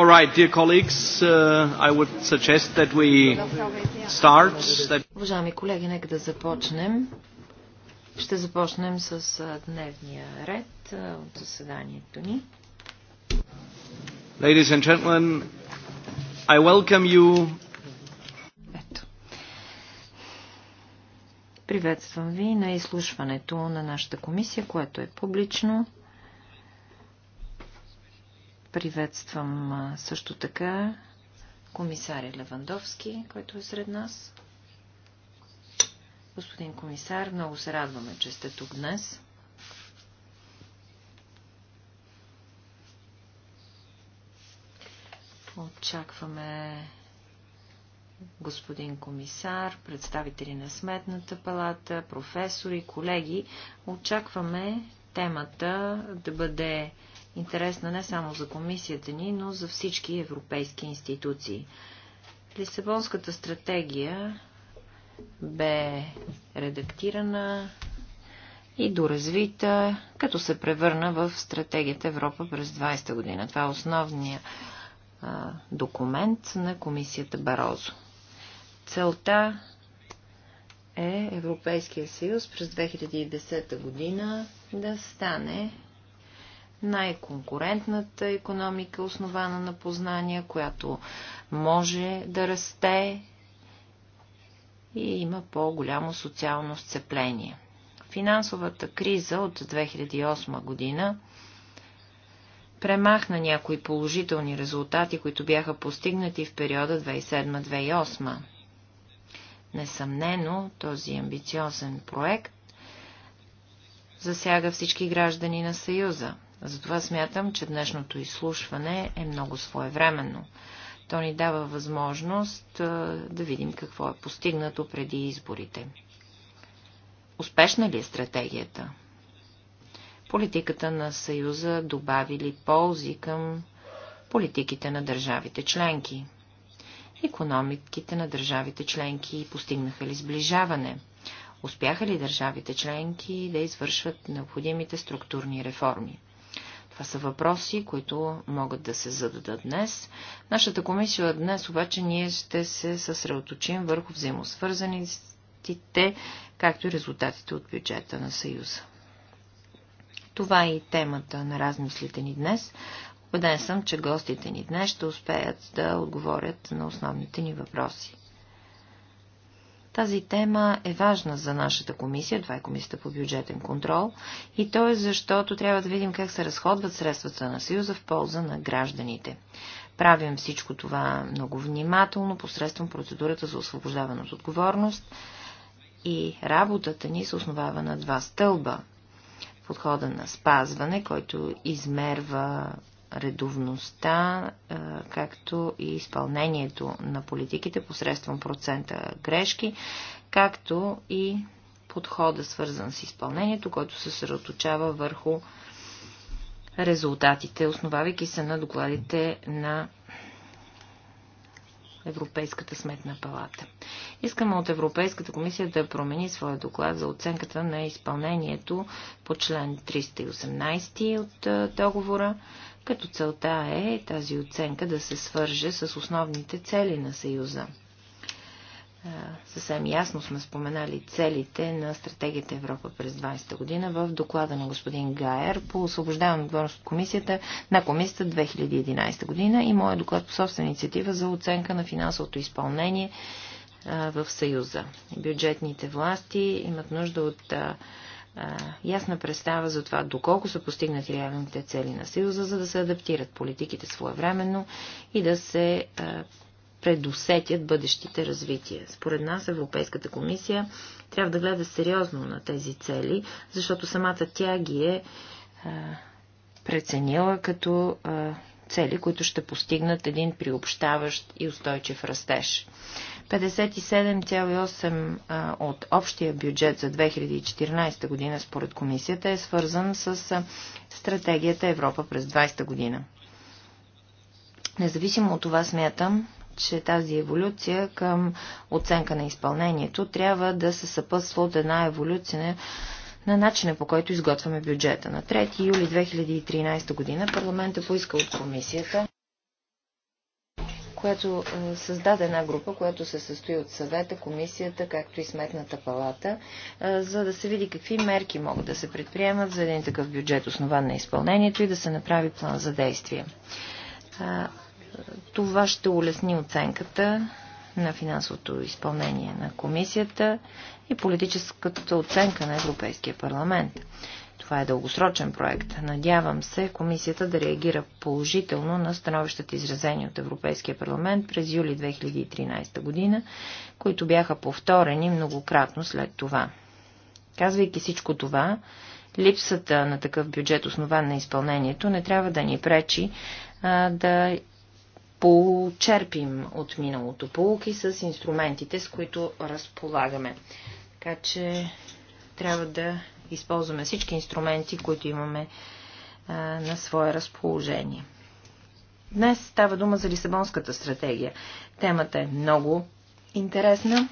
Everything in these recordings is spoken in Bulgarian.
All right, dear colleagues, uh, I would suggest that we start. That... Уважаеми колеги, нека да започнем. Ще започнем с дневния ред от заседанието ни. Ladies and gentlemen, I welcome you. Ето. Приветствам ви на изслушването на нашата комисия, което е публично. Приветствам също така комисаря Левандовски, който е сред нас. Господин комисар, много се радваме, че сте тук днес. Очакваме господин комисар, представители на Сметната палата, професори, колеги. Очакваме темата да бъде интересна не само за комисията ни, но за всички европейски институции. Лисабонската стратегия бе редактирана и доразвита, като се превърна в стратегията Европа през 20-та година. Това е основният документ на комисията Барозо. Целта е Европейския съюз през 2010 година да стане най-конкурентната економика, основана на познания, която може да расте и има по-голямо социално сцепление. Финансовата криза от 2008 година премахна някои положителни резултати, които бяха постигнати в периода 2007-2008. Несъмнено, този амбициозен проект засяга всички граждани на Съюза – затова смятам, че днешното изслушване е много своевременно. То ни дава възможност да видим какво е постигнато преди изборите. Успешна ли е стратегията? Политиката на Съюза добави ли ползи към политиките на държавите членки? Економиките на държавите членки постигнаха ли сближаване? Успяха ли държавите членки да извършват необходимите структурни реформи? Това са въпроси, които могат да се зададат днес. Нашата комисия днес обаче ние ще се съсредоточим върху взаимосвързаните, както и резултатите от бюджета на Съюза. Това е и темата на размислите ни днес. Убеден съм, че гостите ни днес ще успеят да отговорят на основните ни въпроси. Тази тема е важна за нашата комисия, това е комисията по бюджетен контрол, и то е защото трябва да видим как се разходват средствата на Съюза в полза на гражданите. Правим всичко това много внимателно посредством процедурата за освобождаване от отговорност и работата ни се основава на два стълба подхода на спазване, който измерва редовността, е, както и изпълнението на политиките посредством процента грешки, както и подхода, свързан с изпълнението, който се съсредоточава върху резултатите, основавайки се на докладите на Европейската сметна палата. Искаме от Европейската комисия да промени своя доклад за оценката на изпълнението по член 318 от е, договора, като целта е тази оценка да се свърже с основните цели на Съюза. Съвсем ясно сме споменали целите на стратегията Европа през 20-та година в доклада на господин Гайер по освобождаване отговорност от комисията на комисията 2011 година и моят доклад по собствена инициатива за оценка на финансовото изпълнение в Съюза. Бюджетните власти имат нужда от а, ясна представа за това, доколко са постигнати реалните цели на Съюза, за да се адаптират политиките своевременно и да се а, предусетят бъдещите развития. Според нас Европейската комисия трябва да гледа сериозно на тези цели, защото самата тя ги е а, преценила като а, цели, които ще постигнат един приобщаващ и устойчив растеж. 57,8 от общия бюджет за 2014 година според комисията е свързан с стратегията Европа през 20 година. Независимо от това смятам, че тази еволюция към оценка на изпълнението трябва да се съпътства от една еволюция на начина по който изготвяме бюджета. На 3 юли 2013 година парламента е поиска от комисията която е, създаде една група, която се състои от съвета, комисията, както и сметната палата, е, за да се види какви мерки могат да се предприемат за един такъв бюджет, основан на изпълнението и да се направи план за действие. Това ще улесни оценката на финансовото изпълнение на комисията и политическата оценка на Европейския парламент. Това е дългосрочен проект. Надявам се комисията да реагира положително на становищата изразени от Европейския парламент през юли 2013 година, които бяха повторени многократно след това. Казвайки всичко това, липсата на такъв бюджет, основан на изпълнението, не трябва да ни пречи а, да почерпим от миналото полуки с инструментите, с които разполагаме. Така че трябва да използваме всички инструменти, които имаме а, на свое разположение. Днес става дума за Лисабонската стратегия. Темата е много интересна.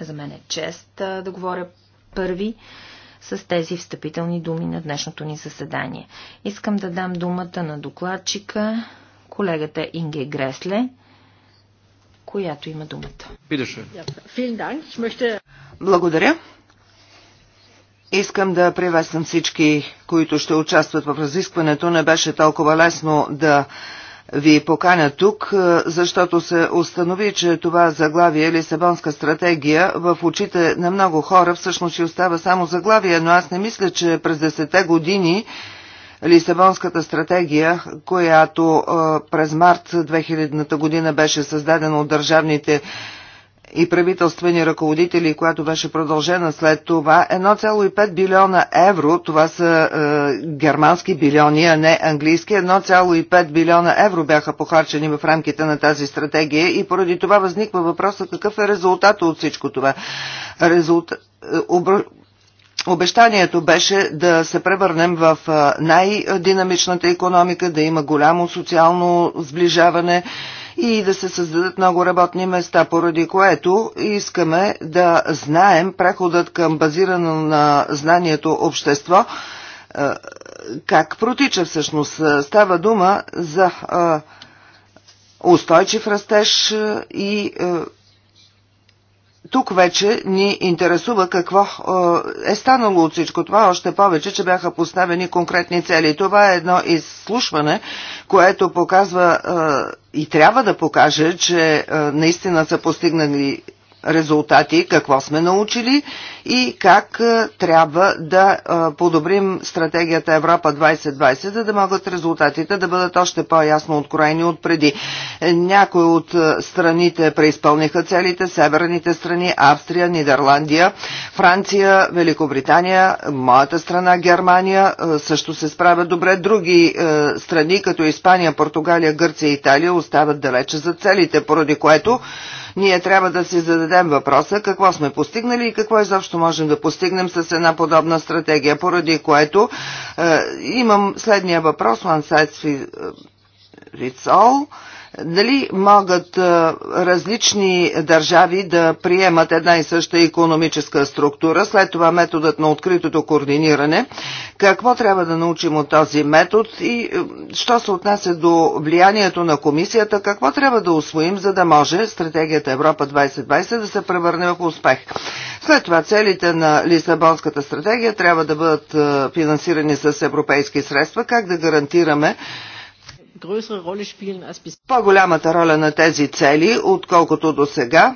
За мен е чест а, да говоря първи с тези встъпителни думи на днешното ни заседание. Искам да дам думата на докладчика колегата Инге Гресле, която има думата. Благодаря. Искам да приветствам всички, които ще участват в разискването. Не беше толкова лесно да ви поканя тук, е, защото се установи, че това заглавие е Лисабонска стратегия в очите на много хора всъщност ще остава само заглавие, но аз не мисля, че през 10 години Лисабонската стратегия, която е, през март 2000 година беше създадена от държавните и правителствени ръководители, която беше продължена след това, 1,5 билиона евро, това са е, германски билиони, а не английски, 1,5 билиона евро бяха похарчени в рамките на тази стратегия и поради това възниква въпроса какъв е резултат от всичко това. Резултат, е, Обещанието беше да се превърнем в най-динамичната економика, да има голямо социално сближаване и да се създадат много работни места, поради което искаме да знаем преходът към базирано на знанието общество как протича всъщност. Става дума за устойчив растеж и тук вече ни интересува какво е, е станало от всичко това, още повече, че бяха поставени конкретни цели. Това е едно изслушване, което показва е, и трябва да покаже, че е, наистина са постигнали резултати, какво сме научили и как трябва да подобрим стратегията Европа 2020, за да, да могат резултатите да бъдат още по-ясно откроени от преди. Някои от страните преизпълниха целите, северните страни, Австрия, Нидерландия, Франция, Великобритания, моята страна Германия също се справят добре. Други страни, като Испания, Португалия, Гърция и Италия, остават далече за целите, поради което ние трябва да си зададем въпроса какво сме постигнали и какво изобщо можем да постигнем с една подобна стратегия, поради което е, имам следния въпрос, one size fits all. Дали могат различни държави да приемат една и съща економическа структура, след това методът на откритото координиране, какво трябва да научим от този метод и що се отнася до влиянието на комисията, какво трябва да освоим, за да може стратегията Европа 2020 да се превърне в успех. След това целите на Лисабонската стратегия трябва да бъдат финансирани с европейски средства, как да гарантираме, по-голямата роля на тези цели, отколкото до сега,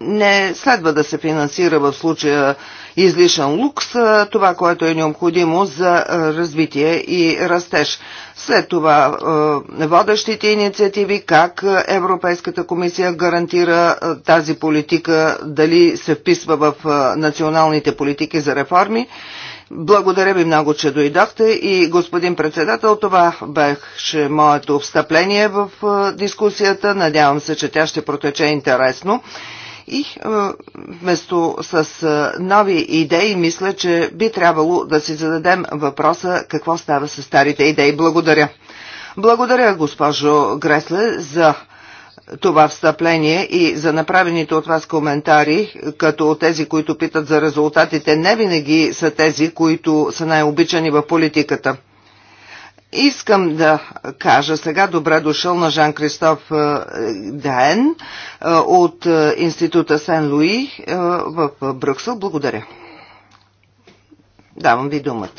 не следва да се финансира в случая излишен лукс, това, което е необходимо за развитие и растеж. След това водещите инициативи, как Европейската комисия гарантира тази политика, дали се вписва в националните политики за реформи благодаря ви много, че дойдохте и господин председател, това беше моето встъпление в е, дискусията. Надявам се, че тя ще протече интересно. И е, вместо с е, нови идеи, мисля, че би трябвало да си зададем въпроса какво става с старите идеи. Благодаря. Благодаря, госпожо Гресле, за това встъпление и за направените от вас коментари, като тези, които питат за резултатите, не винаги са тези, които са най-обичани в политиката. Искам да кажа сега добре дошъл на Жан-Кристоф е, Даен е, от е, Института Сен-Луи в Брюксел. Благодаря. Давам ви думата.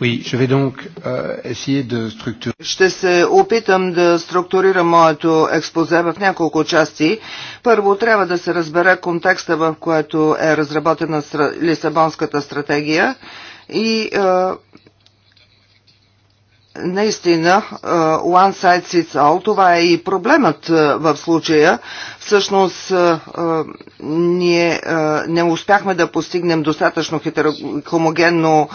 Oui, je vais donc euh, essayer de structurer. Ще се опитам да структурирам моето експозе в няколко части. Първо трябва да се разбере контекста, в който е разработена Лисабонската стратегия и е, наистина е, one side sits all, това е и проблемът е, в случая. Всъщност ние не успяхме да постигнем достатъчно хомогенно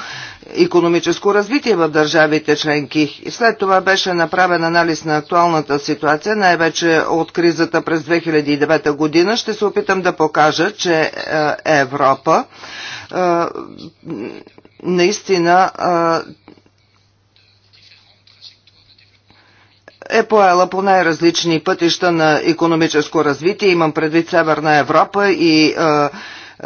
економическо развитие в държавите членки. И след това беше направен анализ на актуалната ситуация, най-вече от кризата през 2009 година. Ще се опитам да покажа, че е, Европа е, наистина е, е поела по най-различни пътища на економическо развитие. Имам предвид Северна Европа и е,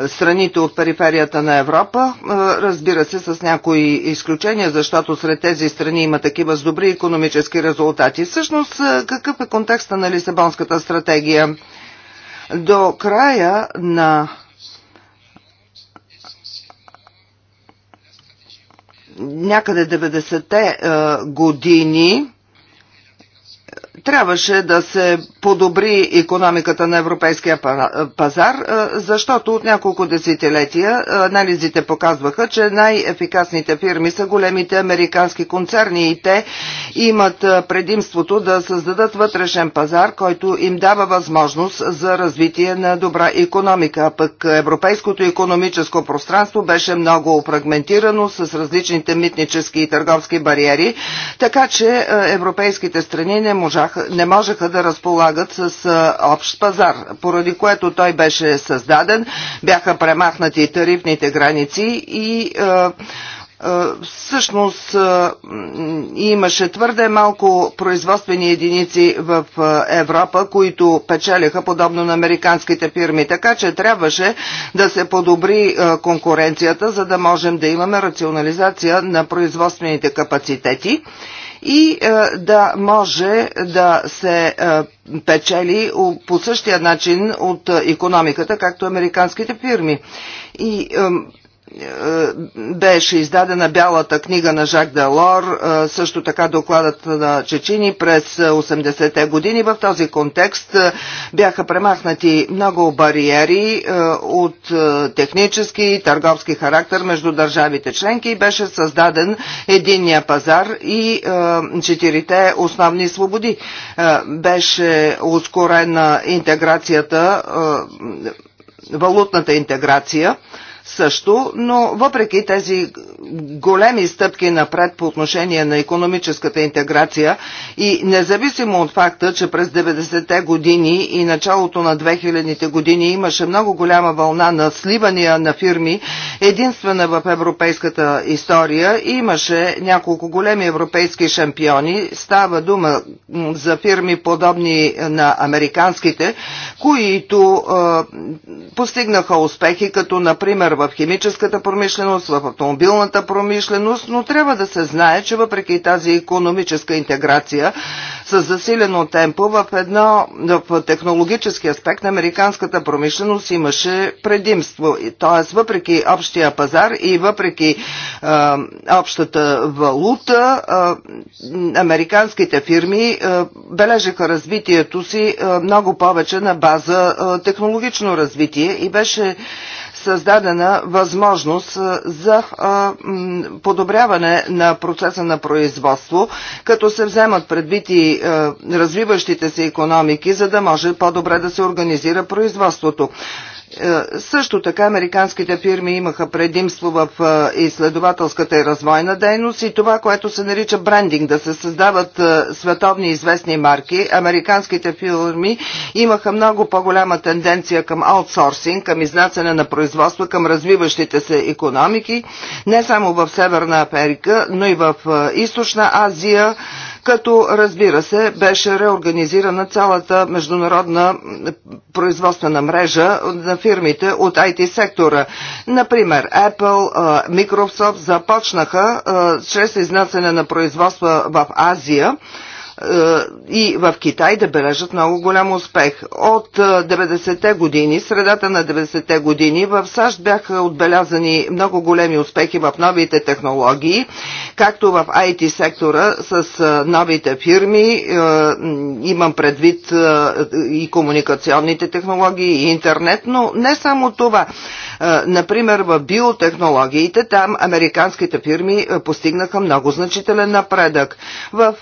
страните от периферията на Европа, разбира се с някои изключения, защото сред тези страни има такива с добри економически резултати. Всъщност, какъв е контекста на Лисабонската стратегия? До края на някъде 90-те години трябваше да се подобри економиката на европейския е, пазар, е, защото от няколко десетилетия е, анализите показваха, че най-ефикасните фирми са големите американски концерни и те имат предимството да създадат вътрешен пазар, който им дава възможност за развитие на добра економика. А пък европейското економическо пространство беше много фрагментирано с различните митнически и търговски бариери, така че европейските страни не можаха не можеха да разполагат с общ пазар, поради което той беше създаден, бяха премахнати тарифните граници и всъщност имаше твърде малко производствени единици в Европа, които печелиха подобно на американските фирми. Така че трябваше да се подобри конкуренцията, за да можем да имаме рационализация на производствените капацитети и е, да може да се е, печели по същия начин от економиката, както американските фирми. И е, беше издадена бялата книга на Жак Делор, е, също така докладът на Чечини през 80-те години. В този контекст е, бяха премахнати много бариери от технически и търговски характер между държавите членки и беше създаден единния пазар и четирите основни свободи. Беше ускорена интеграцията, валутната интеграция също, но въпреки тези големи стъпки напред по отношение на економическата интеграция и независимо от факта, че през 90-те години и началото на 2000-те години имаше много голяма вълна на сливания на фирми, единствена в европейската история, имаше няколко големи европейски шампиони, става дума за фирми подобни на американските, които е, постигнаха успехи, като например в химическата промишленост, в автомобилната промишленост, но трябва да се знае, че въпреки тази економическа интеграция с засилено темпо в едно в технологически аспект американската промишленост имаше предимство. Т.е. въпреки общия пазар и въпреки е, общата валута, е, американските фирми е, бележеха развитието си е, много повече на база е, технологично развитие и беше създадена възможност за подобряване на процеса на производство, като се вземат предвид и развиващите се економики, за да може по-добре да се организира производството. Е, също така американските фирми имаха предимство в е, изследователската и развойна дейност и това, което се нарича брендинг, да се създават е, световни известни марки. Американските фирми имаха много по-голяма тенденция към аутсорсинг, към изнасяне на производства, към развиващите се економики, не само в Северна Америка, но и в Източна Азия, като разбира се беше реорганизирана цялата международна производствена мрежа на фирмите от IT сектора. Например, Apple, Microsoft започнаха чрез изнасяне на производства в Азия и в Китай да бележат много голям успех. От 90-те години, средата на 90-те години, в САЩ бяха отбелязани много големи успехи в новите технологии, както в IT сектора с новите фирми, имам предвид и комуникационните технологии, и интернет, но не само това. Например, в биотехнологиите, там американските фирми постигнаха много значителен напредък. В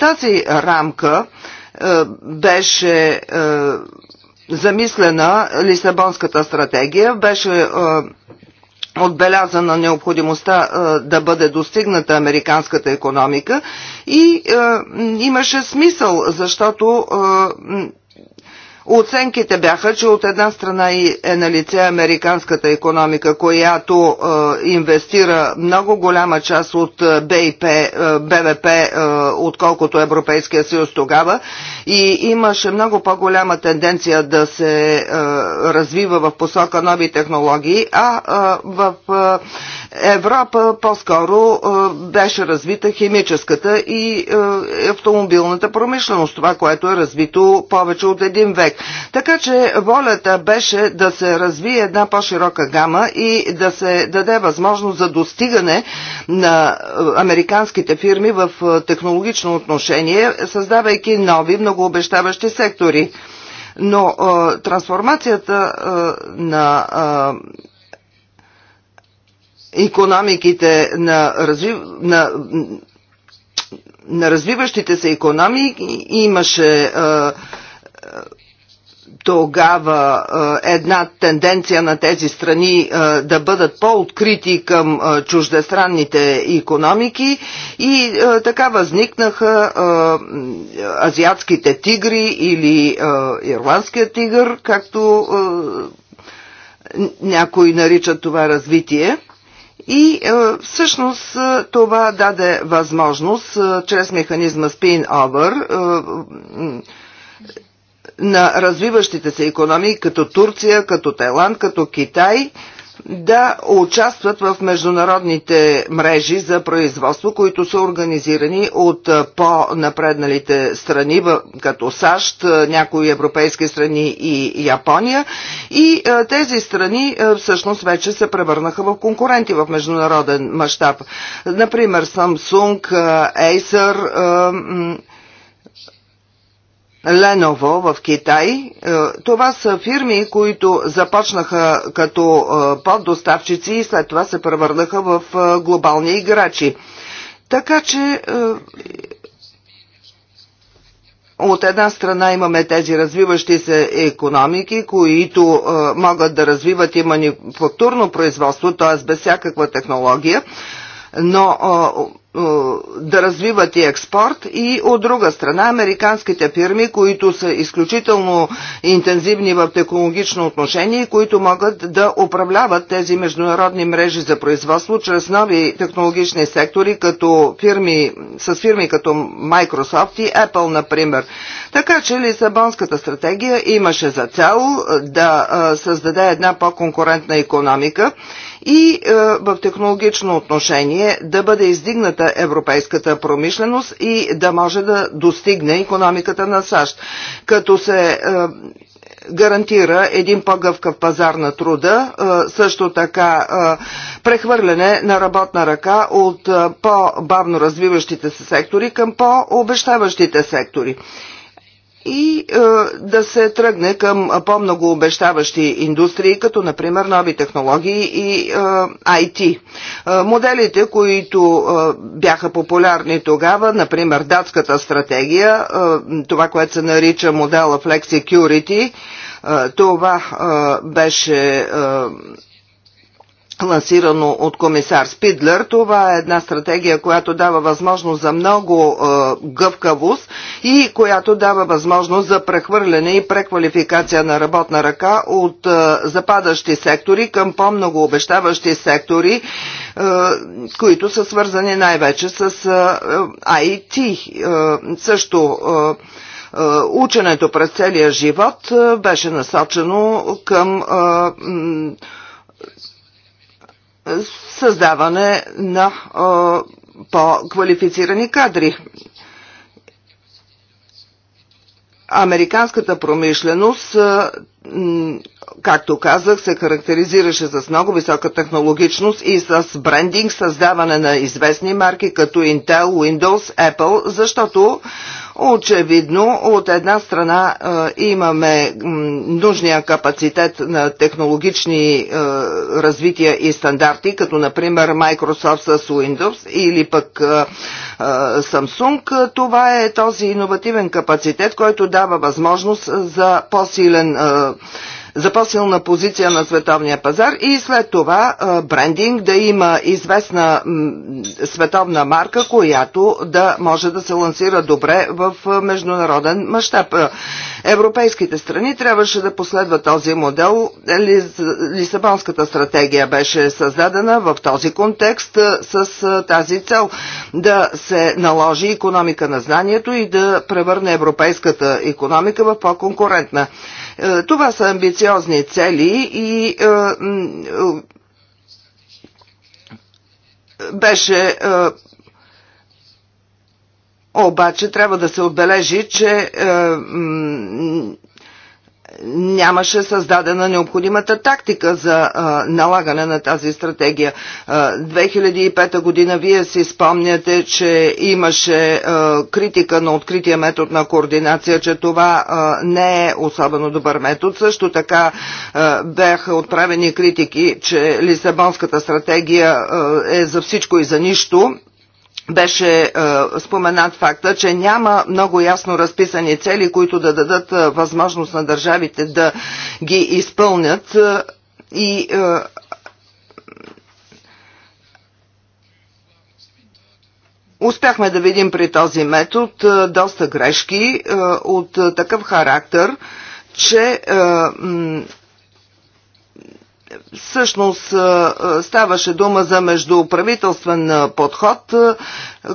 тази тази рамка е, беше е, замислена Лисабонската стратегия, беше е, отбелязана необходимостта да бъде достигната американската економика и имаше смисъл, защото Оценките бяха, че от една страна е на лице американската економика, която е, инвестира много голяма част от е, БИП, е, БВП, отколкото Европейския съюз тогава и имаше много по-голяма тенденция да се развива в посока нови технологии, а в Европа по-скоро е, беше развита химическата и е, автомобилната промишленост, това, което е развито повече от един век. Така че волята беше да се развие една по-широка гама и да се даде възможност за достигане на е, американските фирми в технологично отношение, създавайки нови многообещаващи сектори. Но а, трансформацията а, на а, економиките на, развив... на на развиващите се економики имаше а, е, е, тогава а, е, една тенденция на тези страни да бъдат по-открити към чуждестранните економики и така възникнаха азиатските тигри или ирландския тигър, както някои наричат това развитие. И е, всъщност е, това даде възможност е, чрез механизма spin-over на развиващите се економии като Турция, като Тайланд, като Китай – да участват в международните мрежи за производство, които са организирани от по-напредналите страни, като САЩ, някои европейски страни и Япония. И тези страни всъщност вече се превърнаха в конкуренти в международен мащаб. Например, Samsung, Acer, Леново в Китай. Е, това са фирми, които започнаха като е, поддоставчици и след това се превърнаха в е, глобални играчи. Така че от една страна имаме тези развиващи се економики, които могат да развиват и манифактурно производство, т.е. без всякаква технология, но да развиват и експорт и от друга страна американските фирми, които са изключително интензивни в технологично отношение и които могат да управляват тези международни мрежи за производство чрез нови технологични сектори като фирми, с фирми като Microsoft и Apple, например. Така че Лисабонската стратегия имаше за цел да създаде една по-конкурентна економика и е, в технологично отношение да бъде издигната европейската промишленост и да може да достигне економиката на САЩ. Като се е, гарантира един по-гъвкав пазар на труда, е, също така прехвърляне на работна ръка от по-бавно развиващите се сектори към по-обещаващите сектори и е, да се тръгне към по-много обещаващи индустрии, като например нови технологии и е, IT. Е, моделите, които е, бяха популярни тогава, например датската стратегия, е, това, което се нарича модела Flexicurity, е, това е, беше е, лансирано от комисар Спидлер. Това е една стратегия, която дава възможност за много е, гъвкавост и която дава възможност за прехвърляне и преквалификация на работна ръка от е, западащи сектори към по-много обещаващи сектори, е, които са свързани най-вече с е, IT. Е, е, също е, е, ученето през целия живот е, беше насочено към създаване на по-квалифицирани кадри. Американската промишленост както казах, се характеризираше с много висока технологичност и с брендинг, създаване на известни марки като Intel, Windows, Apple, защото очевидно от една страна имаме нужния капацитет на технологични развития и стандарти, като например Microsoft с Windows или пък Samsung. Това е този иновативен капацитет, който дава възможност за по-силен за по-силна позиция на световния пазар и след това брендинг да има известна световна марка, която да може да се лансира добре в международен мащаб. Европейските страни трябваше да последва този модел. Лисабонската стратегия беше създадена в този контекст с тази цел да се наложи економика на знанието и да превърне европейската економика в по-конкурентна. Е, това са амбициозни цели и е, е, беше обаче трябва да се отбележи, че е, нямаше създадена необходимата тактика за а, налагане на тази стратегия. А, 2005 година вие си спомняте, че имаше а, критика на открития метод на координация, че това а, не е особено добър метод. Също така а, бяха отправени критики, че Лисабонската стратегия а, е за всичко и за нищо беше е, споменат факта, че няма много ясно разписани цели, които да дадат е, възможност на държавите да ги изпълнят е, и е, Успяхме да видим при този метод е, доста грешки е, от такъв характер, че всъщност ставаше дума за междуправителствен подход,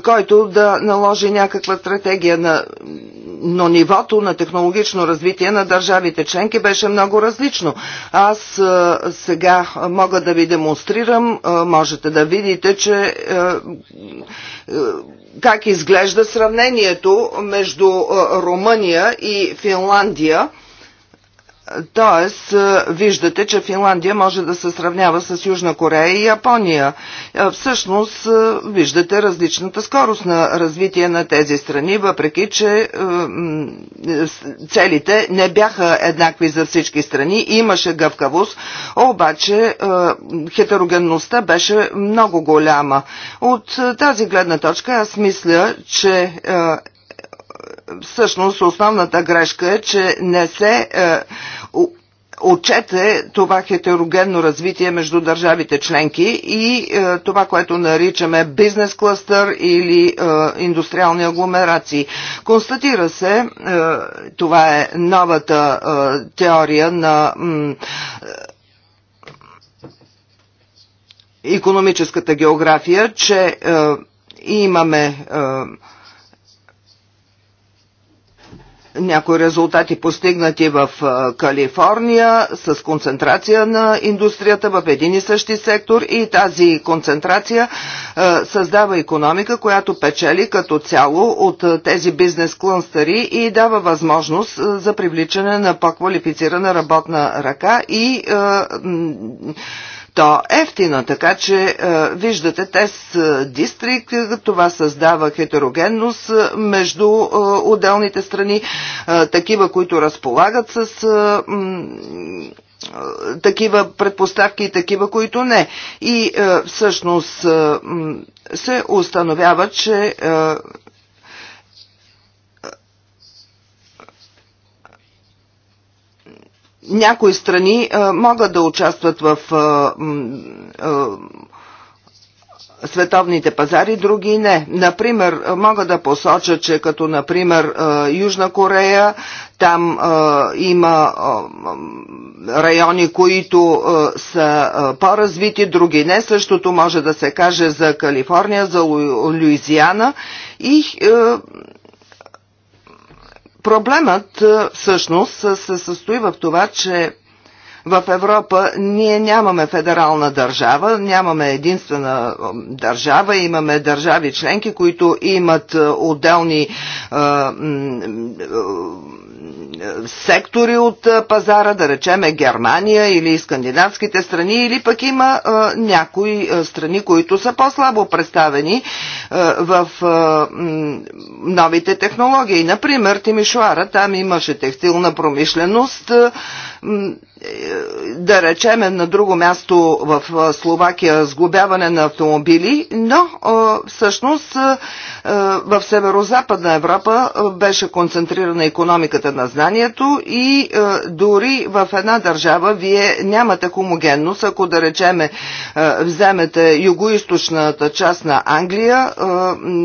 който да наложи някаква стратегия на но нивото на технологично развитие на държавите членки беше много различно. Аз сега мога да ви демонстрирам, можете да видите, че как изглежда сравнението между Румъния и Финландия Тоест, е, виждате, че Финландия може да се сравнява с Южна Корея и Япония. Е, всъщност, е, виждате различната скорост на развитие на тези страни, въпреки, че целите не бяха еднакви за всички страни. Имаше гъвкавост, обаче хетерогенността беше много голяма. От тази гледна точка аз мисля, че всъщност основната грешка е, че не се е, отчете това хетерогенно развитие между държавите членки и е, това, което наричаме бизнес клъстър или е, индустриални агломерации. Констатира се, е, това е новата е, теория на е, економическата география, че е, имаме е, някои резултати постигнати в Калифорния с концентрация на индустрията в един и същи сектор и тази концентрация създава економика, която печели като цяло от тези бизнес клънстари и дава възможност за привличане на по-квалифицирана работна ръка и то е ефтина, така че е, виждате тест дистрикт, това създава хетерогенност е, между отделните страни, такива, които разполагат с такива предпоставки и такива, които не. И всъщност се установява, че някои страни могат да участват в световните пазари, други не. Например, мога да посоча, че като, например, Южна Корея, там има райони, които са по-развити, други не. Същото може да се каже за Калифорния, за Луизиана и Проблемът е, всъщност се състои в това, че в Европа ние нямаме федерална държава, нямаме единствена е, държава, имаме държави членки, които имат е, отделни е, сектори от пазара, да речеме Германия или скандинавските страни, или пък има някои страни, които са по-слабо представени в новите технологии. Например, Тимишуара, там имаше текстилна промишленост, е, да речеме на друго място в е, Словакия сглобяване на автомобили, но е, всъщност в северо-западна Европа беше концентрирана економиката на знанието и дори в една държава вие нямате хомогенност, ако да речеме вземете югоисточната част на Англия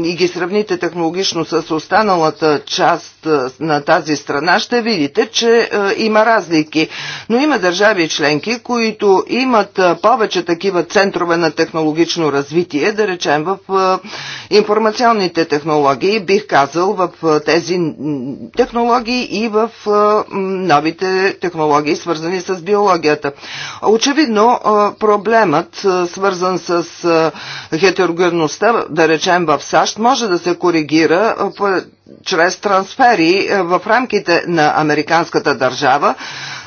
и ги сравните технологично с останалата част на тази страна, ще видите, че има разлики но има държави членки, които имат повече такива центрове на технологично развитие, да речем в информационните технологии, бих казал в тези технологии и в новите технологии, свързани с биологията. Очевидно, проблемът, свързан с хетерогенността, да речем в САЩ, може да се коригира чрез трансфери в рамките на американската държава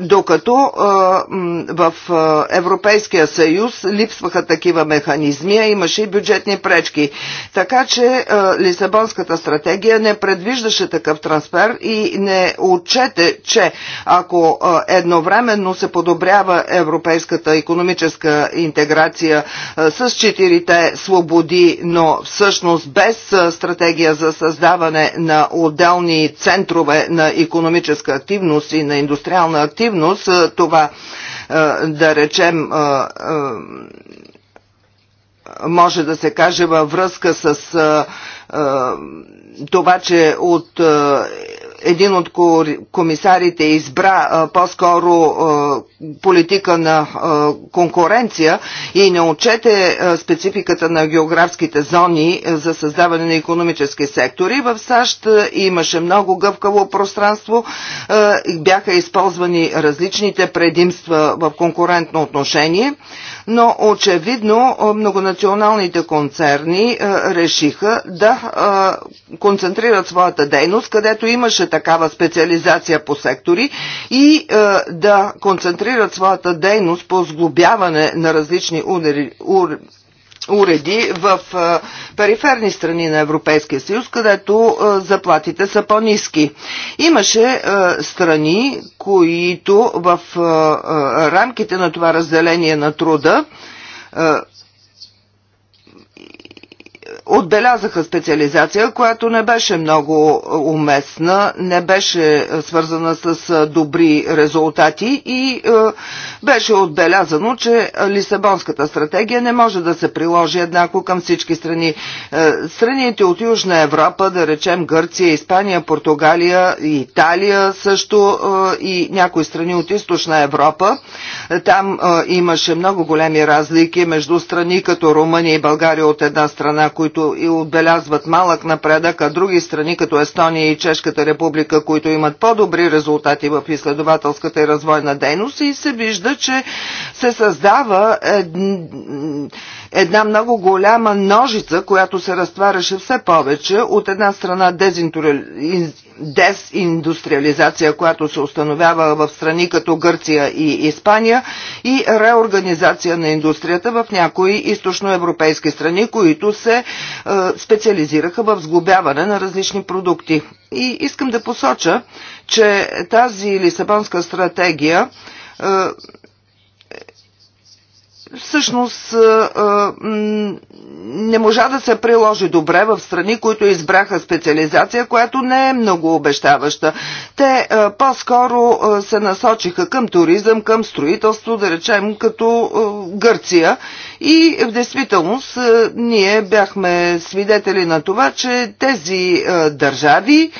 докато в Европейския съюз липсваха такива механизми, а имаше и бюджетни пречки. Така че Лисабонската стратегия не предвиждаше такъв трансфер и не отчете, че ако едновременно се подобрява европейската економическа интеграция с четирите свободи, но всъщност без стратегия за създаване на отделни центрове на економическа активност и на индустриална активност, ефективност, това да речем може да се каже във връзка с това, че от един от комисарите избра по-скоро политика на конкуренция и не отчете спецификата на географските зони за създаване на економически сектори. В САЩ имаше много гъвкаво пространство, бяха използвани различните предимства в конкурентно отношение но очевидно многонационалните концерни решиха да концентрират своята дейност, където имаше такава специализация по сектори и да концентрират своята дейност по сглобяване на различни уреди в периферни страни на Европейския съюз, където заплатите са по-низки. Имаше страни, които в рамките на това разделение на труда отбелязаха специализация, която не беше много уместна, не беше свързана с добри резултати и беше отбелязано, че Лисабонската стратегия не може да се приложи еднакво към всички страни. Страните от Южна Европа, да речем Гърция, Испания, Португалия, Италия също и някои страни от Източна Европа, там имаше много големи разлики между страни като Румъния и България от една страна, които които и отбелязват малък напредък, а други страни, като Естония и Чешката република, които имат по-добри резултати в изследователската и развойна дейност и се вижда, че се създава е, една много голяма ножица, която се разтваряше все повече. От една страна дезиндустриализация, която се установява в страни като Гърция и Испания и реорганизация на индустрията в някои източноевропейски страни, които се е, специализираха в сглобяване на различни продукти. И искам да посоча, че тази Лисабонска стратегия е, всъщност не можа да се приложи добре в страни, които избраха специализация, която не е много обещаваща. Те по-скоро се насочиха към туризъм, към строителство, да речем като Гърция. И в действителност ние бяхме свидетели на това, че тези държави,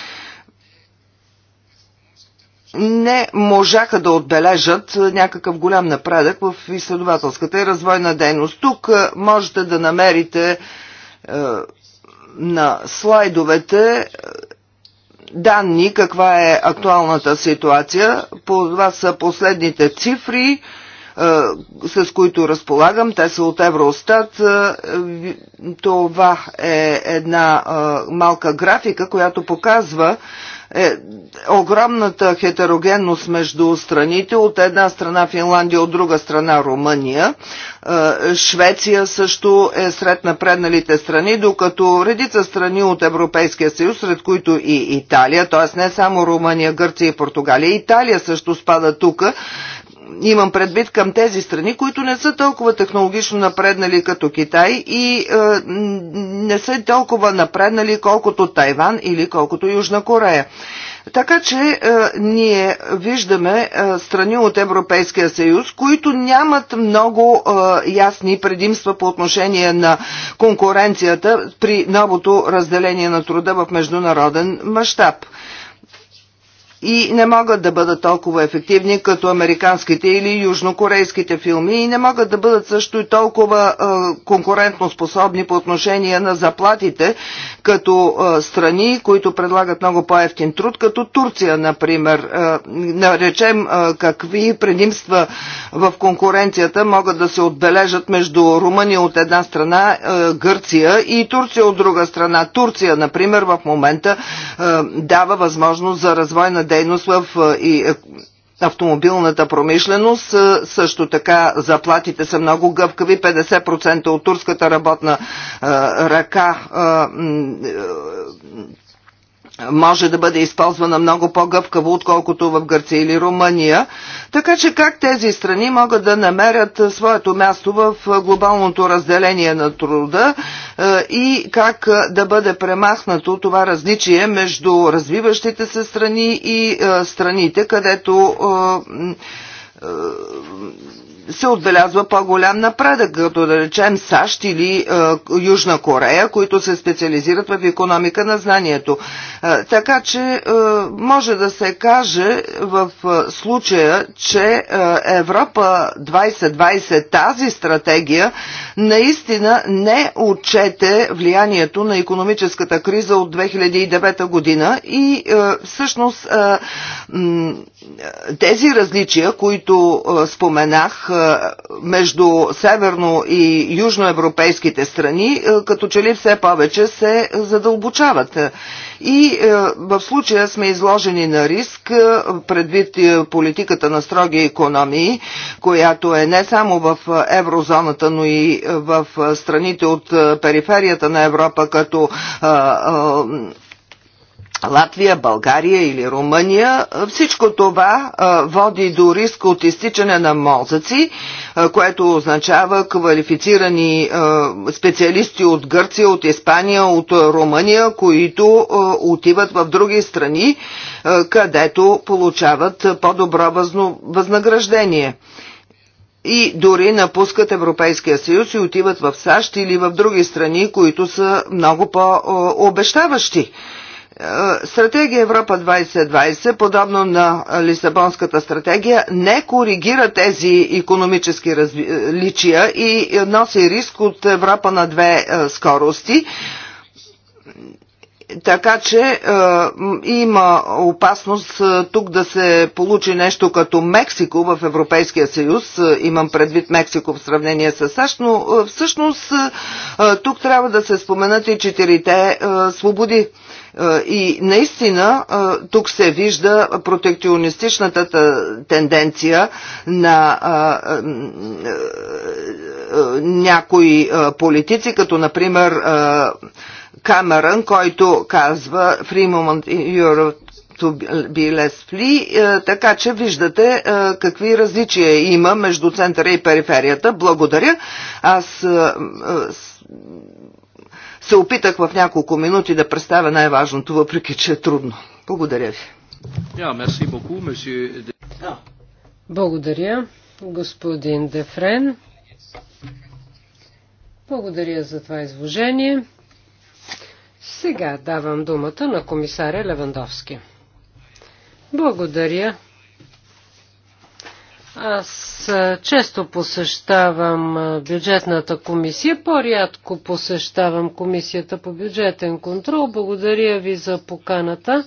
не можаха да отбележат някакъв голям напредък в изследователската и развойна дейност. Тук можете да намерите на слайдовете данни каква е актуалната ситуация. Това са последните цифри с които разполагам. Те са от Евростат. Това е една малка графика, която показва е, огромната хетерогенност между страните, от една страна Финландия, от друга страна Румъния. Е, Швеция също е сред напредналите страни, докато редица страни от Европейския съюз, сред които и Италия, т.е. не само Румъния, Гърция и Португалия, Италия също спада тук имам предвид към тези страни, които не са толкова технологично напреднали като Китай и е, не са толкова напреднали колкото Тайван или колкото Южна Корея. Така че е, ние виждаме е, страни от Европейския съюз, които нямат много е, ясни предимства по отношение на конкуренцията при новото разделение на труда в международен мащаб и не могат да бъдат толкова ефективни като американските или южнокорейските филми и не могат да бъдат също и толкова е, конкурентно способни по отношение на заплатите като е, страни, които предлагат много по-ефтин труд, като Турция, например. Е, наречем е, какви предимства в конкуренцията могат да се отбележат между Румъния от една страна, е, Гърция и Турция от друга страна. Турция, например, в момента е, дава възможност за развой на дейност в и е, автомобилната промишленост. Също така заплатите са много гъвкави. 50% от турската работна ръка може да бъде използвана много по-гъвкаво, отколкото в Гърция или Румъния. Така че как тези страни могат да намерят своето място в глобалното разделение на труда е, и как е, да бъде премахнато това различие между развиващите се страни и е, страните, където се отбелязва по-голям напредък, като да речем САЩ или е, Южна Корея, които се специализират в економика на знанието. Е, така че е, може да се каже в е, случая, че е, Европа 2020, тази стратегия, наистина не отчете влиянието на економическата криза от 2009 година и е, всъщност е, тези различия, които споменах между северно и южноевропейските страни, като че ли все повече се задълбочават. И в случая сме изложени на риск предвид политиката на строги економии, която е не само в еврозоната, но и в страните от периферията на Европа, като Латвия, България или Румъния. Всичко това води до риск от изтичане на мозъци, което означава квалифицирани специалисти от Гърция, от Испания, от Румъния, които отиват в други страни, където получават по-добро възнаграждение и дори напускат Европейския съюз и отиват в САЩ или в други страни, които са много по-обещаващи. Е, стратегия Европа 2020, подобно на Лисабонската стратегия, не коригира тези економически различия и носи риск от Европа на две е, скорости. Така че е, има опасност е, тук да се получи нещо като Мексико в Европейския съюз. Е, имам предвид Мексико в сравнение с САЩ, но е, всъщност е, е тук трябва да се споменат и четирите е, свободи. Е, е, и наистина е, тук се вижда протекционистичната тенденция на е, някои политици, като например Камерън, който казва Free Moment in Europe to be less free, така че виждате какви различия има между центъра и периферията. Благодаря. Аз се опитах в няколко минути да представя най-важното, въпреки че е трудно. Благодаря ви. Благодаря, господин Дефрен. Благодаря за това изложение. Сега давам думата на комисаря Левандовски. Благодаря, аз често посещавам бюджетната комисия, по-рядко посещавам комисията по бюджетен контрол. Благодаря ви за поканата.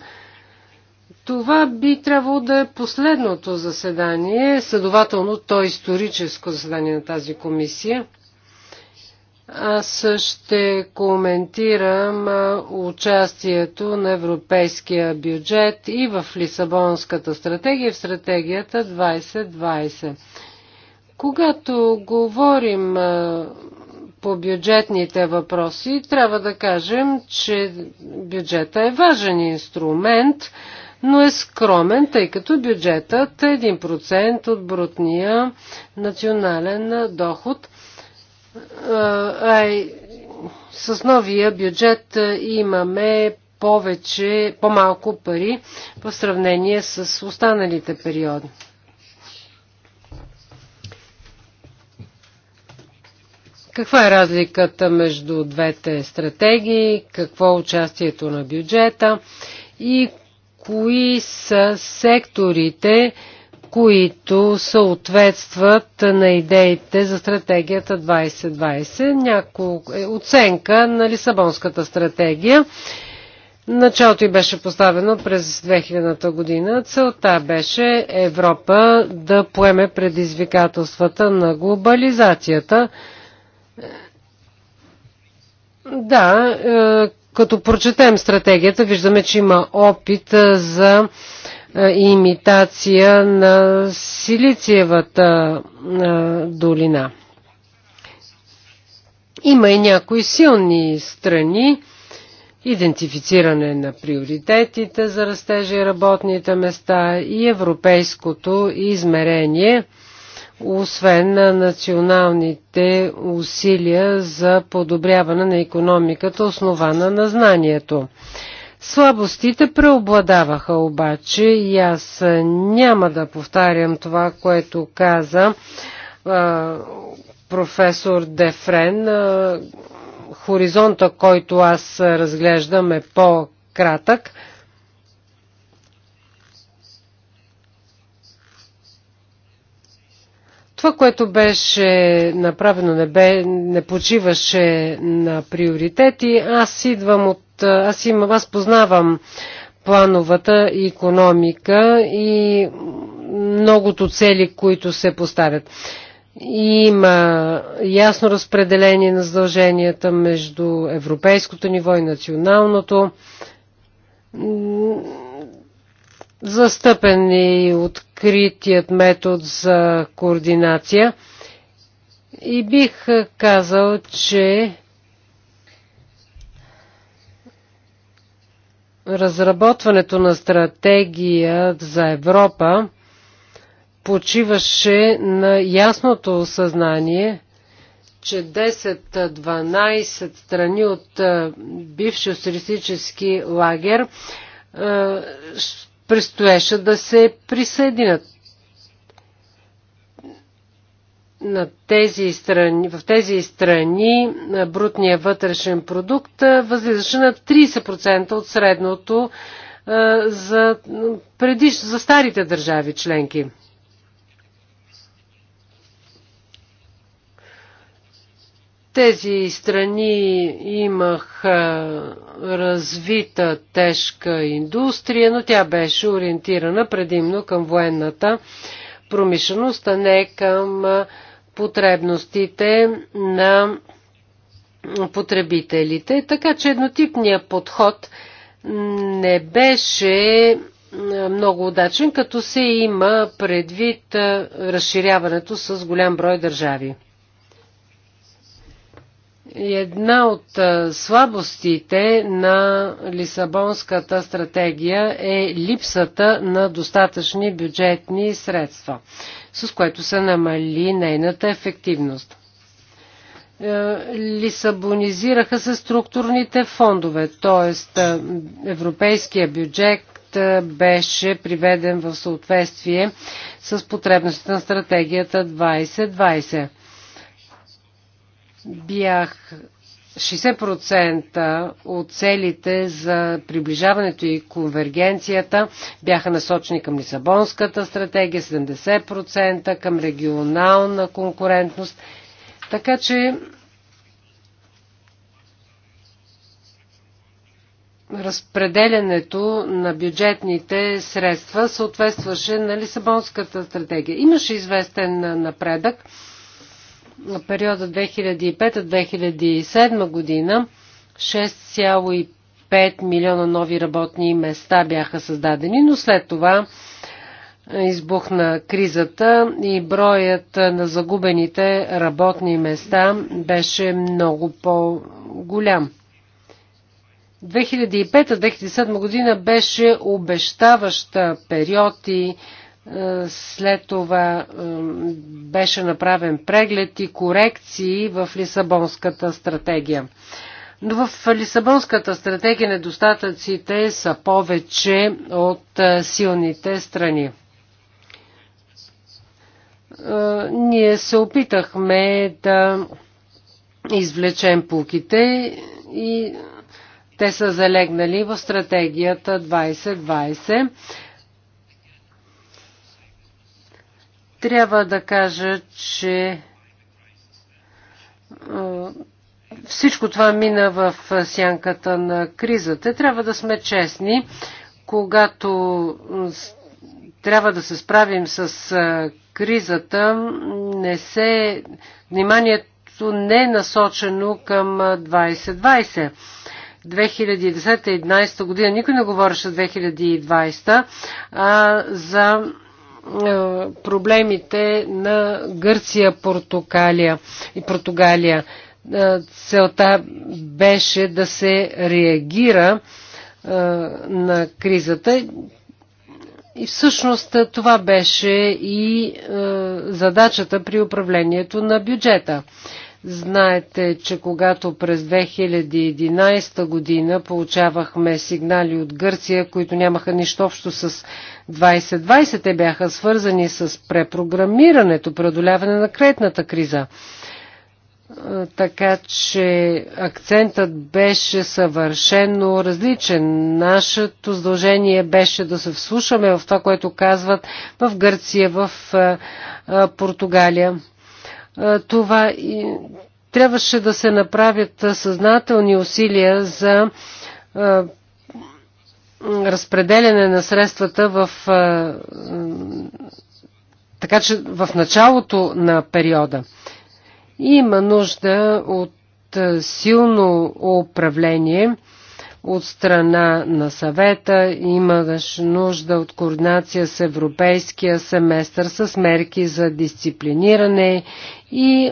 Това би трябвало да е последното заседание, следователно то е историческо заседание на тази комисия. Аз ще коментирам участието на европейския бюджет и в Лисабонската стратегия, в стратегията 2020. Когато говорим по бюджетните въпроси, трябва да кажем, че бюджета е важен инструмент, но е скромен, тъй като бюджетът е 1% от брутния национален доход – а, е, е, с новия бюджет е, имаме повече, по-малко пари в сравнение с останалите периоди. Каква е разликата между двете стратегии? Какво е участието на бюджета? И кои са секторите, които съответстват на идеите за стратегията 2020. Няколко, е, оценка на Лисабонската стратегия. Началото й беше поставено през 2000-та година. Целта беше Европа да поеме предизвикателствата на глобализацията. Да, е, като прочетем стратегията, виждаме, че има опит е, за е, имитация на Силициевата е, долина. Има и някои силни страни, идентифициране на приоритетите за растежа и работните места и европейското измерение, освен на националните усилия за подобряване на економиката, основана на знанието. Слабостите преобладаваха обаче и аз няма да повтарям това, което каза а, професор Дефрен. А, хоризонта, който аз разглеждам е по-кратък. Това, което беше направено, не, бе, не почиваше на приоритети. Аз идвам от... Аз, имам, аз познавам плановата економика и многото цели, които се поставят. Има ясно разпределение на задълженията между европейското ниво и националното, застъпени от откритият метод за координация и бих казал, че разработването на стратегия за Европа почиваше на ясното осъзнание, че 10-12 страни от бивши социалистически лагер предстоеше да се присъединят. На тези страни, в тези страни брутния вътрешен продукт възлизаше на 30% от средното за, предиш, за старите държави членки. тези страни имах развита тежка индустрия, но тя беше ориентирана предимно към военната промишленост, а не към потребностите на потребителите. Така че еднотипният подход не беше много удачен, като се има предвид разширяването с голям брой държави. Една от слабостите на Лисабонската стратегия е липсата на достатъчни бюджетни средства, с което се намали нейната ефективност. Е, лисабонизираха се структурните фондове, т.е. европейския бюджет е, беше приведен в съответствие с потребностите на стратегията 2020 бях 60% от целите за приближаването и конвергенцията бяха насочени към Лисабонската стратегия, 70% към регионална конкурентност. Така че разпределянето на бюджетните средства съответстваше на Лисабонската стратегия. Имаше известен напредък периода 2005-2007 година 6,5 милиона нови работни места бяха създадени, но след това избухна кризата и броят на загубените работни места беше много по-голям. 2005-2007 година беше обещаваща период и е, след това е, беше направен преглед и корекции в Лисабонската стратегия. Но в Лисабонската стратегия недостатъците са повече от е, силните страни. Ние се опитахме да извлечем пуките и те са залегнали в стратегията 2020. Трябва да кажа, че е, всичко това мина в сянката на кризата. Трябва да сме честни, когато трябва да се справим с е, кризата, не се, вниманието не е насочено към 2020. Е, 2010-2011 година никой не говореше за 2020, а за е, проблемите на Гърция, Португалия и Португалия. Е, целта беше да се реагира е, на кризата. И всъщност това беше и задачата при управлението на бюджета. Знаете, че когато през 2011 година получавахме сигнали от Гърция, които нямаха нищо общо с 2020, те бяха свързани с препрограмирането, преодоляване на кредитната криза. Така че акцентът беше съвършенно различен. Нашето задължение беше да се вслушаме в това, което казват в Гърция, в Португалия това и трябваше да се направят съзнателни усилия за разпределяне на средствата в, така че в началото на периода. Има нужда от силно управление от страна на съвета, имаш нужда от координация с европейския семестър, с мерки за дисциплиниране и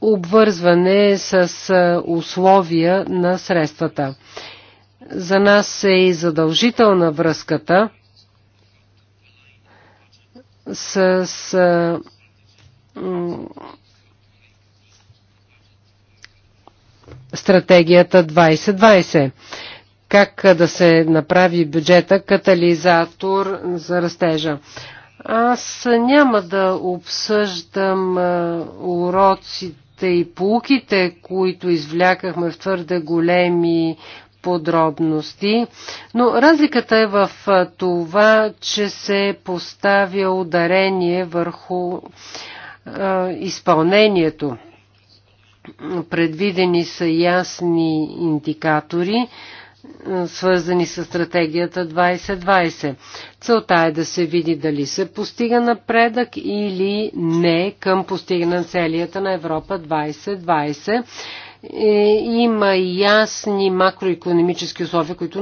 обвързване с условия на средствата. За нас е и задължителна връзката с стратегията 2020. Как да се направи бюджета катализатор за растежа? Аз няма да обсъждам уроците и полуките, които извлякахме в твърде големи подробности, но разликата е в това, че се поставя ударение върху изпълнението. Предвидени са ясни индикатори, е, свързани с стратегията 2020. Целта е да се види дали се постига напредък или не към постигане на целията на Европа 2020. Е, има ясни макроекономически условия, които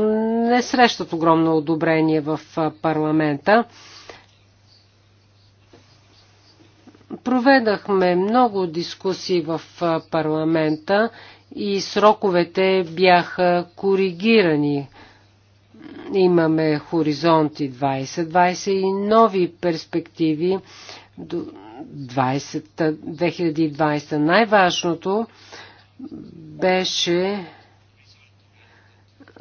не срещат огромно одобрение в парламента. Проведахме много дискусии в парламента и сроковете бяха коригирани. Имаме хоризонти 2020 и нови перспективи до 20, 2020. Най-важното беше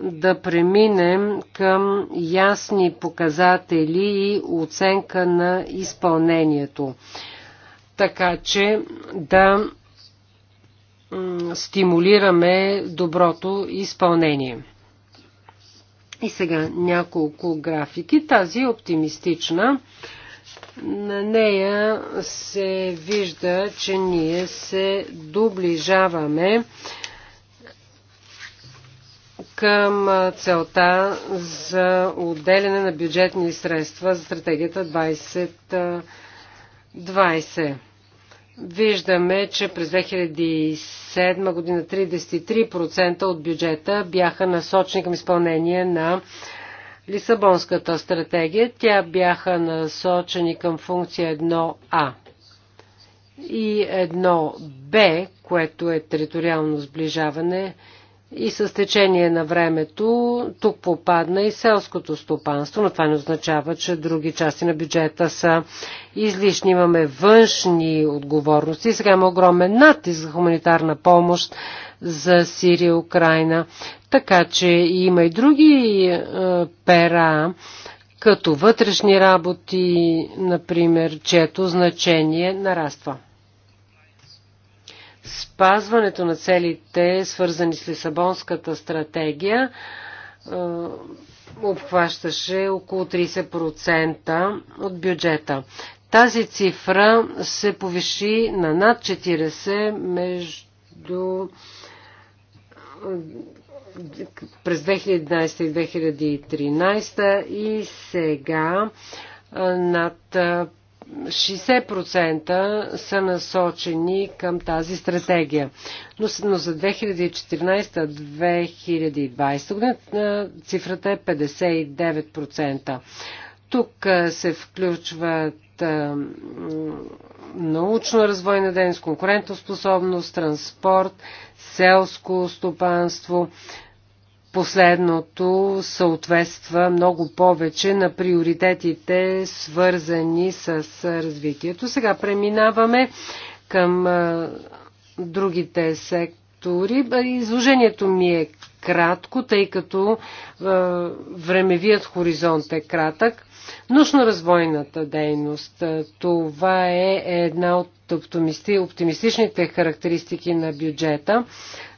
да преминем към ясни показатели и оценка на изпълнението така че да стимулираме доброто изпълнение. И сега няколко графики. Тази е оптимистична. На нея се вижда, че ние се доближаваме към целта за отделяне на бюджетни средства за стратегията 2020. Виждаме, че през 2007 година 33% от бюджета бяха насочени към изпълнение на Лисабонската стратегия. Тя бяха насочени към функция 1А и 1Б, което е териториално сближаване – и с течение на времето тук попадна и селското стопанство, но това не означава, че други части на бюджета са излишни. Имаме външни отговорности. Сега има огромен натиск за хуманитарна помощ за Сирия, Украина. Така че има и други е, пера, като вътрешни работи, например, чето значение нараства спазването на целите, свързани с Лисабонската стратегия, е, обхващаше около 30% от бюджета. Тази цифра се повиши на над 40 между е, през 2011 и 2013 и сега е, над 60% са насочени към тази стратегия. Но, но за 2014-2020 година цифрата е 59%. Тук се включват научно-развойна дейност, конкурентоспособност, транспорт, селско стопанство, Последното съответства много повече на приоритетите, свързани с развитието. Сега преминаваме към другите сектори. Изложението ми е кратко, тъй като е, времевият хоризонт е кратък. Нужно-развойната дейност. Е, това е една от оптимистичните характеристики на бюджета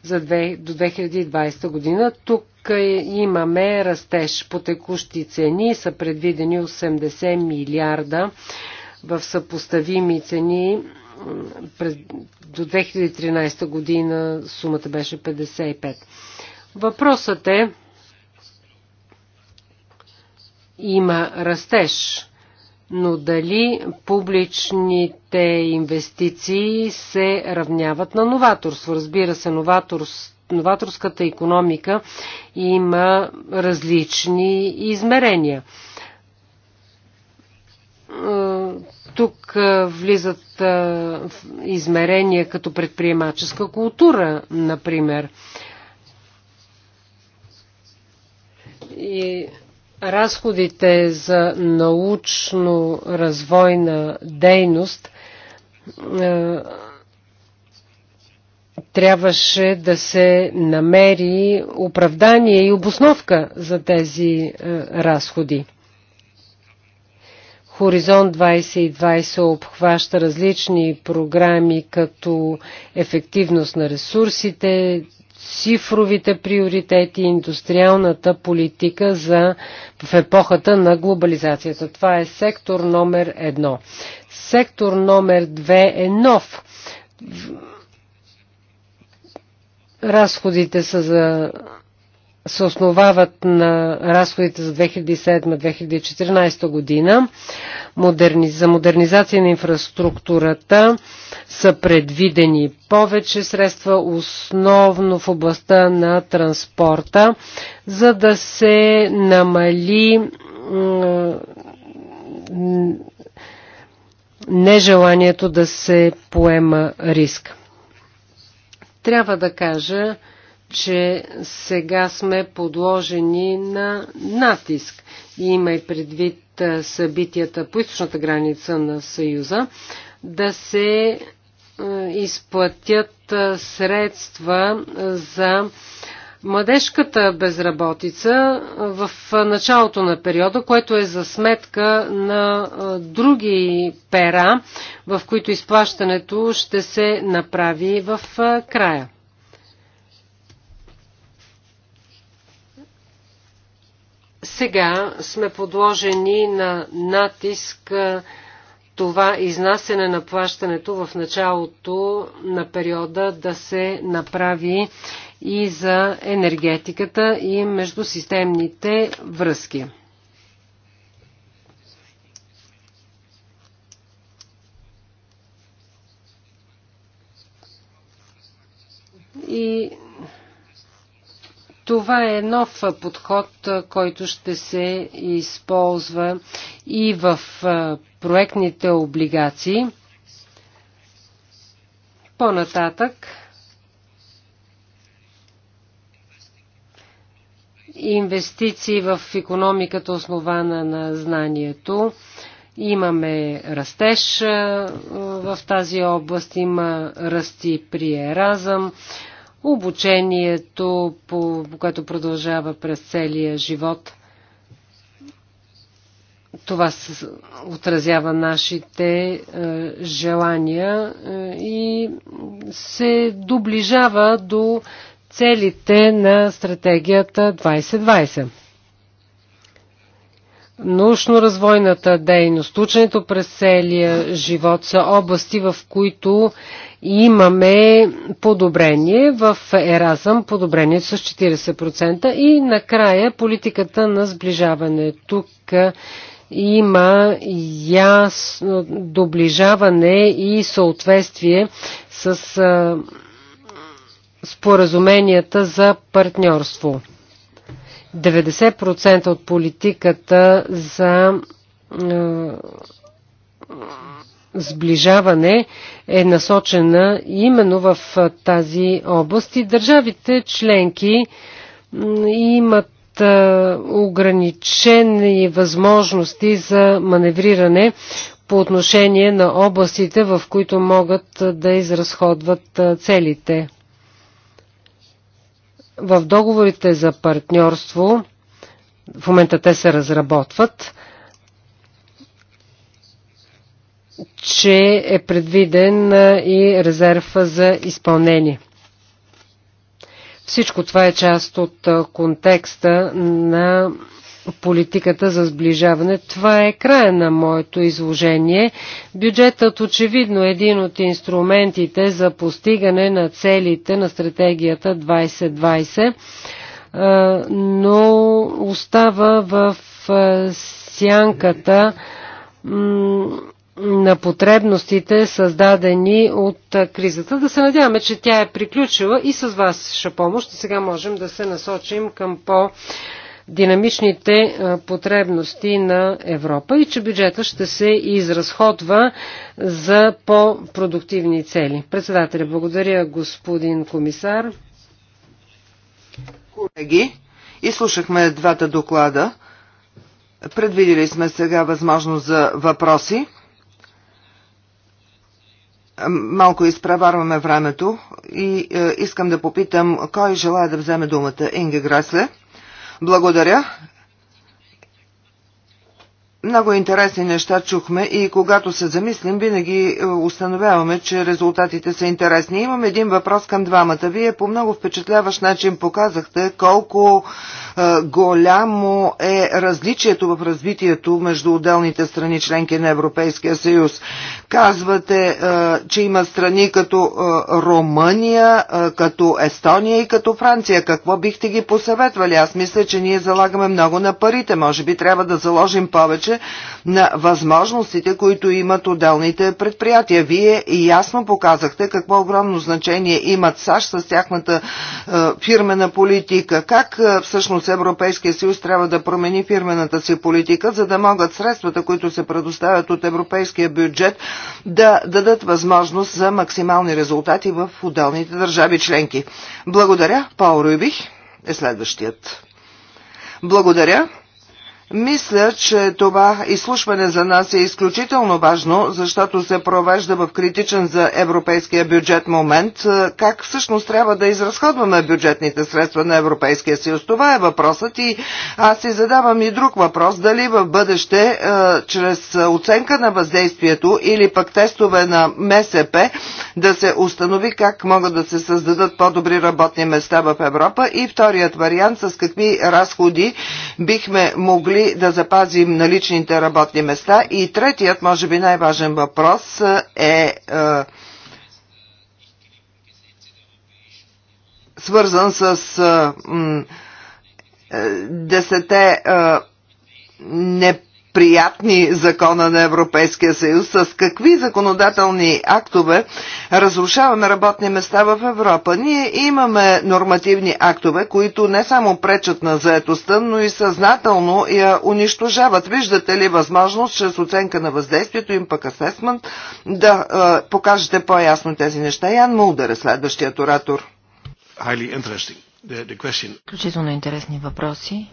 за 2, до 2020 година. Тук е, имаме растеж по текущи цени, са предвидени 80 милиарда в съпоставими цени до 2013 година сумата беше 55. Въпросът е, има растеж, но дали публичните инвестиции се равняват на новаторство? Разбира се, новаторс, новаторската економика има различни измерения. Тук влизат измерения като предприемаческа култура, например. и разходите за научно-развойна дейност трябваше да се намери оправдание и обосновка за тези разходи. Хоризонт 2020 обхваща различни програми като ефективност на ресурсите, цифровите приоритети, индустриалната политика за, в епохата на глобализацията. Това е сектор номер едно. Сектор номер две е нов. Разходите са за се основават на разходите за 2007-2014 година. Модерни... За модернизация на инфраструктурата са предвидени повече средства, основно в областта на транспорта, за да се намали нежеланието да се поема риск. Трябва да кажа, че сега сме подложени на натиск. Има и предвид събитията по източната граница на Съюза да се изплатят средства за младежката безработица в началото на периода, което е за сметка на други пера, в които изплащането ще се направи в края. Сега сме подложени на натиск това изнасяне на плащането в началото на периода да се направи и за енергетиката и междусистемните връзки. И това е нов подход, който ще се използва и в проектните облигации. По-нататък инвестиции в економиката основана на знанието. Имаме растеж в тази област, има расти при еразъм обучението, по, което продължава през целия живот. Това се отразява нашите е, желания е, и се доближава до целите на стратегията 2020. Научно-развойната дейност, ученето през целия живот са области, в които имаме подобрение. В Еразъм подобрение с 40% и накрая политиката на сближаване. Тук има ясно доближаване и съответствие с споразуменията за партньорство. 90% от политиката за е, сближаване е насочена именно в тази област и държавите членки имат е, ограничени възможности за маневриране по отношение на областите, в които могат да изразходват е, целите в договорите за партньорство, в момента те се разработват, че е предвиден и резерв за изпълнение. Всичко това е част от контекста на политиката за сближаване. Това е края на моето изложение. Бюджетът очевидно е един от инструментите за постигане на целите на стратегията 2020, но остава в сянката на потребностите, създадени от кризата. Да се надяваме, че тя е приключила и с ще помощ. Сега можем да се насочим към по- динамичните потребности на Европа и че бюджета ще се изразходва за по-продуктивни цели. Председателя, благодаря господин комисар. Колеги, изслушахме двата доклада. Предвидили сме сега възможност за въпроси. Малко изпреварваме времето и е, искам да попитам кой желая да вземе думата. Инге Грасле. Благодаря. Много интересни неща чухме и когато се замислим, винаги е, установяваме, че резултатите са интересни. Имам един въпрос към двамата. Вие по много впечатляващ начин показахте колко голямо е различието в развитието между отделните страни членки на Европейския съюз. Казвате, че има страни като Румъния, като Естония и като Франция. Какво бихте ги посъветвали? Аз мисля, че ние залагаме много на парите. Може би трябва да заложим повече на възможностите, които имат отделните предприятия. Вие ясно показахте какво огромно значение имат САЩ с тяхната фирмена политика. Как всъщност всъщност Европейския съюз трябва да промени фирмената си политика, за да могат средствата, които се предоставят от европейския бюджет, да дадат възможност за максимални резултати в отделните държави членки. Благодаря. Пао Рюбих е следващият. Благодаря. Мисля, че това изслушване за нас е изключително важно, защото се провежда в критичен за европейския бюджет момент. Е, как всъщност трябва да изразходваме бюджетните средства на Европейския съюз? Това е въпросът и аз си задавам и друг въпрос. Дали в бъдеще, е, чрез оценка на въздействието или пък тестове на МСП, да се установи как могат да се създадат по-добри работни места в Европа? И вторият вариант, с какви разходи бихме могли да запазим наличните работни места. И третият, може би най-важен въпрос е, е свързан с е, десете е, приятни закона на Европейския съюз, с какви законодателни актове разрушаваме работни места в Европа. Ние имаме нормативни актове, които не само пречат на заетостта, но и съзнателно я унищожават. Виждате ли възможност, чрез оценка на въздействието, им пък асесмент, да е, покажете по-ясно тези неща. Ян Мулдър е следващият оратор. Highly interesting. The, the Включително интересни въпроси.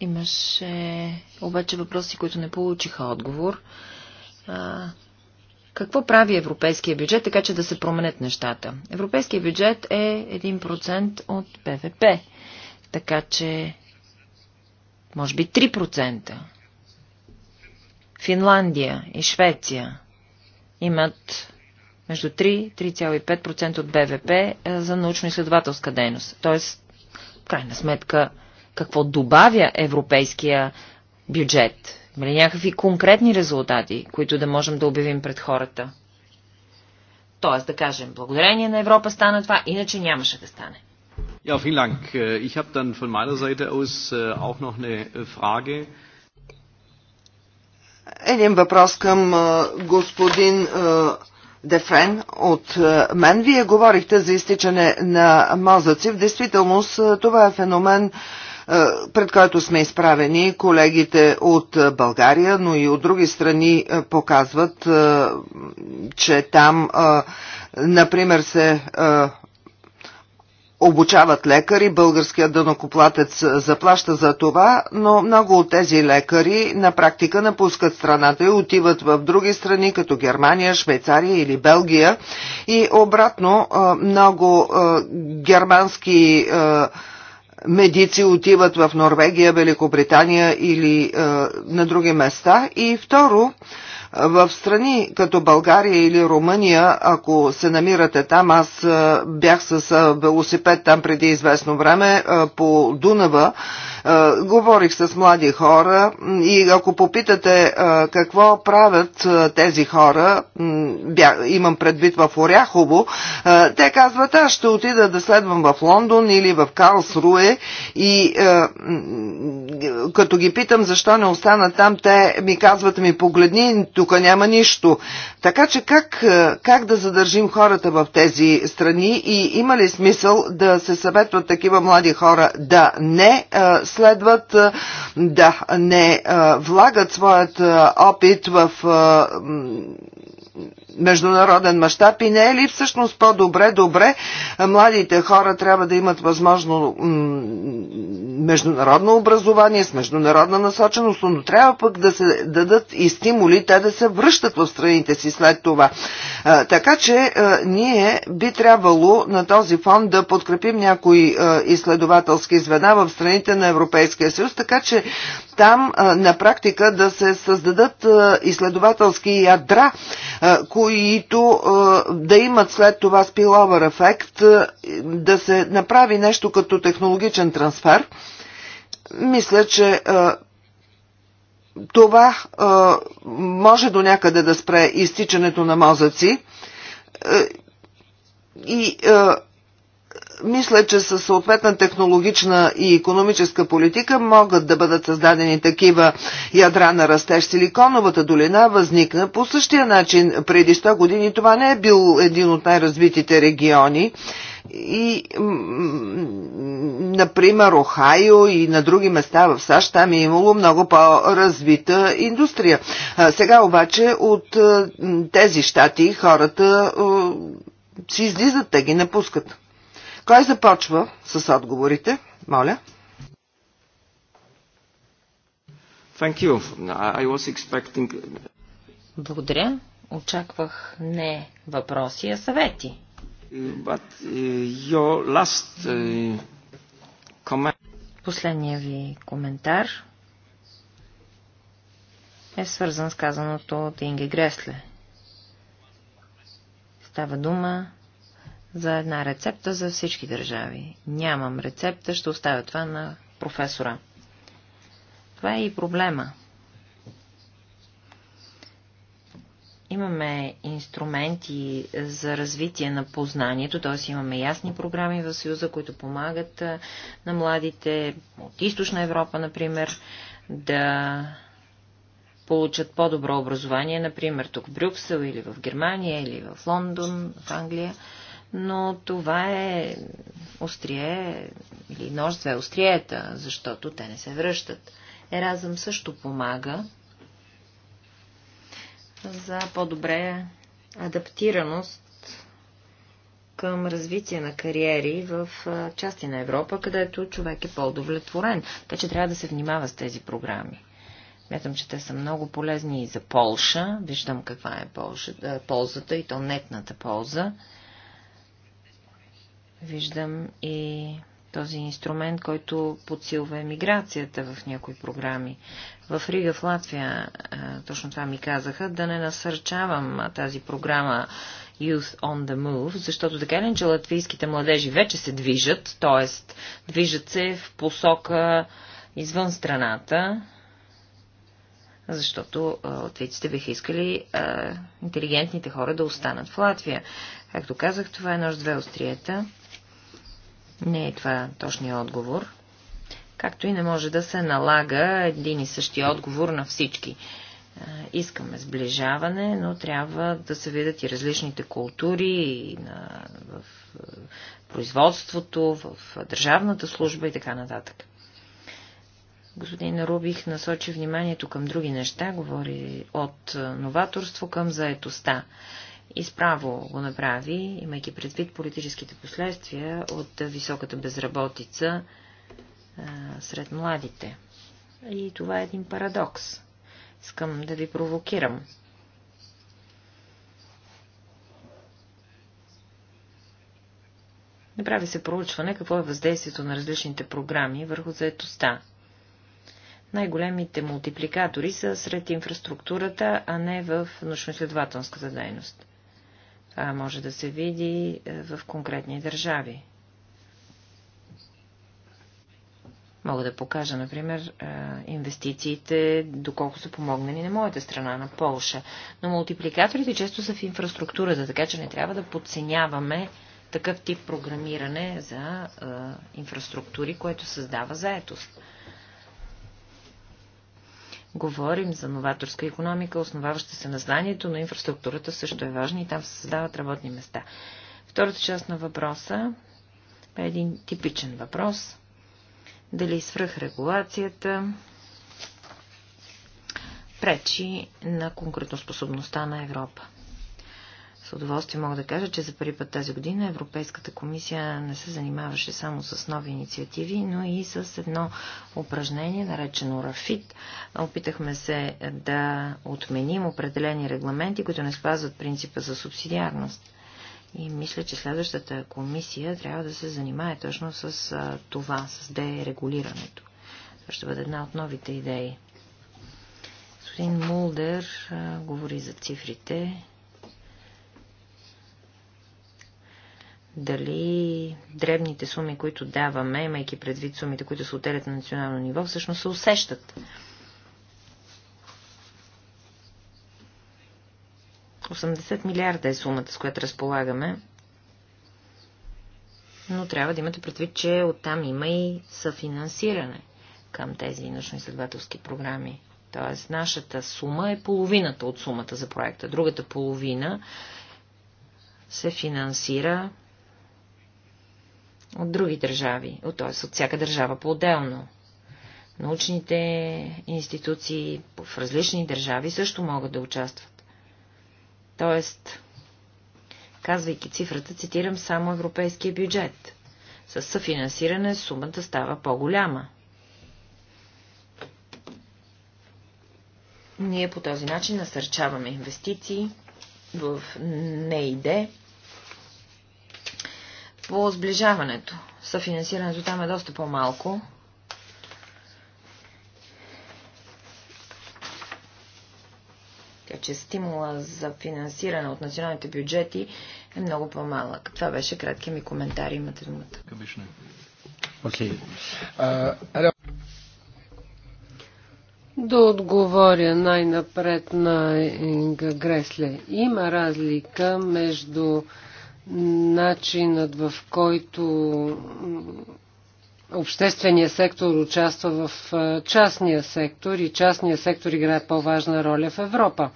Имаше обаче въпроси, които не получиха отговор. А, какво прави европейския бюджет, така че да се променят нещата? Европейския бюджет е 1% от ПВП, така че може би 3%. Финландия и Швеция имат между 3-3,5% от БВП за научно-изследователска дейност. Тоест, в крайна сметка, какво добавя европейския бюджет? Има ли някакви конкретни резултати, които да можем да обявим пред хората? Тоест да кажем, благодарение на Европа стана това, иначе нямаше да стане. Ja, vielen Dank. Äh, ich habe dann von meiner Seite aus äh, auch noch eine äh, Frage. Един въпрос към господин Дефрен от мен. Вие говорихте за изтичане на мазъци В действителност това е феномен, пред който сме изправени. Колегите от България, но и от други страни показват, че там, например, се обучават лекари, българският дънокоплатец заплаща за това, но много от тези лекари на практика напускат страната и отиват в други страни, като Германия, Швейцария или Белгия. И обратно, много германски лекари, медици отиват в Норвегия, Великобритания или е, на други места. И второ, в страни като България или Румъния, ако се намирате там, аз бях с велосипед там преди известно време по Дунава, говорих с млади хора и ако попитате какво правят тези хора, имам предвид в Оряхово, те казват, аз ще отида да следвам в Лондон или в Карлсруе и като ги питам защо не останат там, те ми казват ми погледни тук тук няма нищо. Така че как, е, как да задържим хората в тези страни и има ли смисъл да се съветват такива млади хора да не е, следват, е, да не влагат своят опит в международен мащаб и не е ли всъщност по-добре, добре, младите хора трябва да имат възможно международно образование с международна насоченост, но трябва пък да се дадат и стимули те да се връщат в страните си след това. Така че ние би трябвало на този фон да подкрепим някои изследователски звена в страните на Европейския съюз, така че там на практика да се създадат изследователски ядра, които които да имат след това спиловър ефект, да се направи нещо като технологичен трансфер. Мисля, че това може до някъде да спре изтичането на мозъци и мисля, че със съответна технологична и економическа политика могат да бъдат създадени такива ядра на растеж. Силиконовата долина възникна по същия начин преди 100 години. Това не е бил един от най-развитите региони. И, например, Охайо и на други места в САЩ там е имало много по-развита индустрия. Сега обаче от тези щати хората си излизат, те ги напускат. Кой започва с отговорите? Моля. Thank you. I was expecting... Благодаря. Очаквах не въпроси, а съвети. But, uh, your last, uh, comment... Последния ви коментар е свързан с казаното от Инги Гресле. Става дума за една рецепта за всички държави. Нямам рецепта, ще оставя това на професора. Това е и проблема. Имаме инструменти за развитие на познанието, т.е. имаме ясни програми в Съюза, които помагат на младите от източна Европа, например, да получат по-добро образование, например, тук в Брюксел или в Германия или в Лондон, в Англия но това е острие или нож две остриета, защото те не се връщат. Еразъм също помага за по-добре адаптираност към развитие на кариери в части на Европа, където човек е по-удовлетворен. Така че трябва да се внимава с тези програми. Мятам, че те са много полезни и за Полша. Виждам каква е ползата и то нетната полза. Виждам и този инструмент, който подсилва емиграцията в някои програми. В Рига, в Латвия, точно това ми казаха, да не насърчавам тази програма Youth on the Move, защото така ли, че латвийските младежи вече се движат, т.е. движат се в посока извън страната, защото латвийците биха искали а, интелигентните хора да останат в Латвия. Както казах, това е нож две остриета. Не е това точния отговор. Както и не може да се налага един и същи отговор на всички. Искаме сближаване, но трябва да се видят и различните култури и на, в производството, в държавната служба и така нататък. Господин Рубих насочи вниманието към други неща, говори от новаторство към заетостта изправо го направи, имайки предвид политическите последствия от високата безработица а, сред младите. И това е един парадокс. Искам да ви провокирам. Направи се проучване какво е въздействието на различните програми върху заетостта. Най-големите мултипликатори са сред инфраструктурата, а не в научно-изследователската дейност. Това може да се види е, в конкретни държави. Мога да покажа, например, е, инвестициите, доколко са помогнали на моята страна, на Полша. Но мултипликаторите често са в инфраструктурата, така че не трябва да подценяваме такъв тип програмиране за е, инфраструктури, което създава заетост. Говорим за новаторска економика, основаваща се на знанието, но инфраструктурата също е важна и там се създават работни места. Втората част на въпроса е един типичен въпрос. Дали свръхрегулацията пречи на конкурентоспособността на Европа? удоволствие мога да кажа, че за първи път тази година Европейската комисия не се занимаваше само с нови инициативи, но и с едно упражнение, наречено РАФИТ. Опитахме се да отменим определени регламенти, които не спазват принципа за субсидиарност. И мисля, че следващата комисия трябва да се занимае точно с това, с дерегулирането. Това ще бъде една от новите идеи. Господин Мулдер а, говори за цифрите. дали дребните суми, които даваме, имайки предвид сумите, които се отделят на национално ниво, всъщност се усещат. 80 милиарда е сумата, с която разполагаме, но трябва да имате предвид, че оттам има и съфинансиране към тези научно-изследователски програми. Тоест, нашата сума е половината от сумата за проекта. Другата половина се финансира от други държави, т.е. от всяка държава по-отделно. Научните институции в различни държави също могат да участват. Тоест, казвайки цифрата, цитирам само европейския бюджет. С съфинансиране сумата става по-голяма. Ние по този начин насърчаваме инвестиции в НЕИДЕ, по сближаването. Съфинансирането там е доста по-малко. Така че стимула за финансиране от националните бюджети е много по-малък. Това беше кратки ми коментар. Имате думата. Okay. Uh, да отговоря най-напред на Инга Гресле. Има разлика между начинът в който обществения сектор участва в частния сектор и частния сектор играе по-важна роля в Европа.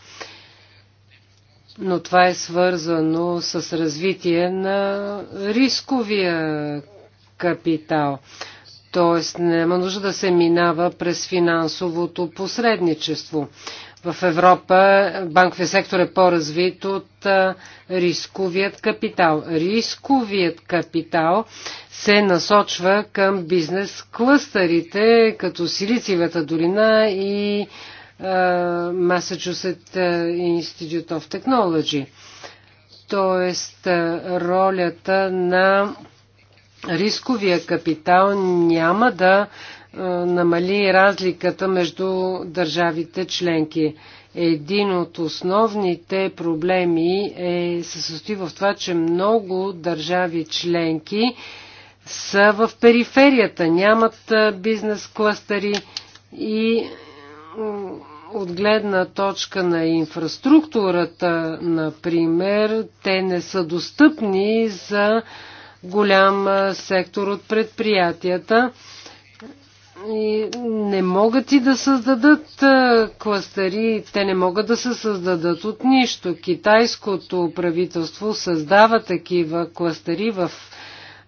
Но това е свързано с развитие на рисковия капитал. Тоест, няма нужда да се минава през финансовото посредничество в Европа банковия сектор е по-развит от рисковият капитал. Рисковият капитал се насочва към бизнес клъстерите като Силициевата долина и Massachusetts Institute of Technology. Тоест, ролята на рисковия капитал няма да е, намали разликата между държавите членки. Един от основните проблеми е, се състои в това, че много държави членки са в периферията, нямат е, бизнес кластери и от гледна точка на инфраструктурата, например, те не са достъпни за голям е, сектор от предприятията не могат и да създадат кластери, те не могат да се създадат от нищо. Китайското правителство създава такива кластери в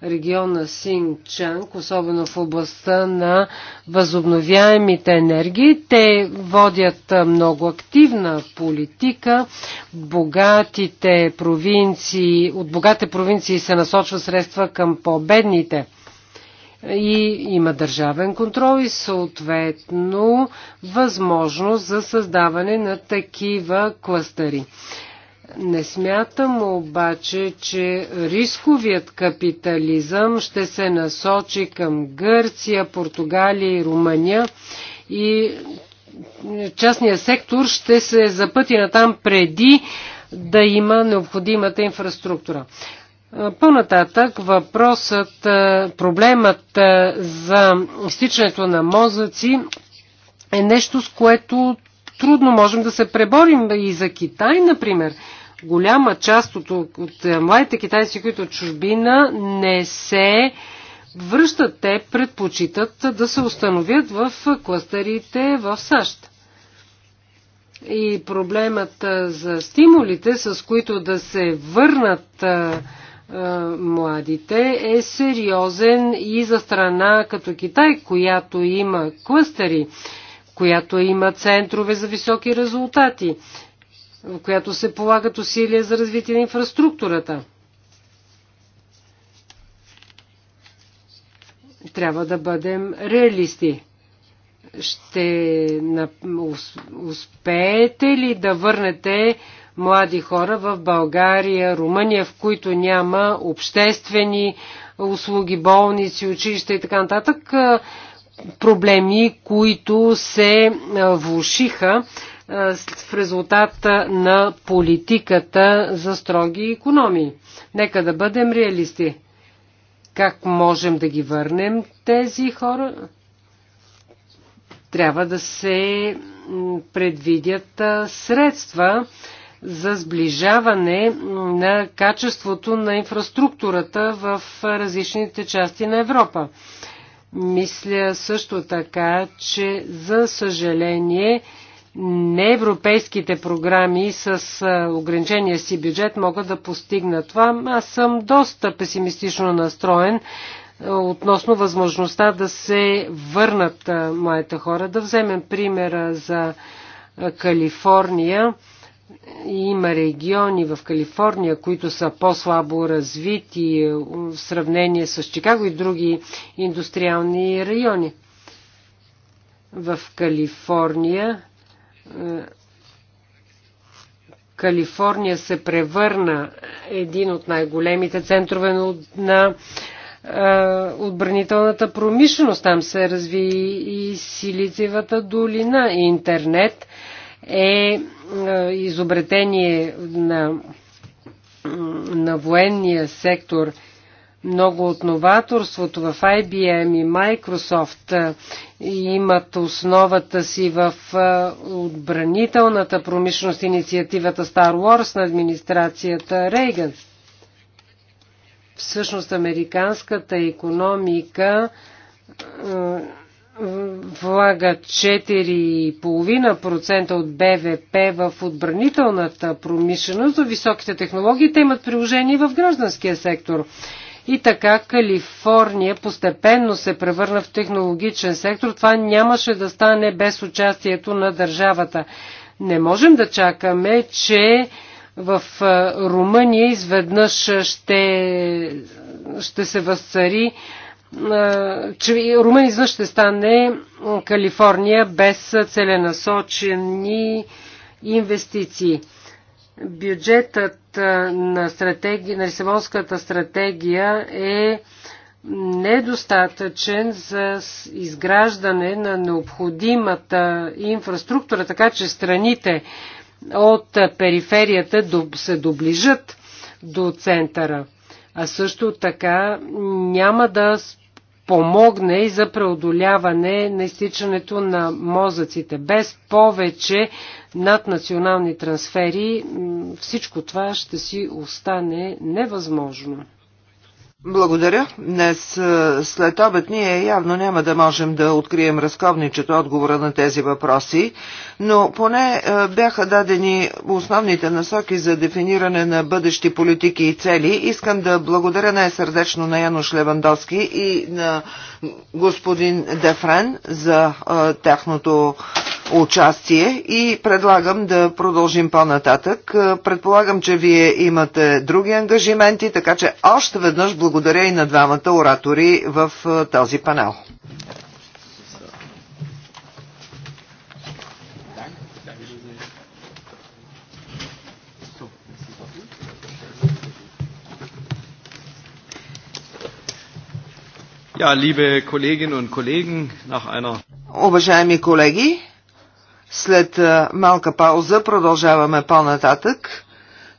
региона Синчанг, особено в областта на възобновяемите енергии. Те водят много активна политика. Богатите провинции, от богатите провинции се насочва средства към по-бедните – и има държавен контрол и съответно възможност за създаване на такива кластъри. Не смятам обаче, че рисковият капитализъм ще се насочи към Гърция, Португалия и Румъния и частния сектор ще се запъти на там преди да има необходимата инфраструктура. По-нататък въпросът, проблемът за изтичането на мозъци е нещо, с което трудно можем да се преборим. И за Китай, например, голяма част от, от младите китайци, които от чужбина не се връщат, те предпочитат да се установят в кластерите в САЩ. И проблемът за стимулите, с които да се върнат е, младите е сериозен и за страна като Китай, която има клъстери, която има центрове за високи резултати, в която се полагат усилия за развитие на инфраструктурата. Трябва да бъдем реалисти. Ще успеете ли да върнете млади хора в България, Румъния, в които няма обществени услуги, болници, училища и така нататък. Проблеми, които се влушиха в резултат на политиката за строги економии. Нека да бъдем реалисти. Как можем да ги върнем тези хора? Трябва да се предвидят средства за сближаване на качеството на инфраструктурата в различните части на Европа. Мисля също така, че за съжаление не европейските програми с ограничения си бюджет могат да постигнат това. Аз съм доста песимистично настроен относно възможността да се върнат моите хора. Да вземем примера за Калифорния. Има региони в Калифорния, които са по-слабо развити в сравнение с Чикаго и други индустриални райони. В Калифорния е, Калифорния се превърна един от най-големите центрове на, е, отбранителната промишленост. Там се разви и Силицевата долина, и интернет – е, е изобретение на, на военния сектор. Много от новаторството в IBM и Microsoft е, имат основата си в е, отбранителната промишленост инициативата Star Wars на администрацията Рейган. Всъщност американската економика влага 4,5% от БВП в отбранителната промишленост, до високите технологии, те имат приложение в гражданския сектор. И така Калифорния постепенно се превърна в технологичен сектор. Това нямаше да стане без участието на държавата. Не можем да чакаме, че в Румъния изведнъж ще, ще се възцари че Румен изведнъж ще стане Калифорния без целенасочени инвестиции. Бюджетът на, стратеги... на Лисабонската стратегия е недостатъчен за изграждане на необходимата инфраструктура, така че страните от периферията се доближат до центъра а също така няма да помогне и за преодоляване на изтичането на мозъците. Без повече наднационални трансфери всичко това ще си остане невъзможно. Благодаря. Днес след обед ние явно няма да можем да открием разковничето отговора на тези въпроси, но поне бяха дадени основните насоки за дефиниране на бъдещи политики и цели. Искам да благодаря най-сърдечно на Януш Левандовски и на господин Дефрен за тяхното участие и предлагам да продължим по-нататък. Е, предполагам, че вие имате други ангажименти, така че още веднъж благодаря и на двамата оратори в е, този панел. Ja, liebe Kolleginnen und Kollegen, nach einer Уважаеми колеги, след малка пауза продължаваме по-нататък.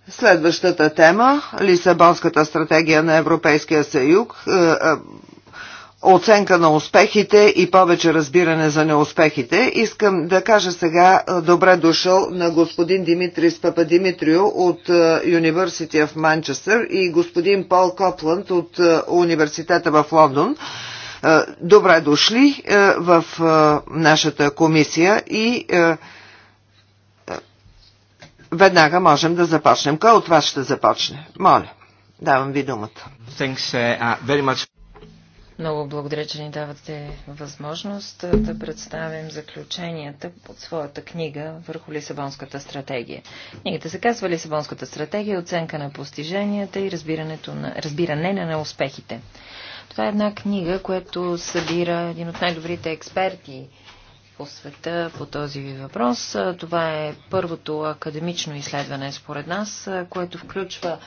Следващата тема – Лисабонската стратегия на Европейския съюз, оценка на успехите и повече разбиране за неуспехите. Искам да кажа сега добре дошъл на господин Димитрис Пападимитрио от University of Manchester и господин Пол Копланд от Университета в Лондон. Е, добре дошли е, в е, нашата комисия и веднага можем да започнем. Кой от вас ще започне? Моля, давам ви думата. много благодаря, че ни давате възможност да представим заключенията от своята книга върху Лисабонската стратегия. Книгата се казва Лисабонската стратегия, оценка на постиженията и разбирането на, разбиране на неуспехите. Това е една книга, която събира един от най-добрите експерти по света по този ви въпрос. Това е първото академично изследване според нас, което включва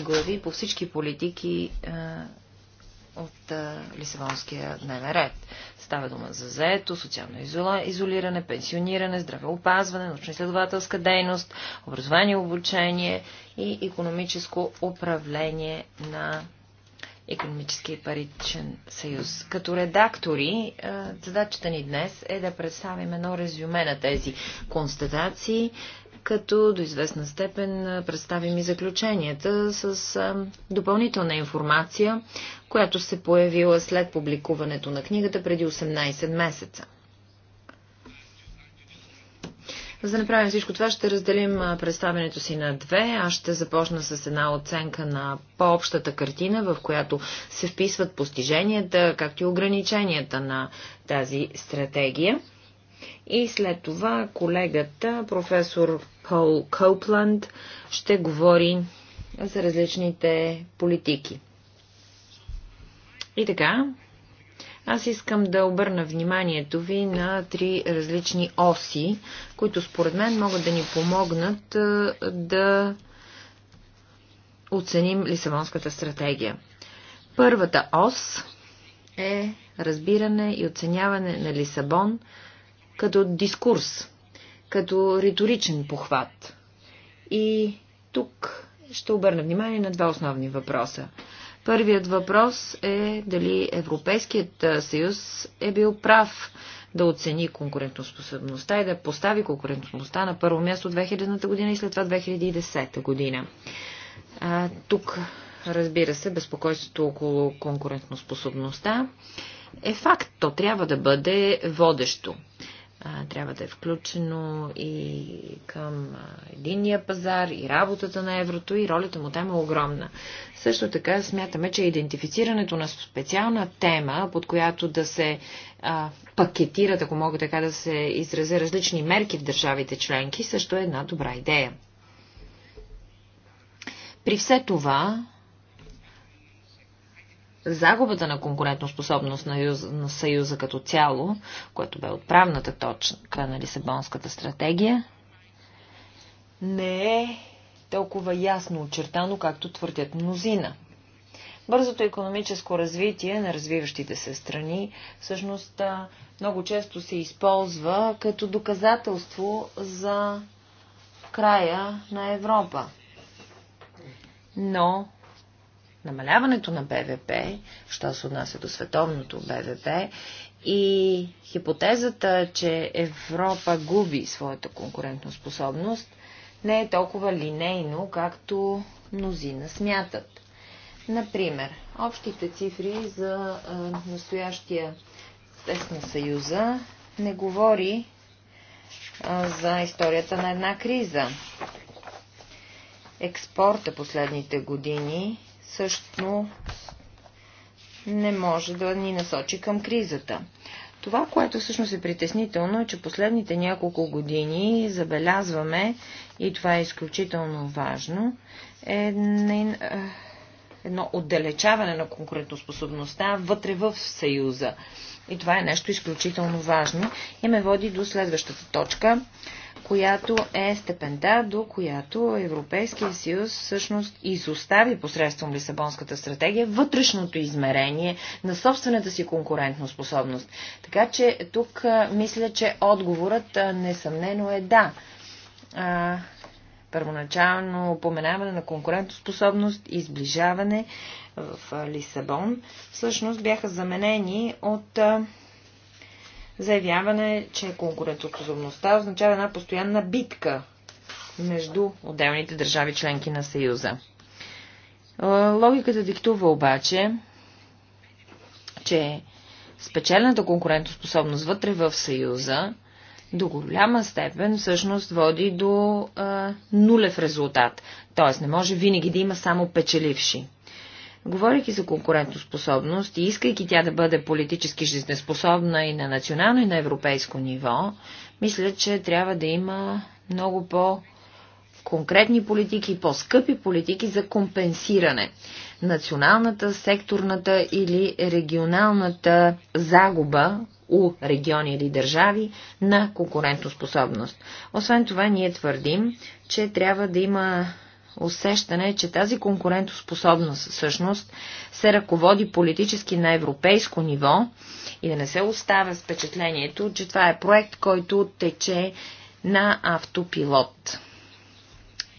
глави по всички политики от Лисабонския дневен ред. Става дума за заето, социално изолиране, пенсиониране, здравеопазване, научно-изследователска дейност, образование, обучение и економическо управление на економически и паричен съюз. Като редактори, е, задачата ни днес е да представим едно резюме на тези констатации, като до известна степен е, представим и заключенията с е, допълнителна информация, която се появила след публикуването на книгата преди 18 месеца. За да направим всичко това, ще разделим представенето си на две. Аз ще започна с една оценка на по-общата картина, в която се вписват постиженията, както и ограниченията на тази стратегия. И след това колегата, професор Пол Копланд, ще говори за различните политики. И така, аз искам да обърна вниманието ви на три различни оси, които според мен могат да ни помогнат да оценим Лисабонската стратегия. Първата ос е разбиране и оценяване на Лисабон като дискурс, като риторичен похват. И тук ще обърна внимание на два основни въпроса. Първият въпрос е дали Европейският съюз е бил прав да оцени конкурентоспособността и да постави конкурентоспособността на първо място 2000-та година и след това 2010 година. А, тук, разбира се, безпокойството около конкурентоспособността е факт. То трябва да бъде водещо трябва да е включено и към единния пазар, и работата на еврото, и ролята му там е огромна. Също така смятаме, че идентифицирането на специална тема, под която да се а, пакетират, ако мога така да се изразя, различни мерки в държавите членки, също е една добра идея. При все това, загубата на конкурентоспособност на, Юз, на Съюза като цяло, което бе отправната точка на Лисабонската стратегия, не е толкова ясно очертано, както твърдят мнозина. Бързото економическо развитие на развиващите се страни всъщност много често се използва като доказателство за края на Европа. Но намаляването на БВП, що се отнася до световното БВП, и хипотезата, че Европа губи своята конкурентоспособност, не е толкова линейно, както мнозина смятат. Например, общите цифри за а, настоящия тест на Съюза не говори а, за историята на една криза. Експорта последните години също не може да ни насочи към кризата. Това, което всъщност е притеснително, е, че последните няколко години забелязваме, и това е изключително важно, е, е едно отдалечаване на конкурентоспособността вътре в Съюза. И това е нещо изключително важно и ме води до следващата точка която е степента, до която Европейския съюз всъщност изостави посредством Лисабонската стратегия вътрешното измерение на собствената си конкурентно способност. Така че тук мисля, че отговорът несъмнено е да първоначално упоменаване на конкурентоспособност и сближаване в Лисабон, всъщност бяха заменени от заявяване, че конкурентоспособността означава една постоянна битка между отделните държави членки на Съюза. Е, логиката диктува обаче, че спечелената конкурентоспособност вътре в Съюза до голяма степен всъщност води до а, е, нулев резултат. Тоест не може винаги да има само печеливши. Говорейки за конкурентоспособност и искайки тя да бъде политически жизнеспособна и на национално и на европейско ниво, мисля, че трябва да има много по- конкретни политики, по-скъпи политики за компенсиране. Националната, секторната или регионалната загуба у региони или държави на конкурентоспособност. Освен това, ние твърдим, че трябва да има усещане е, че тази конкурентоспособност всъщност се ръководи политически на европейско ниво и да не се оставя с впечатлението, че това е проект, който тече на автопилот.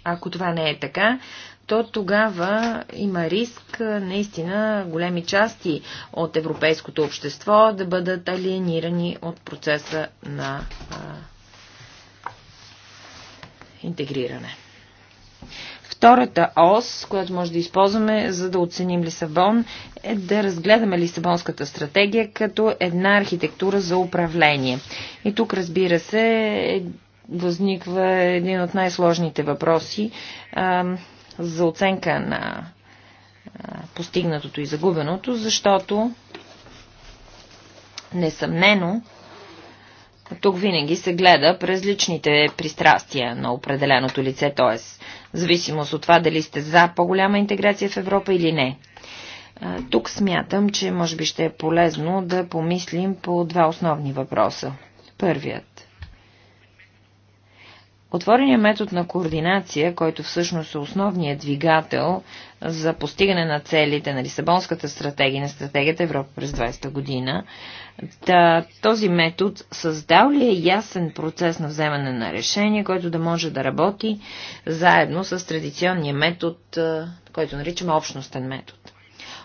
Ако това не е така, то тогава има риск наистина големи части от европейското общество да бъдат алиенирани от процеса на а, интегриране. Втората ос, която може да използваме, за да оценим Лисабон, е да разгледаме Лисабонската стратегия като една архитектура за управление. И тук, разбира се, е- възниква един от най-сложните въпроси а, за оценка на а, постигнатото и загубеното, защото несъмнено тук винаги се гледа през личните пристрастия на определеното лице, т.е. зависимост от това дали сте за по-голяма интеграция в Европа или не. Тук смятам, че може би ще е полезно да помислим по два основни въпроса. Първият Отвореният метод на координация, който всъщност е основният двигател за постигане на целите на Лисабонската стратегия и на стратегията Европа през 20-та година, да, този метод създал ли е ясен процес на вземане на решение, който да може да работи заедно с традиционния метод, който наричаме общностен метод?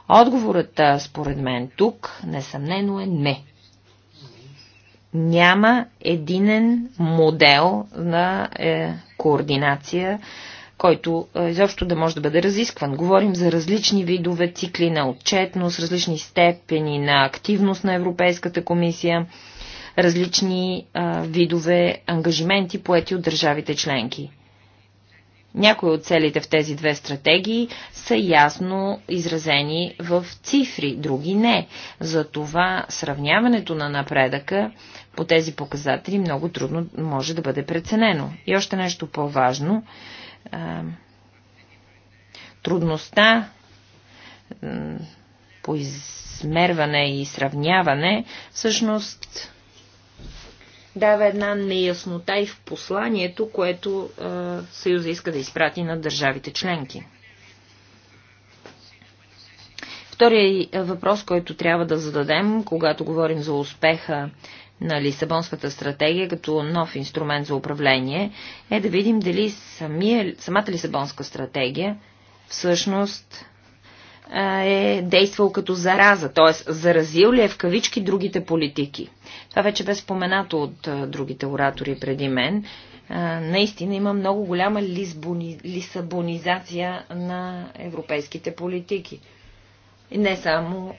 Отговорът, според мен, тук несъмнено е не няма единен модел на е, координация, който е, изобщо да може да бъде разискван. Говорим за различни видове цикли на отчетност, различни степени на активност на Европейската комисия, различни е, видове ангажименти, поети от държавите членки. Някои от целите в тези две стратегии са ясно изразени в цифри, други не. Затова сравняването на напредъка по тези показатели много трудно може да бъде преценено. И още нещо по-важно. Трудността по измерване и сравняване всъщност дава една неяснота и в посланието, което е, Съюза иска да изпрати на държавите членки. Втория въпрос, който трябва да зададем, когато говорим за успеха на Лисабонската стратегия като нов инструмент за управление, е да видим дали самия, самата Лисабонска стратегия всъщност е действал като зараза, т.е. заразил ли е в кавички другите политики. Това вече бе споменато от другите оратори преди мен. Наистина има много голяма лисбони... лисабонизация на европейските политики. И не само,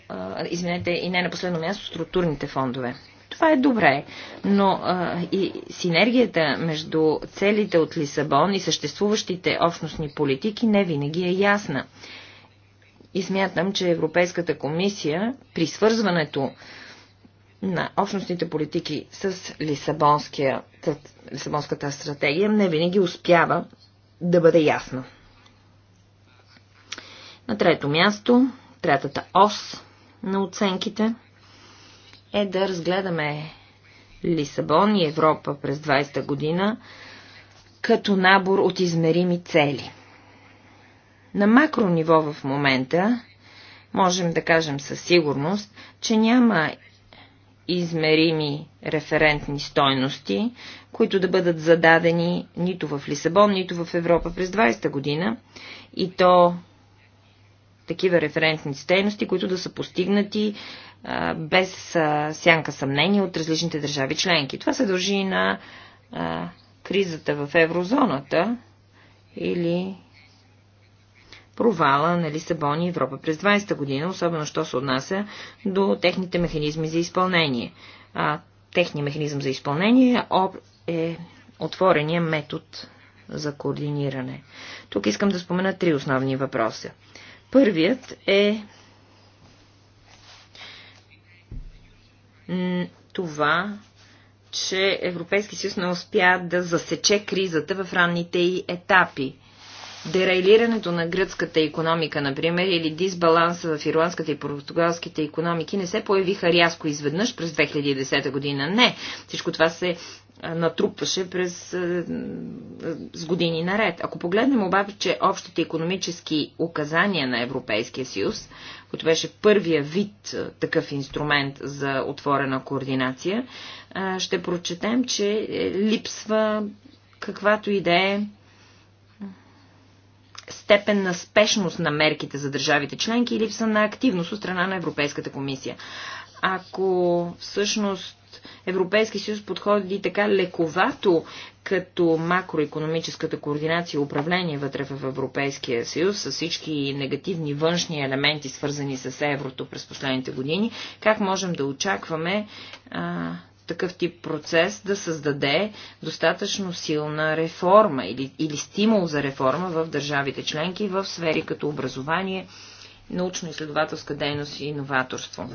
извинете, и не на последно място, структурните фондове. Това е добре, но а, и синергията между целите от Лисабон и съществуващите общностни политики не винаги е ясна. И смятам, че Европейската комисия при свързването на общностните политики с Лисабонската стратегия не винаги успява да бъде ясна. На трето място, третата ос на оценките е да разгледаме Лисабон и Европа през 20-та година като набор от измерими цели. На макро ниво в момента можем да кажем със сигурност, че няма измерими референтни стойности, които да бъдат зададени нито в Лисабон, нито в Европа през 20-та година, и то такива референтни стойности, които да са постигнати а, без а, сянка съмнение от различните държави членки. Това се дължи на а, кризата в еврозоната или провала на Лисабон и Европа през 20-та година, особено що се отнася до техните механизми за изпълнение. А, техният механизъм за изпълнение е, е отворения метод за координиране. Тук искам да спомена три основни въпроса. Първият е това, че Европейски съюз не успя да засече кризата в ранните й етапи. Дерайлирането на гръцката економика, например, или дисбаланса в ирландската и португалските економики не се появиха рязко изведнъж през 2010 година. Не, всичко това се натрупваше през с години наред. Ако погледнем обаче общите економически указания на Европейския съюз, който беше първия вид такъв инструмент за отворена координация, ще прочетем, че е, липсва каквато и да е степен на спешност на мерките за държавите членки и липса на активност от страна на Европейската комисия. Ако всъщност Европейски съюз подходи така лековато като макроекономическата координация и управление вътре в Европейския съюз с всички негативни външни елементи, свързани с еврото през последните години, как можем да очакваме а, такъв тип процес да създаде достатъчно силна реформа или, или стимул за реформа в държавите членки в сфери като образование, научно-изследователска дейност и иноваторство.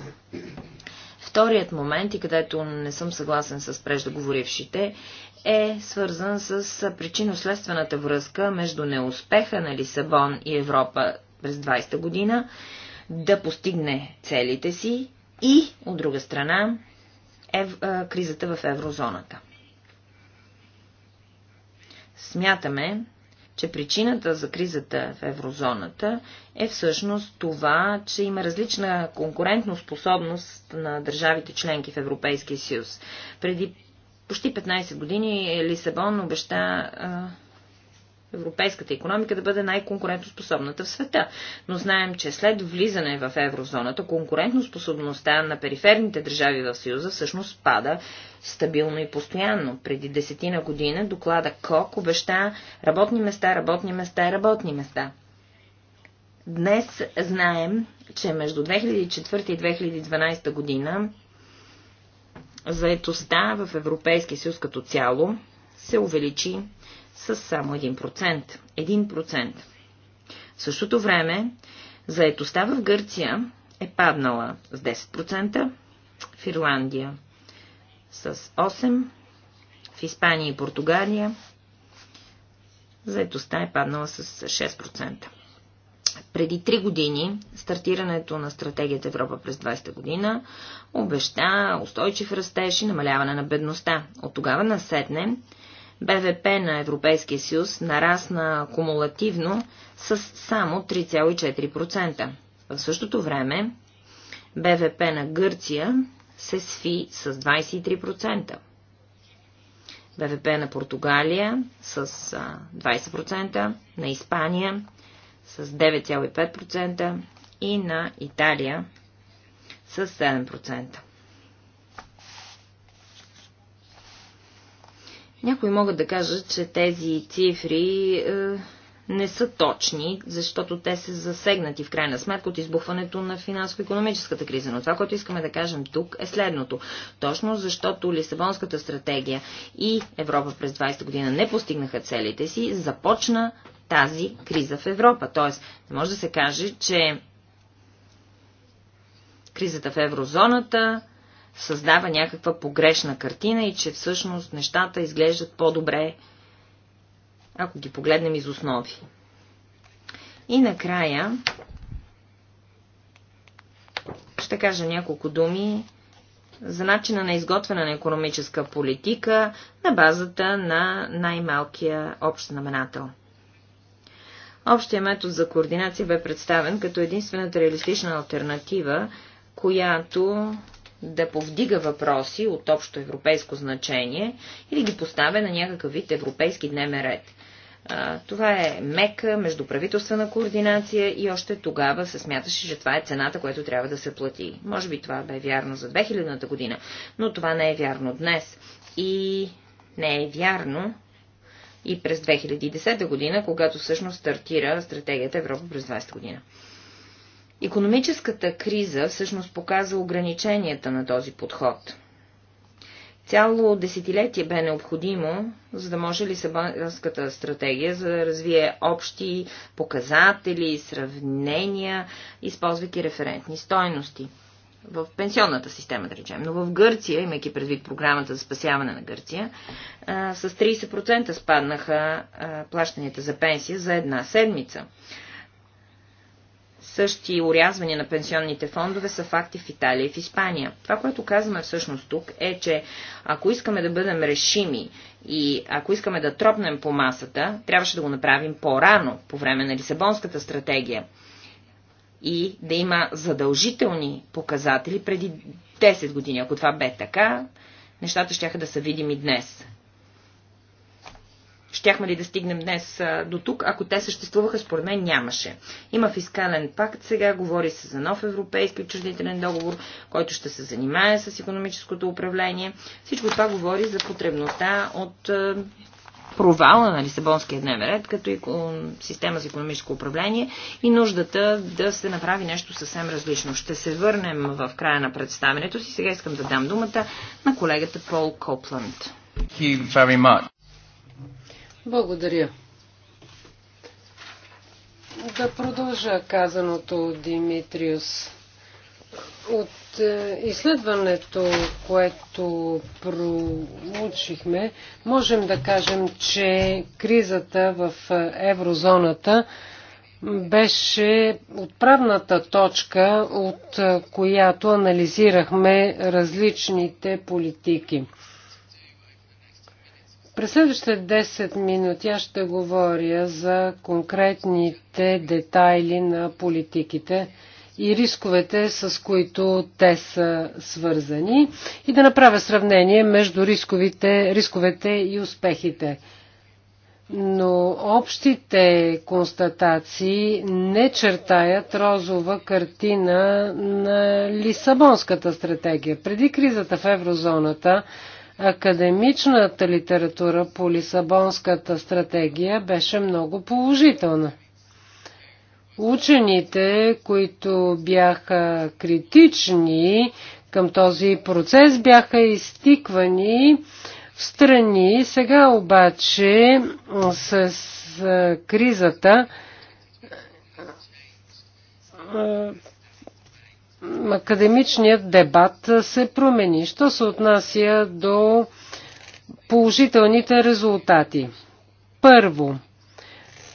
Вторият момент, и където не съм съгласен с преждоговорившите, е свързан с причинно-следствената връзка между неуспеха на Лисабон и Европа през 20-та година да постигне целите си и, от друга страна, ев, а, кризата в еврозоната. Смятаме, че причината за кризата в еврозоната е всъщност това, че има различна конкурентно способност на държавите членки в Европейския съюз. Преди почти 15 години Лисабон обеща европейската економика да бъде най-конкурентоспособната в света. Но знаем, че след влизане в еврозоната, конкурентоспособността на периферните държави в Съюза всъщност пада стабилно и постоянно. Преди десетина година доклада КОК обеща работни места, работни места и работни места. Днес знаем, че между 2004 и 2012 година заетостта в Европейския съюз като цяло се увеличи с само 1%. 1%. В същото време, заетостта в Гърция е паднала с 10%, в Ирландия с 8%, в Испания и Португалия заетостта е паднала с 6%. Преди 3 години стартирането на стратегията Европа през 20-та година обеща устойчив растеж и намаляване на бедността. От тогава насетне БВП на Европейския съюз нарасна кумулативно с само 3,4%. В същото време БВП на Гърция се сви с 23%. БВП на Португалия с 20%, на Испания с 9,5% и на Италия с 7%. Някои могат да кажат, че тези цифри е, не са точни, защото те са засегнати в крайна сметка от избухването на финансово-економическата криза. Но това, което искаме да кажем тук е следното. Точно защото Лисабонската стратегия и Европа през 20 година не постигнаха целите си, започна тази криза в Европа. Тоест, не може да се каже, че кризата в еврозоната създава някаква погрешна картина и че всъщност нещата изглеждат по-добре, ако ги погледнем из основи. И накрая ще кажа няколко думи за начина на изготвяне на економическа политика на базата на най-малкия общ знаменател. Общия метод за координация бе представен като единствената реалистична альтернатива, която да повдига въпроси от общо европейско значение или ги поставя на някакъв вид европейски дневен ред. Това е мека междуправителствена координация и още тогава се смяташе, че това е цената, която трябва да се плати. Може би това бе вярно за 2000-та година, но това не е вярно днес. И не е вярно и през 2010 година, когато всъщност стартира стратегията Европа през 20 година. Економическата криза всъщност показа ограниченията на този подход. Цяло десетилетие бе необходимо, за да може Лисабонската стратегия за да развие общи показатели, сравнения, използвайки референтни стойности в пенсионната система, да речем. Но в Гърция, имайки предвид програмата за спасяване на Гърция, с 30% спаднаха плащанията за пенсия за една седмица същи урязвания на пенсионните фондове са факти в Италия и в Испания. Това, което казваме всъщност тук е, че ако искаме да бъдем решими и ако искаме да тропнем по масата, трябваше да го направим по-рано, по време на Лисабонската стратегия и да има задължителни показатели преди 10 години. Ако това бе така, нещата ще да са видими днес. Щяхме ли да стигнем днес до тук, ако те съществуваха, според мен нямаше. Има фискален пакт сега, говори се за нов европейски учредителен договор, който ще се занимае с економическото управление. Всичко това говори за потребността от провала на Лисабонския дневен ред като система за економическо управление и нуждата да се направи нещо съвсем различно. Ще се върнем в края на представенето си. Сега искам да дам думата на колегата Пол Копланд. Благодаря. Да продължа казаното от Димитриус. От е, изследването, което проучихме, можем да кажем, че кризата в е, еврозоната беше отправната точка, от е, която анализирахме различните политики. През следващите 10 минути аз ще говоря за конкретните детайли на политиките и рисковете, с които те са свързани и да направя сравнение между рисковите, рисковете и успехите. Но общите констатации не чертаят розова картина на Лисабонската стратегия. Преди кризата в еврозоната академичната литература по Лисабонската стратегия беше много положителна. Учените, които бяха критични към този процес, бяха изтиквани в страни. Сега обаче с кризата академичният дебат се промени. Що се отнася до положителните резултати? Първо,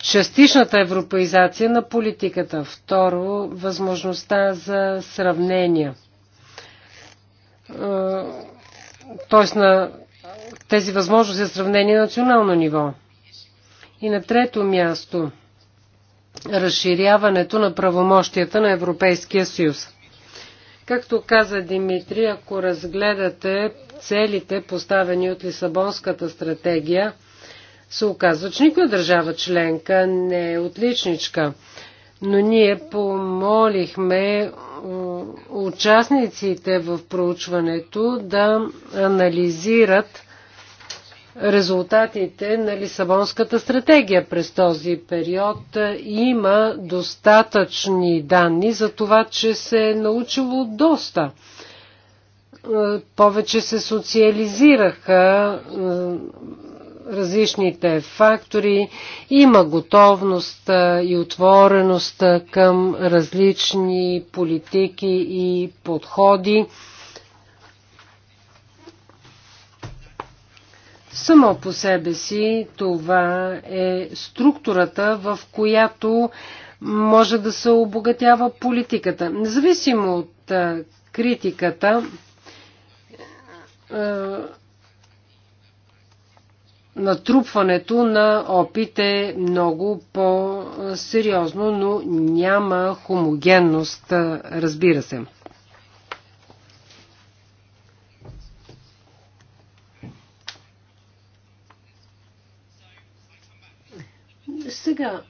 частичната европеизация на политиката. Второ, възможността за сравнения. Тоест на тези възможности за сравнение на национално ниво. И на трето място, разширяването на правомощията на Европейския съюз. Както каза Димитри, ако разгледате целите, поставени от Лисабонската стратегия, се оказва, че никоя държава членка не е отличничка. Но ние помолихме участниците в проучването да анализират резултатите на Лисабонската стратегия през този период. Има достатъчни данни за това, че се е научило доста. Повече се социализираха различните фактори, има готовност и отвореност към различни политики и подходи. Само по себе си това е структурата, в която може да се обогатява политиката. Независимо от критиката, натрупването на опит е много по-сериозно, но няма хомогенност, разбира се. Сега,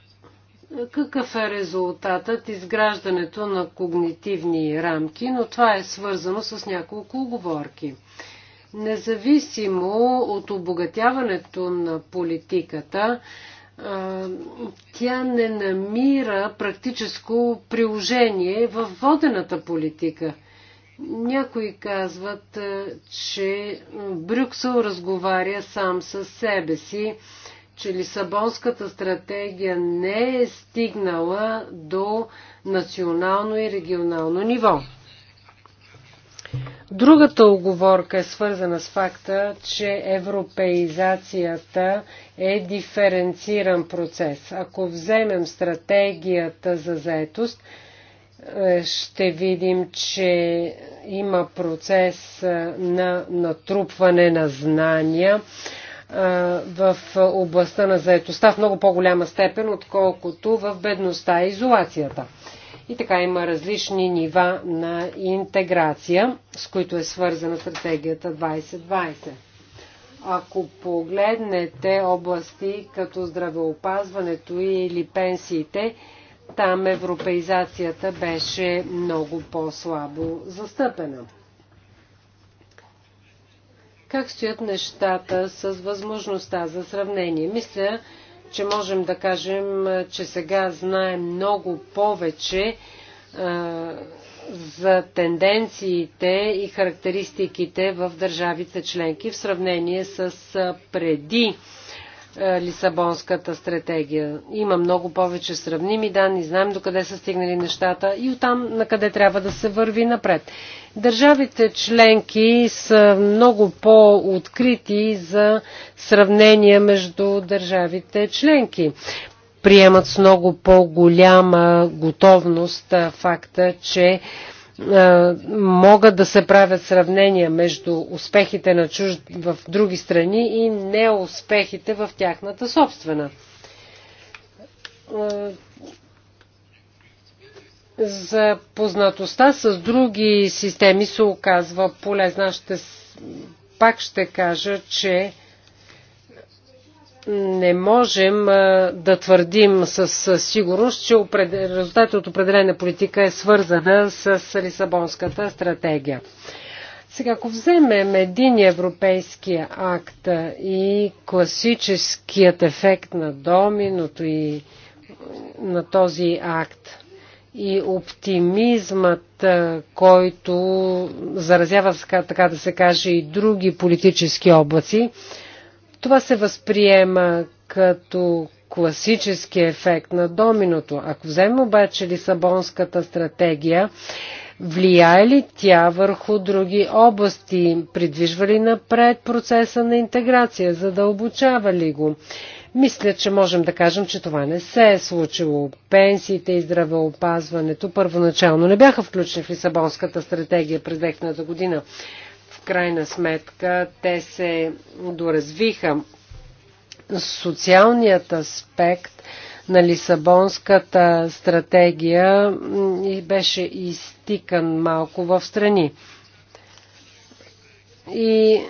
какъв е резултатът? Изграждането на когнитивни рамки, но това е свързано с няколко оговорки. Независимо от обогатяването на политиката, тя не намира практическо приложение в водената политика. Някои казват, че Брюксел разговаря сам със себе си че Лисабонската стратегия не е стигнала до национално и регионално ниво. Другата оговорка е свързана с факта, че европеизацията е диференциран процес. Ако вземем стратегията за заетост, е, ще видим, че има процес е, на натрупване на знания, в областта на заетостта в много по-голяма степен, отколкото в бедността и изолацията. И така има различни нива на интеграция, с които е свързана стратегията 2020. Ако погледнете области като здравеопазването или пенсиите, там европеизацията беше много по-слабо застъпена. Как стоят нещата с възможността за сравнение? Мисля, че можем да кажем, че сега знаем много повече за тенденциите и характеристиките в държавите членки в сравнение с преди е, Лисабонската стратегия. Има много повече сравними данни, знаем докъде са стигнали нещата и оттам на къде трябва да се върви напред. Държавите членки са много по-открити за сравнение между държавите членки. Приемат с много по-голяма готовност факта, че е, могат да се правят сравнения между успехите на чужд... в други страни и неуспехите в тяхната собствена. Е, За познатостта с други системи се оказва полезна. Ще... Пак ще кажа, че не можем да твърдим с сигурност, че резултатът от определена политика е свързана с Лисабонската стратегия. Сега, ако вземем един европейски акт и класическият ефект на доминото и на този акт и оптимизмът, който заразява, така да се каже, и други политически облаци, това се възприема като класически ефект на доминото. Ако вземем обаче Лисабонската стратегия, влияе ли тя върху други области? Придвижва ли напред процеса на интеграция? Задълбочава ли го? Мисля, че можем да кажем, че това не се е случило. Пенсиите и здравеопазването първоначално не бяха включени в Лисабонската стратегия през 2000 година крайна сметка те се доразвиха. Социалният аспект на Лисабонската стратегия беше изтикан малко в страни. И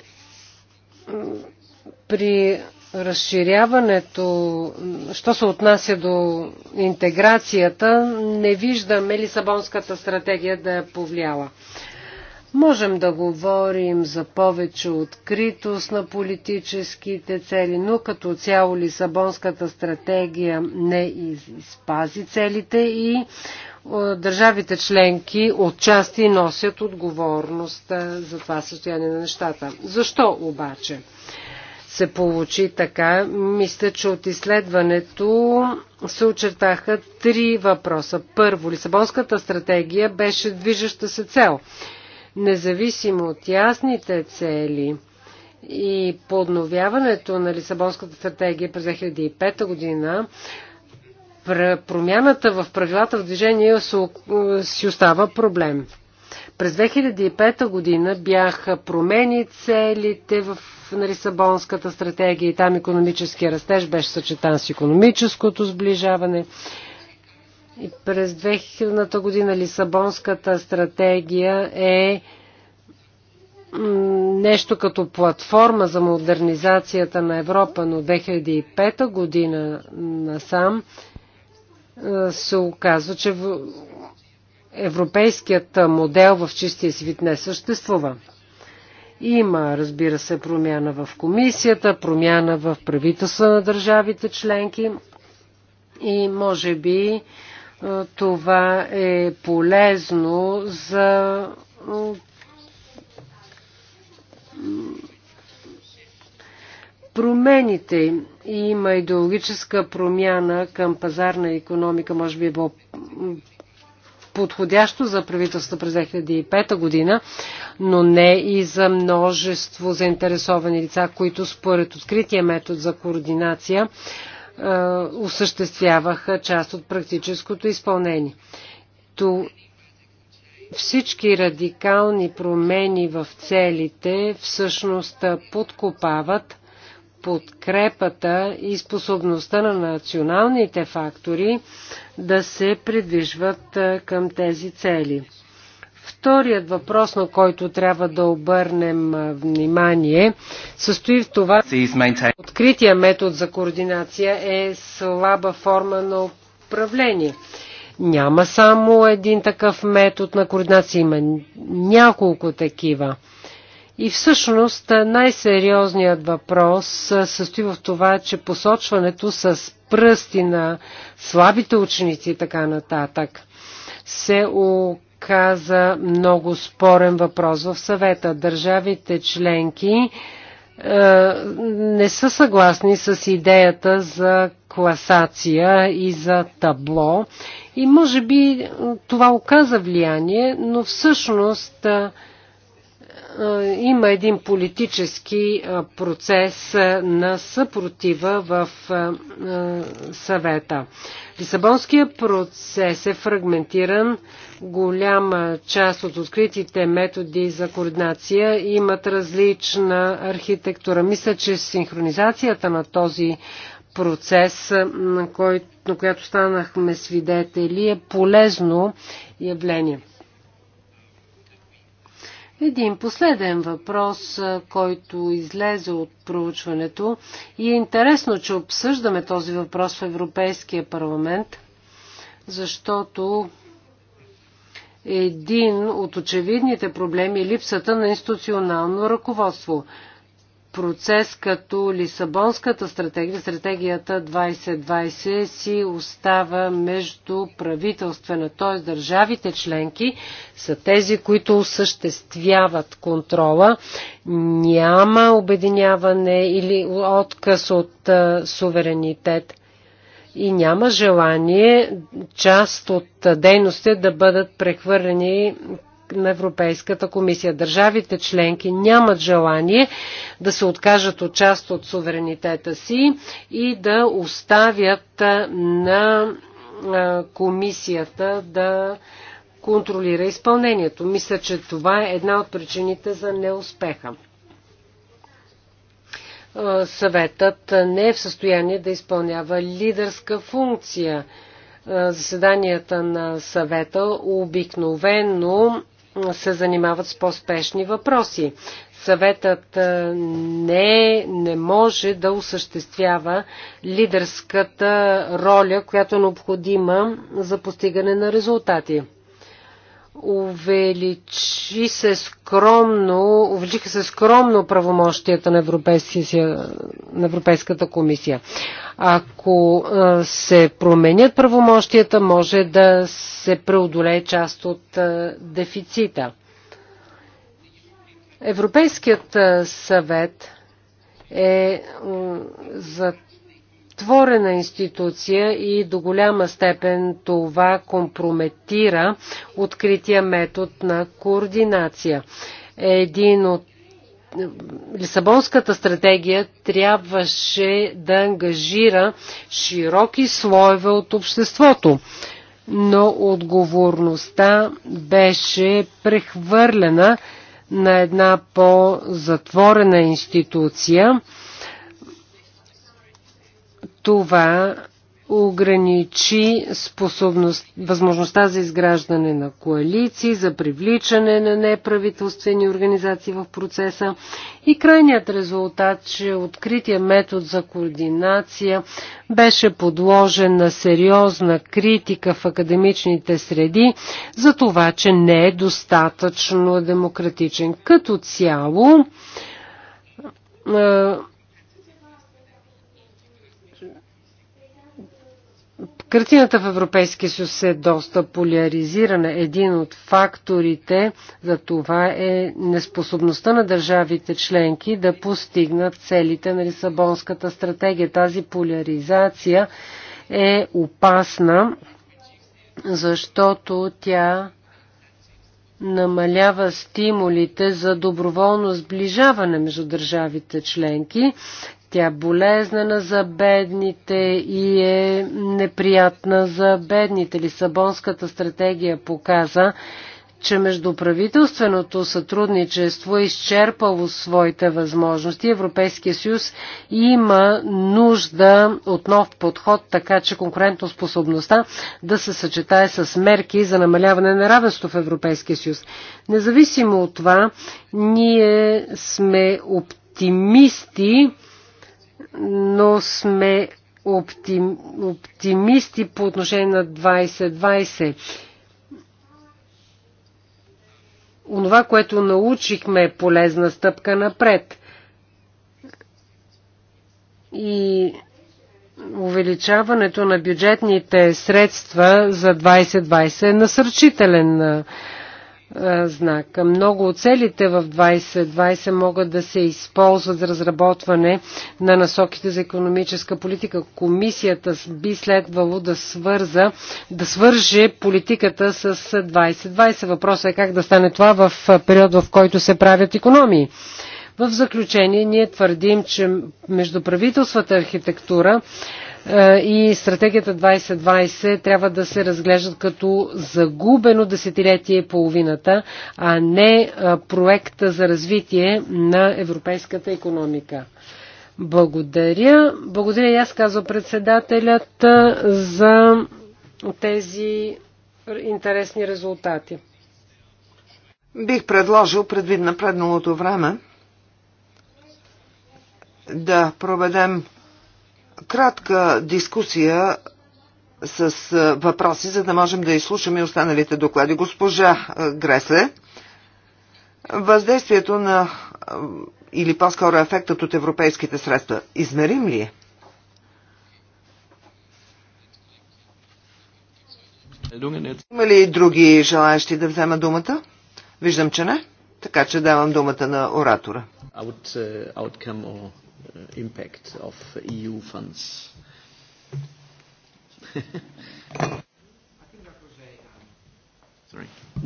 при разширяването, що се отнася до интеграцията, не виждаме Лисабонската стратегия да е повлияла. Можем да говорим за повече откритост на политическите цели, но като цяло Лисабонската стратегия не изпази целите и държавите членки отчасти носят отговорност за това състояние на нещата. Защо обаче се получи така? Мисля, че от изследването се очертаха три въпроса. Първо, Лисабонската стратегия беше движеща се цел – Независимо от ясните цели и подновяването на Лисабонската стратегия през 2005 година, промяната в правилата в движение си остава проблем. През 2005 година бяха промени целите в на Лисабонската стратегия и там економическия растеж беше съчетан с економическото сближаване през 2000-та година Лисабонската стратегия е нещо като платформа за модернизацията на Европа, но 2005 година насам се оказва, че европейският модел в чистия си вид не съществува. Има, разбира се, промяна в комисията, промяна в правителства на държавите членки и може би е, това е полезно за промените. Има идеологическа промяна към пазарна економика, може би е било подходящо за правителството през 2005 година, но не и за множество заинтересовани лица, които според открития метод за координация е, осъществяваха част от практическото изпълнение. То всички радикални промени в целите всъщност подкопават подкрепата и способността на националните фактори да се придвижват е, към тези цели. Вторият въпрос, на който трябва да обърнем внимание, състои в това, открития метод за координация е слаба форма на управление. Няма само един такъв метод на координация, има няколко такива. И всъщност най-сериозният въпрос състои в това, че посочването с пръсти на слабите ученици и така нататък се каза много спорен въпрос в съвета. Държавите членки е, не са съгласни с идеята за класация и за табло. И може би това оказа влияние, но всъщност е, е, има един политически е, процес е, на съпротива в съвета. Лисабонския процес е фрагментиран. Голяма част от откритите методи за координация имат различна архитектура. Мисля, че синхронизацията на този процес, на, кой, на която станахме свидетели, е полезно явление. Един последен въпрос, който излезе от проучването и е интересно, че обсъждаме този въпрос в Европейския парламент, защото един от очевидните проблеми е липсата на институционално ръководство процес като Лисабонската стратегия, стратегията 2020 си остава между правителствена, т.е. държавите членки са тези, които осъществяват контрола. Няма обединяване или отказ от суверенитет и няма желание част от дейностите да бъдат прехвърлени на Европейската комисия. Държавите членки нямат желание да се откажат от част от суверенитета си и да оставят на комисията да контролира изпълнението. Мисля, че това е една от причините за неуспеха. Съветът не е в състояние да изпълнява лидерска функция. Заседанията на съвета обикновено се занимават с по-спешни въпроси. Съветът не, не може да осъществява лидерската роля, която е необходима за постигане на резултати увеличи се скромно, увеличиха се скромно правомощията на, на Европейската комисия. Ако се променят правомощията, може да се преодолее част от дефицита. Европейският съвет е за затворена институция и до голяма степен това компрометира открития метод на координация. Един от Лисабонската стратегия трябваше да ангажира широки слоеве от обществото, но отговорността беше прехвърлена на една по-затворена институция това ограничи способност, възможността за изграждане на коалиции, за привличане на неправителствени организации в процеса и крайният резултат, че открития метод за координация беше подложен на сериозна критика в академичните среди за това, че не е достатъчно демократичен. Като цяло, Картината в Европейския съюз е доста поляризирана. Един от факторите за това е неспособността на държавите членки да постигнат целите на Лисабонската стратегия. Тази поляризация е опасна, защото тя намалява стимулите за доброволно сближаване между държавите членки, тя е болезнена за бедните и е неприятна за бедните. Лисабонската стратегия показа, че междуправителственото сътрудничество е изчерпало своите възможности. Европейския съюз има нужда от нов подход, така че конкурентоспособността да се съчетае с мерки за намаляване на равенство в Европейския съюз. Независимо от това, ние сме оптимисти, но сме оптим, оптимисти по отношение на 2020. Онова, което научихме е полезна стъпка напред. И увеличаването на бюджетните средства за 2020 е насърчителен е, знак. Много от целите в 2020 могат да се използват за разработване на насоките за економическа политика. Комисията би следвало да, свърза, да свърже политиката с 2020. Въпросът е как да стане това в период, в който се правят економии. В заключение ние твърдим, че междуправителствата архитектура е, и стратегията 2020 трябва да се разглеждат като загубено десетилетие и половината, а не е, проекта за развитие на европейската економика. Благодаря. Благодаря и аз, казва председателят, е, за тези интересни резултати. Бих предложил, предвид напредналото време, да проведем кратка дискусия с въпроси, за да можем да изслушаме останалите доклади. Госпожа Гресле, въздействието на или по-скоро ефектът от европейските средства, измерим ли е? Има ли други желаящи да взема думата? Виждам, че не. Така че давам думата на оратора. Uh, Uh, impact of EU funds.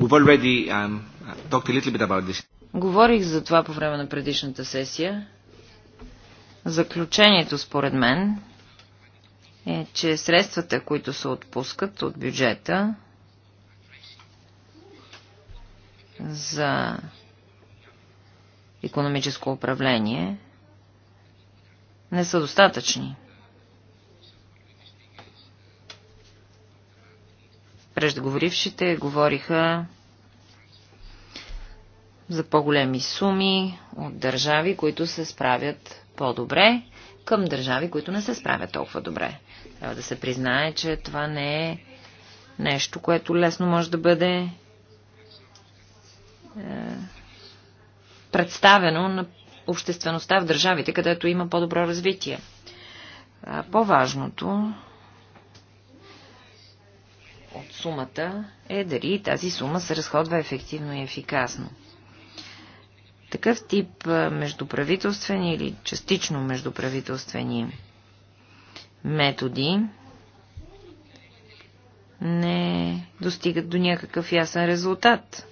Already, um, Говорих за това по време на предишната сесия. Заключението, според мен, е, че средствата, които се отпускат от бюджета за економическо управление, не са достатъчни. Преждеговорившите говориха за по-големи суми от държави, които се справят по-добре, към държави, които не се справят толкова добре. Трябва да се признае, че това не е нещо, което лесно може да бъде е, представено на обществеността в държавите, където има по-добро развитие. По-важното от сумата е дали тази сума се разходва ефективно и ефикасно. Такъв тип междуправителствени или частично междуправителствени методи не достигат до някакъв ясен резултат.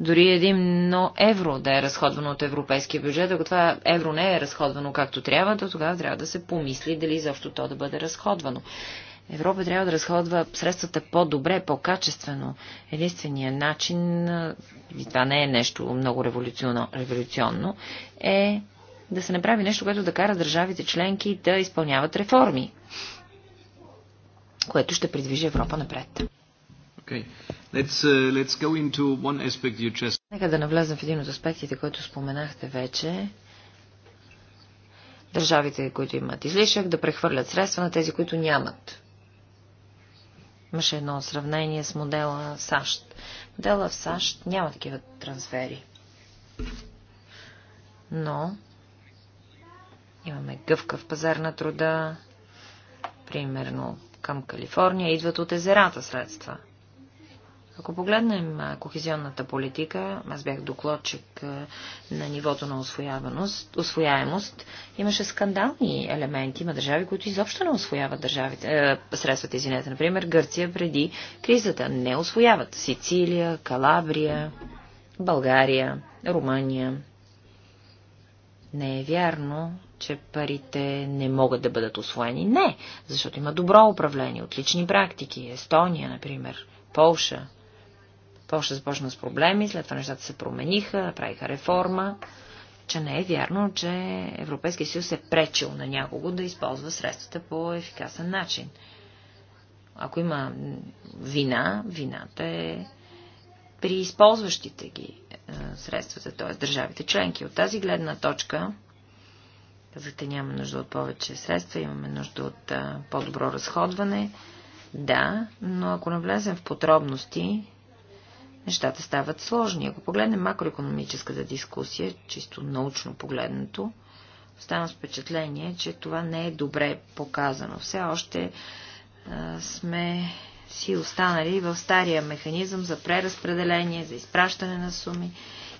дори един но евро да е разходвано от европейския бюджет, ако това евро не е разходвано както трябва, то тогава трябва да се помисли дали защо то да бъде разходвано. Европа трябва да разходва средствата по-добре, по-качествено. Единственият начин, и това не е нещо много революционно, е да се направи нещо, което да кара държавите членки да изпълняват реформи, което ще придвижи Европа напред. Okay. Let's, uh, let's go into one aspect you just... Нека да навлезем в един от аспектите, който споменахте вече. Държавите, които имат излишък, да прехвърлят средства на тези, които нямат. Имаше едно сравнение с модела САЩ. Модела в САЩ няма такива трансфери. Но имаме гъвкав пазар на труда, примерно към Калифорния идват от езерата средства. Ако погледнем кохезионната политика, аз бях докладчик на нивото на освояемост, имаше скандални елементи. Има държави, които изобщо не освояват държавите, е, средствата, извинете. Например, Гърция преди кризата не освояват. Сицилия, Калабрия, България, Румъния. Не е вярно, че парите не могат да бъдат освоени. Не, защото има добро управление, отлични практики. Естония, например, Полша. Польша започна с проблеми, след това нещата се промениха, направиха реформа, че не е вярно, че Европейския съюз е пречил на някого да използва средствата по ефикасен начин. Ако има вина, вината е при използващите ги е, средствата, т.е. държавите членки. От тази гледна точка, казахте, няма нужда от повече средства, имаме нужда от е, по-добро разходване. Да, но ако навлезем в подробности, нещата стават сложни. Ако погледнем макроекономическата дискусия, чисто научно погледнато, с впечатление, че това не е добре показано. Все още а, сме си останали в стария механизъм за преразпределение, за изпращане на суми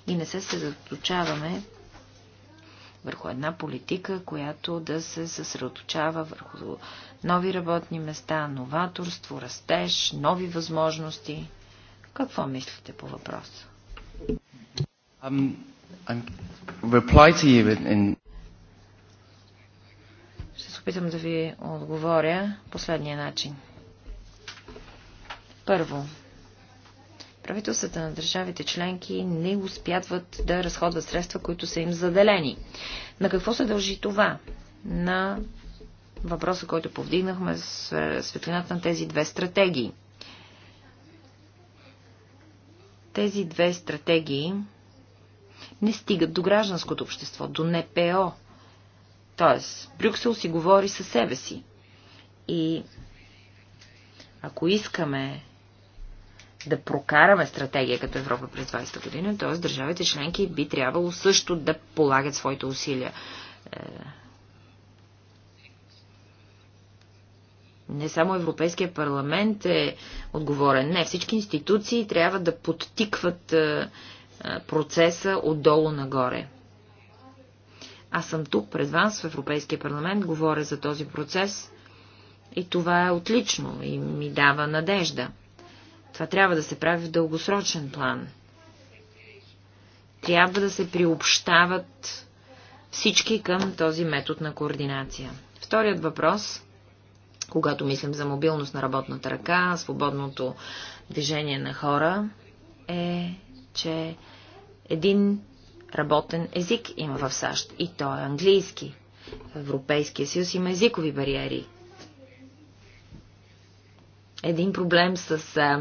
и не се съсредоточаваме върху една политика, която да се съсредоточава върху нови работни места, новаторство, растеж, нови възможности. Какво мислите по въпроса? Um, Ще се опитам да ви отговоря последния начин. Първо, правителствата на държавите членки не успятват да разходват средства, които са им заделени. На какво се дължи това? На въпроса, който повдигнахме с е, светлината на тези две стратегии – тези две стратегии не стигат до гражданското общество, до НПО. Тоест, Брюксел си говори със себе си. И ако искаме да прокараме стратегия като Европа през 20-та година, т.е. държавите членки би трябвало също да полагат своите усилия. Е, не само Европейския парламент е отговорен. Не, всички институции трябва да подтикват е, е, процеса отдолу нагоре. Аз съм тук пред вас в Европейския парламент, говоря за този процес и това е отлично и ми дава надежда. Това трябва да се прави в дългосрочен план. Трябва да се приобщават всички към този метод на координация. Вторият въпрос когато мислим за мобилност на работната ръка, свободното движение на хора, е, че един работен език има в САЩ и той е английски. В Европейския съюз има езикови бариери. Един проблем с а,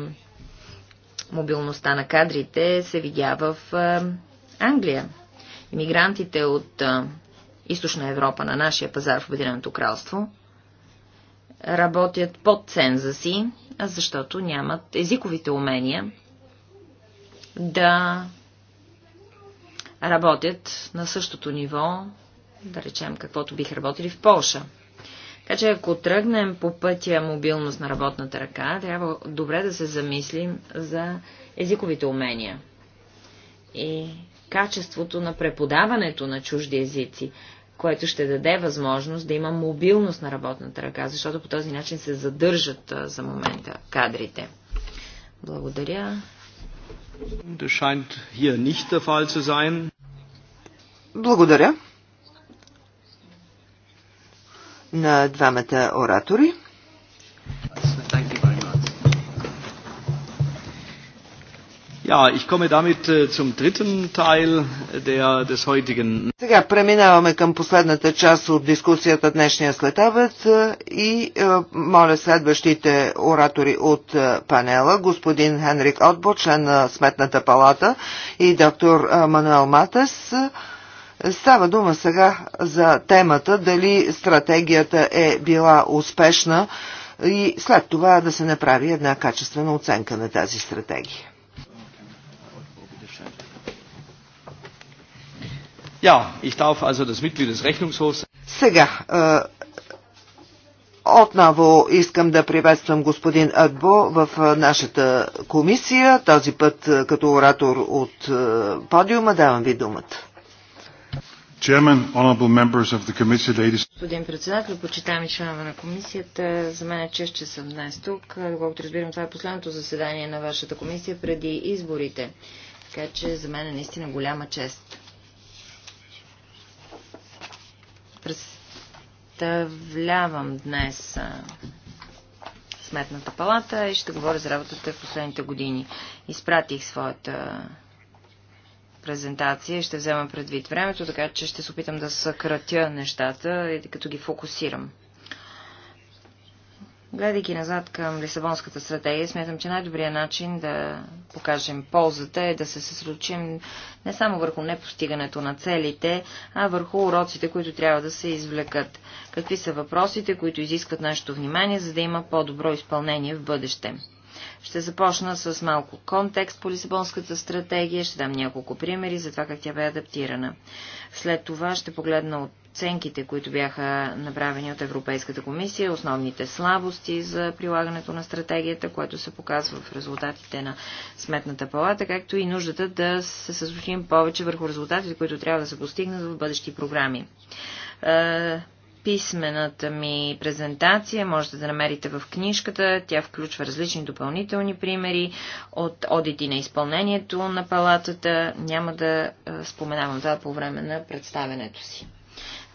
мобилността на кадрите се видя в а, Англия. Имигрантите от а, източна Европа на нашия пазар в Обединеното кралство работят под ценза си, защото нямат езиковите умения да работят на същото ниво, да речем, каквото бих работили в Полша. Така че ако тръгнем по пътя мобилност на работната ръка, трябва добре да се замислим за езиковите умения и качеството на преподаването на чужди езици което ще даде възможност да има мобилност на работната ръка, защото по този начин се задържат за момента кадрите. Благодаря. Благодаря на двамата оратори. Ja, ich komme damit äh, zum dritten Teil der, des heutigen. Сега преминаваме към последната част от дискусията днешния следавец е, и е, моля следващите оратори от е, панела, господин Хенрик Отбо, член на Сметната палата и доктор е, Мануел Матес. Става дума сега за темата дали стратегията е била успешна и след това да се направи една качествена оценка на тази стратегия. Ja, ich darf also das Mitglied des Rechnungshofs. Сега, е, отново искам да приветствам господин Адбо в е, нашата комисия, този път е, като оратор от подиума. Давам ви думата. Господин председател, почитаваме членове на комисията, за мен е чест, че съм днес тук. Доколкото разбирам, това е последното заседание на вашата комисия преди изборите. Така че за мен е наистина голяма чест. представлявам днес Сметната палата и ще говоря за работата в последните години. Изпратих своята презентация, ще взема предвид времето, така че ще се опитам да съкратя нещата и като ги фокусирам. Гледайки назад към Лисабонската стратегия, смятам, че най-добрият начин да покажем ползата е да се съсредоточим не само върху непостигането на целите, а върху уроците, които трябва да се извлекат. Какви са въпросите, които изискват нашето внимание, за да има по-добро изпълнение в бъдеще. Ще започна с малко контекст по Лисабонската стратегия, ще дам няколко примери за това как тя бе адаптирана. След това ще погледна от оценките, които бяха направени от Европейската комисия, основните слабости за прилагането на стратегията, което се показва в резултатите на Сметната палата, както и нуждата да се съсушим повече върху резултатите, които трябва да се постигнат в бъдещи програми. Е, писмената ми презентация, можете да намерите в книжката. Тя включва различни допълнителни примери от одити на изпълнението на палатата. Няма да споменавам това по време на представенето си.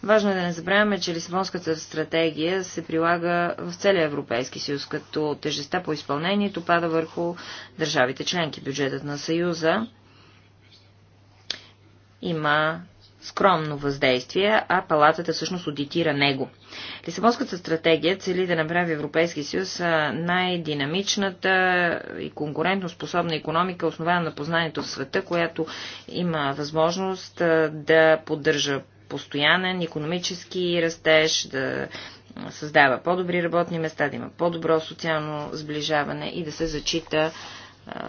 Важно е да не забравяме, че Лисабонската стратегия се прилага в целия Европейски съюз, като тежестта по изпълнението пада върху държавите членки. Бюджетът на съюза има скромно въздействие, а палатата всъщност аудитира него. Лисабонската стратегия цели да направи Европейски съюз най-динамичната и конкурентно способна економика, основана на познанието в света, която има възможност да поддържа постоянен економически растеж, да създава по-добри работни места, да има по-добро социално сближаване и да се зачита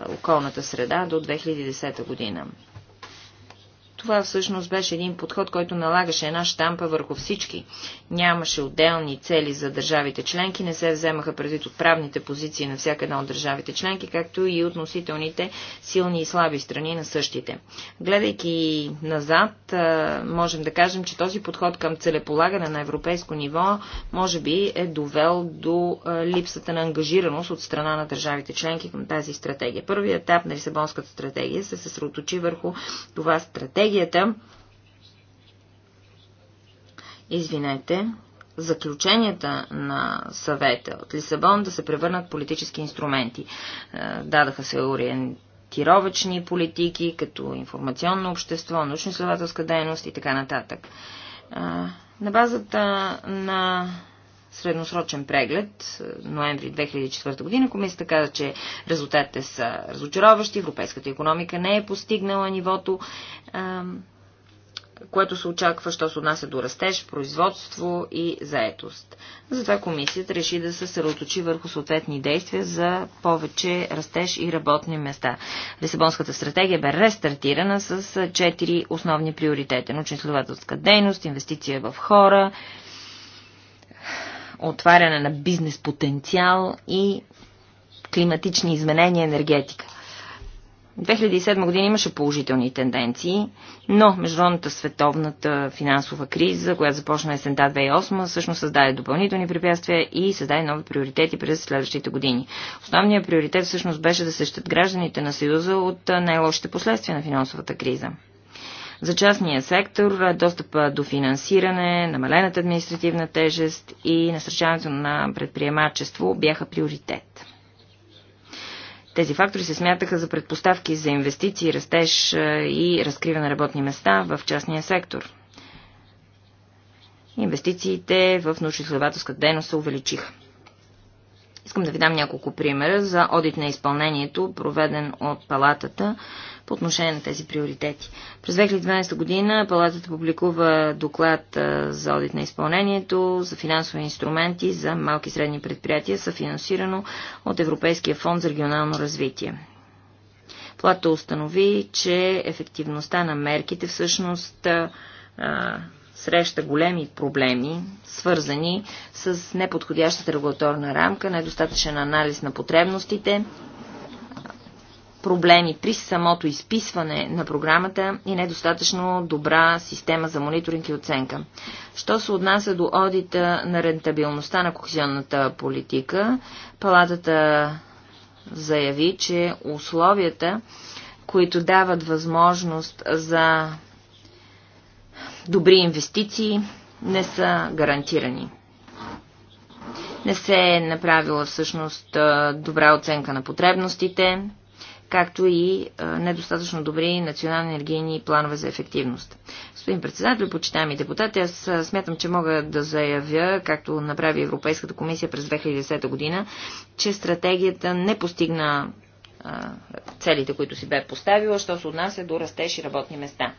околната среда до 2010 година. Това всъщност беше един подход, който налагаше една штампа върху всички. Нямаше отделни цели за държавите членки, не се вземаха предвид от правните позиции на всяка една от държавите членки, както и относителните силни и слаби страни на същите. Гледайки назад, можем да кажем, че този подход към целеполагане на европейско ниво може би е довел до липсата на ангажираност от страна на държавите членки към тази стратегия. Първият етап на Лисабонската стратегия се съсредоточи върху това стратегия стратегията, извинете, заключенията на съвета от Лисабон да се превърнат политически инструменти. Е, дадаха се ориентировачни политики, като информационно общество, научно-изследователска дейност и така нататък. Е, на базата на средносрочен преглед, е, ноември 2004 година, комисията каза, че резултатите са разочароващи, европейската економика не е постигнала нивото, е, което се очаква, що се отнася до растеж, производство и заетост. Затова комисията реши да се съсредоточи върху съответни действия за повече растеж и работни места. Лисабонската стратегия бе рестартирана с четири основни приоритети: Научно-изследователска дейност, инвестиция в хора, отваряне на бизнес потенциал и климатични изменения, енергетика. 2007 година имаше положителни тенденции, но международната световната финансова криза, която започна есента 2008, всъщност създаде допълнителни препятствия и създаде нови приоритети през следващите години. Основният приоритет всъщност беше да се гражданите на Съюза от най-лошите последствия на финансовата криза. За частния сектор достъпа до финансиране, намалената административна тежест и насърчаването на предприемачество бяха приоритет. Тези фактори се смятаха за предпоставки за инвестиции, растеж и разкриване на работни места в частния сектор. Инвестициите в научно-изследователска дейност се увеличиха. Искам да ви дам няколко примера за одит на изпълнението, проведен от палатата по отношение на тези приоритети. През 2012 година палатата публикува доклад за одит на изпълнението, за финансови инструменти, за малки и средни предприятия, съфинансирано от Европейския фонд за регионално развитие. Плата установи, че ефективността на мерките всъщност среща големи проблеми, свързани с неподходящата регулаторна рамка, недостатъчен анализ на потребностите, проблеми при самото изписване на програмата и недостатъчно добра система за мониторинг и оценка. Що се отнася до одита на рентабилността на кохезионната политика, палатата заяви, че условията, които дават възможност за добри инвестиции не са гарантирани. Не се е направила всъщност добра оценка на потребностите, както и недостатъчно добри национални енергийни планове за ефективност. Господин председател, почитаеми депутати, аз смятам, че мога да заявя, както направи Европейската комисия през 2010 година, че стратегията не постигна целите, които си бе поставила, що се отнася до растеж и работни места.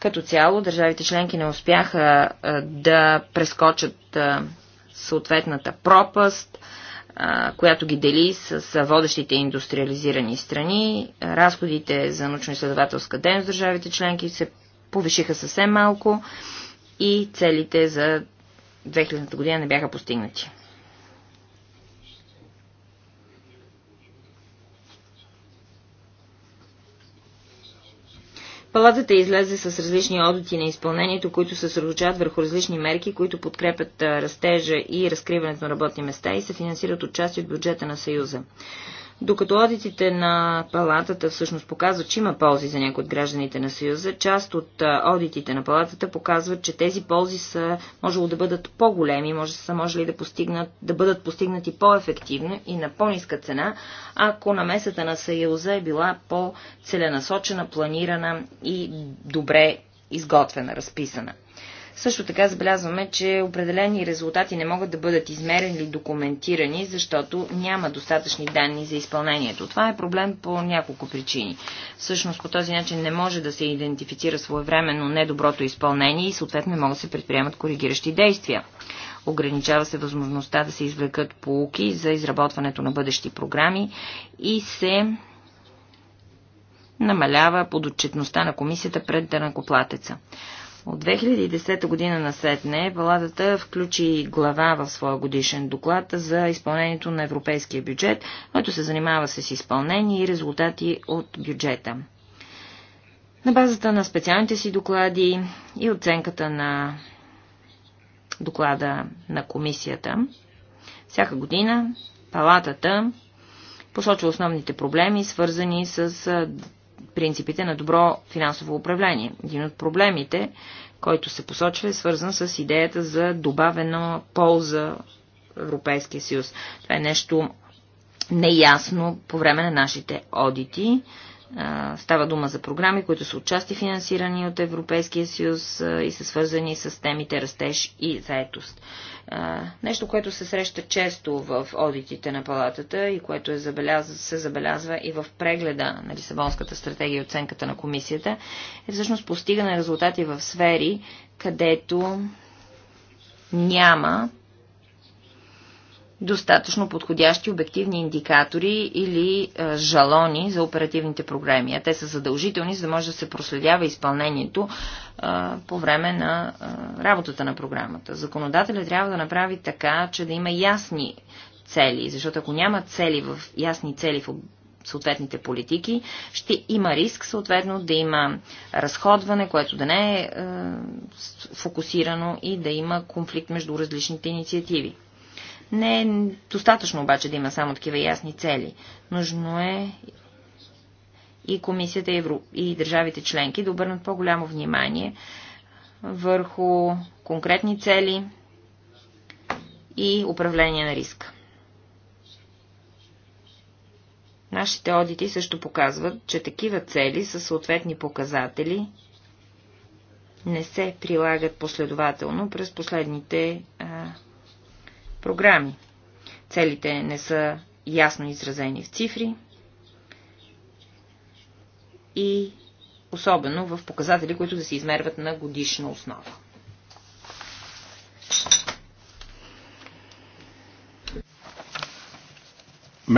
Като цяло, държавите членки не успяха да прескочат съответната пропаст, която ги дели с водещите индустриализирани страни. Разходите за научно-изследователска дейност държавите членки се повишиха съвсем малко и целите за 2000 година не бяха постигнати. Палатата излезе с различни одити на изпълнението, които се съсредоточават върху различни мерки, които подкрепят растежа и разкриването на работни места и се финансират от части от бюджета на Съюза. Докато одитите на палатата всъщност показват, че има ползи за някои от гражданите на Съюза, част от одитите на палатата показват, че тези ползи са можело да бъдат по-големи, може са можели да, постигнат, да бъдат постигнати по-ефективно и на по-ниска цена, ако намесата на Съюза е била по-целенасочена, планирана и добре изготвена, разписана. Също така забелязваме, че определени резултати не могат да бъдат измерени или документирани, защото няма достатъчни данни за изпълнението. Това е проблем по няколко причини. Всъщност по този начин не може да се идентифицира своевременно недоброто изпълнение и съответно не могат да се предприемат коригиращи действия. Ограничава се възможността да се извлекат полуки за изработването на бъдещи програми и се намалява подотчетността на комисията пред дънакоплатеца. От 2010 година на сетне палатата включи глава в своя годишен доклад за изпълнението на европейския бюджет, който се занимава с изпълнение и резултати от бюджета. На базата на специалните си доклади и оценката на доклада на комисията, всяка година палатата посочва основните проблеми, свързани с принципите на добро финансово управление. Един от проблемите, който се посочва, е свързан с идеята за добавена полза Европейския съюз. Това е нещо неясно по време на нашите одити. Става дума за програми, които са отчасти финансирани от Европейския съюз и са свързани с темите растеж и заетост. Нещо, което се среща често в одитите на палатата и което е забелязва, се забелязва и в прегледа на Лисабонската стратегия и оценката на комисията, е всъщност постигане резултати в сфери, където няма достатъчно подходящи обективни индикатори или а, е, жалони за оперативните програми. А те са задължителни, за да може да се проследява изпълнението а, е, по време на а, е, работата на програмата. Законодателят трябва да направи така, че да има ясни цели, защото ако няма цели в, ясни цели в съответните политики, ще има риск съответно да има разходване, което да не е, е фокусирано и да има конфликт между различните инициативи. Не е достатъчно обаче да има само такива ясни цели. Нужно е и комисията Евро, и държавите членки да обърнат по-голямо внимание върху конкретни цели и управление на риска. Нашите одити също показват, че такива цели са съответни показатели не се прилагат последователно през последните а, програми. Целите не са ясно изразени в цифри и особено в показатели, които да се измерват на годишна основа.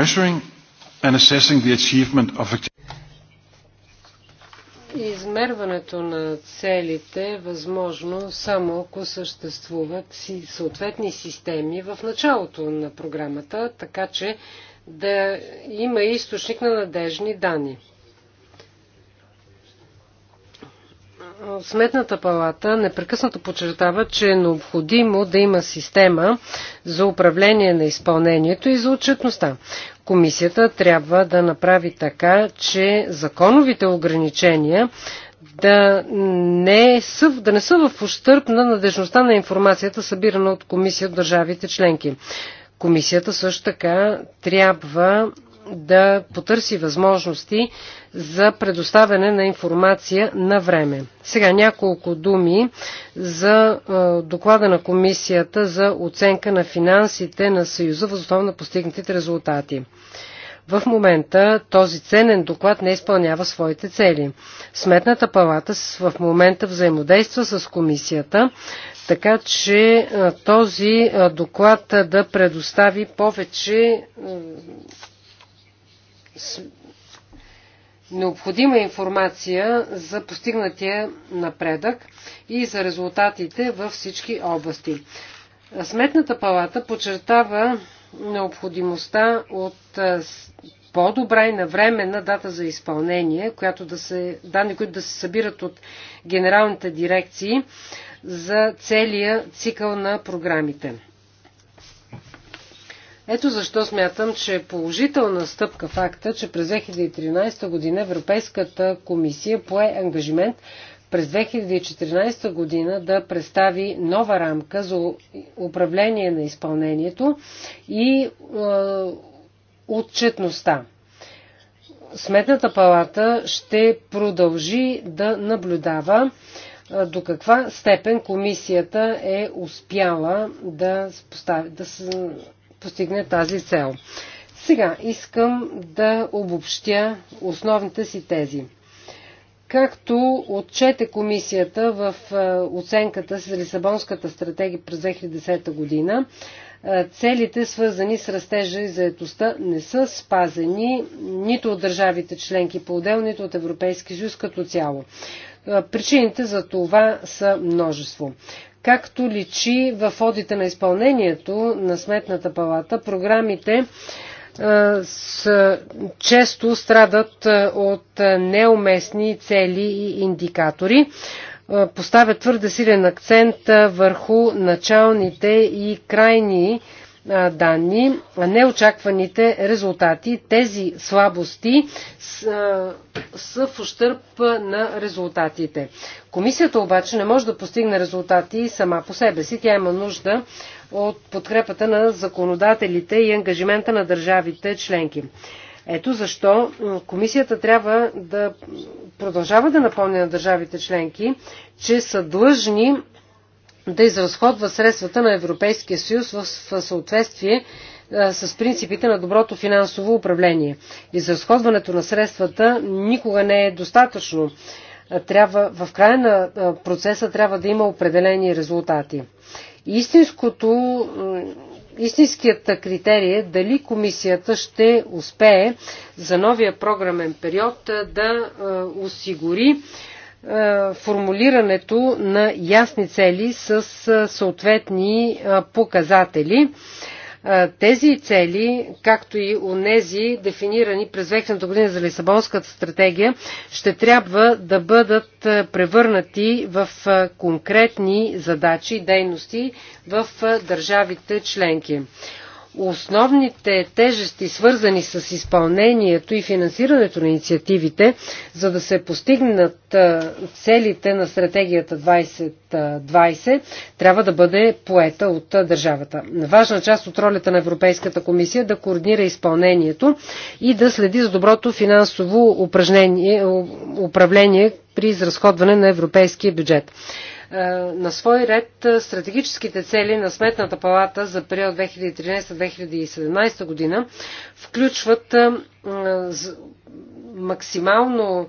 Measuring and assessing the achievement of измерването на целите е възможно само ако съществуват си съответни системи в началото на програмата, така че да има източник на надежни данни. Сметната палата непрекъснато подчертава, че е необходимо да има система за управление на изпълнението и за отчетността. Комисията трябва да направи така, че законовите ограничения да не са, да не са в ущърп на надежността на информацията, събирана от комисия от държавите членки. Комисията също така трябва да потърси възможности за предоставяне на информация на време. Сега няколко думи за доклада на комисията за оценка на финансите на Съюза в основа на постигнатите резултати. В момента този ценен доклад не изпълнява своите цели. Сметната палата в момента взаимодейства с комисията, така че този доклад да предостави повече необходима информация за постигнатия напредък и за резултатите във всички области. Сметната палата подчертава необходимостта от по-добра и навременна дата за изпълнение, която да се, данни, които да се събират от генералните дирекции за целия цикъл на програмите. Ето защо смятам, че е положителна стъпка факта, че през 2013 година Европейската комисия пое ангажимент през 2014 година да представи нова рамка за управление на изпълнението и е, отчетността. Сметната палата ще продължи да наблюдава е, до каква степен комисията е успяла да, постави, да постигне тази цел. Сега искам да обобщя основните си тези. Както отчете комисията в е, оценката си за Лисабонската стратегия през 2010 година, е, целите свързани с растежа и заетостта не са спазени нито от държавите членки по-отделно, нито от Европейския съюз като цяло. Е, причините за това са множество както личи в одите на изпълнението на Сметната палата. Програмите с, често страдат от неуместни цели и индикатори. Поставя твърде силен акцент върху началните и крайни данни, неочакваните резултати. Тези слабости са, са в ущърп на резултатите. Комисията обаче не може да постигне резултати сама по себе си. Тя има нужда от подкрепата на законодателите и ангажимента на държавите членки. Ето защо комисията трябва да продължава да напомня на държавите членки, че са длъжни да изразходва средствата на Европейския съюз в съответствие с принципите на доброто финансово управление. Изразходването на средствата никога не е достатъчно. Трябва, в края на процеса трябва да има определени резултати. Истинското, истинският критерий е дали комисията ще успее за новия програмен период да осигури е, формулирането на ясни цели с е, съответни е, показатели. Тези цели, както и онези, дефинирани през 2000 година за Лисабонската стратегия, ще трябва да бъдат превърнати в конкретни задачи и дейности в държавите членки основните тежести, свързани с изпълнението и финансирането на инициативите, за да се постигнат целите на стратегията 2020, трябва да бъде поета от държавата. Важна част от ролята на Европейската комисия е да координира изпълнението и да следи за доброто финансово управление при изразходване на европейския бюджет. Е, на свой ред е, стратегическите цели на Сметната палата за период 2013-2017 година включват е, максимално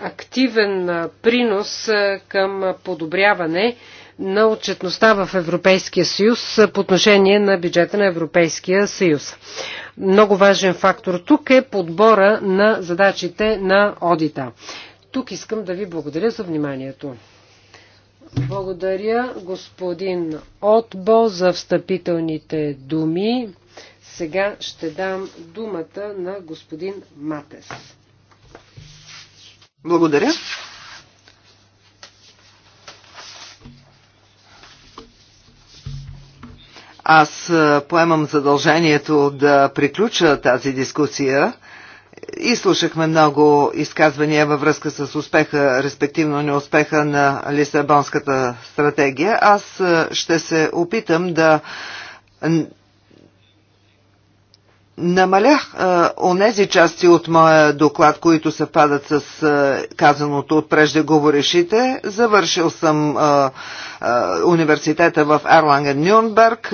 активен принос към подобряване на отчетността в Европейския съюз по отношение на бюджета на Европейския съюз. Много важен фактор тук е подбора на задачите на одита тук искам да ви благодаря за вниманието. Благодаря господин Отбо за встъпителните думи. Сега ще дам думата на господин Матес. Благодаря. Аз поемам задължението да приключа тази дискусия изслушахме много изказвания във връзка с успеха, респективно неуспеха на Лисабонската стратегия. Аз е, ще се опитам да намалях е, онези части от моя доклад, които се падат с е, казаното от преждеговорешите. Завършил съм университета в Ерланген Нюрнберг.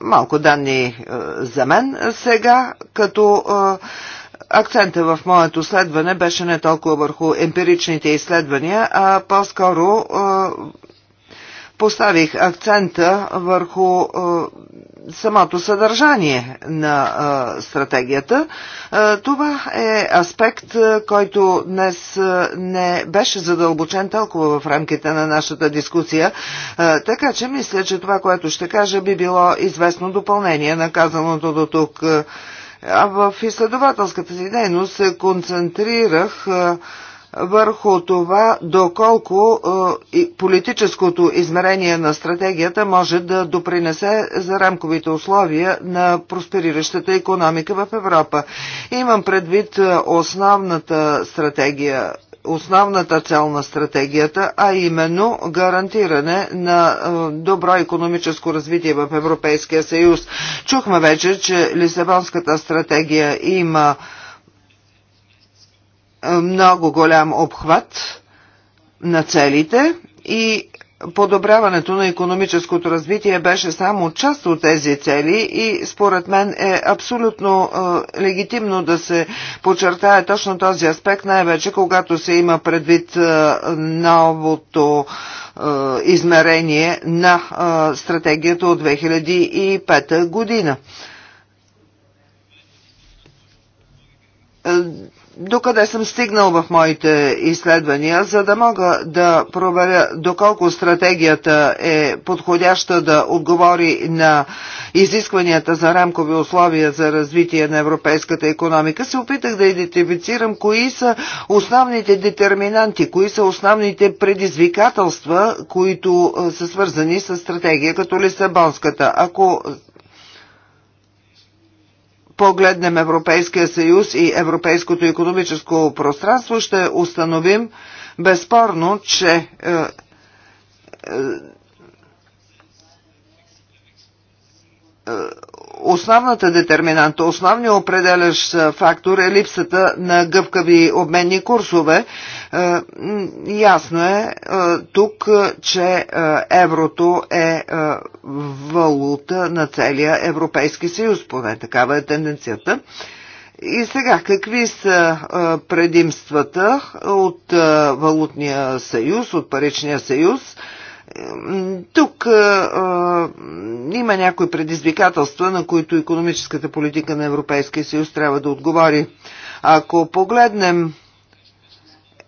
малко данни за мен сега, като а, Акцента в моето следване беше не толкова върху емпиричните изследвания, а по-скоро е, поставих акцента върху е, самото съдържание на е, стратегията. това е аспект, който днес не беше задълбочен толкова в рамките на нашата дискусия, така че мисля, че това, което ще кажа, би било известно допълнение на казаното до тук. А в изследователската си дейност се концентрирах върху това доколко политическото измерение на стратегията може да допринесе за рамковите условия на проспериращата економика в Европа. Имам предвид основната стратегия основната цел на стратегията, а именно гарантиране на е, добро економическо развитие в Европейския съюз. Чухме вече, че Лисабонската стратегия има е, много голям обхват на целите и подобряването на економическото развитие беше само част от тези цели и според мен е абсолютно е, легитимно да се подчертае точно този аспект, най-вече когато се има предвид е, новото е, измерение на е, стратегията от 2005 година докъде съм стигнал в моите изследвания, за да мога да проверя доколко стратегията е подходяща да отговори на изискванията за рамкови условия за развитие на европейската економика, се опитах да идентифицирам кои са основните детерминанти, кои са основните предизвикателства, които са свързани с стратегия като Лисабонската. Ако погледнем Европейския съюз и Европейското економическо пространство, ще установим безспорно, че е, е, основната детерминанта, основният определящ фактор е липсата на гъвкави обменни курсове. Е, ясно е, е тук, е, че еврото е валута на целия Европейски съюз, поне такава е тенденцията. И сега, какви са предимствата от валутния съюз, от паричния съюз? тук а, има някои предизвикателства, на които економическата политика на Европейския съюз трябва да отговори. Ако погледнем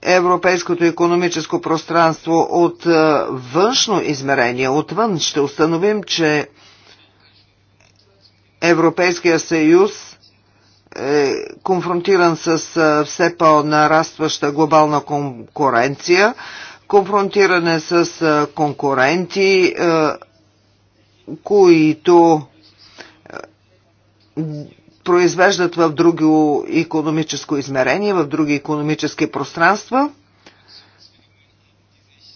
европейското економическо пространство от а, външно измерение, отвън, ще установим, че Европейския съюз е конфронтиран с все по-нарастваща глобална конкуренция, конфронтиране с конкуренти, които произвеждат в друго економическо измерение, в други економически пространства,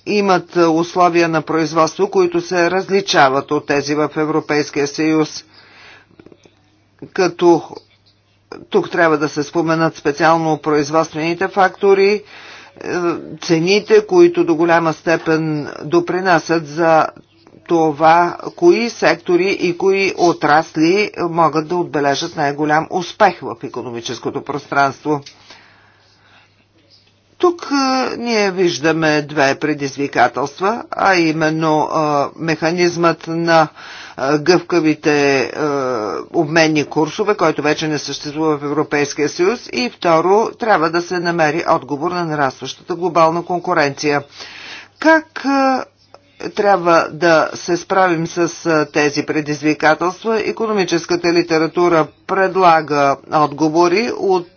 имат условия на производство, които се различават от тези в Европейския съюз, като тук трябва да се споменат специално производствените фактори, цените, които до голяма степен допринасят за това, кои сектори и кои отрасли могат да отбележат най-голям успех в економическото пространство. Тук а, ние виждаме две предизвикателства, а именно а, механизмът на а, гъвкавите а, обменни курсове, който вече не съществува в Европейския съюз и второ, трябва да се намери отговор на нарастващата глобална конкуренция. Как а, трябва да се справим с тези предизвикателства. Економическата литература предлага отговори от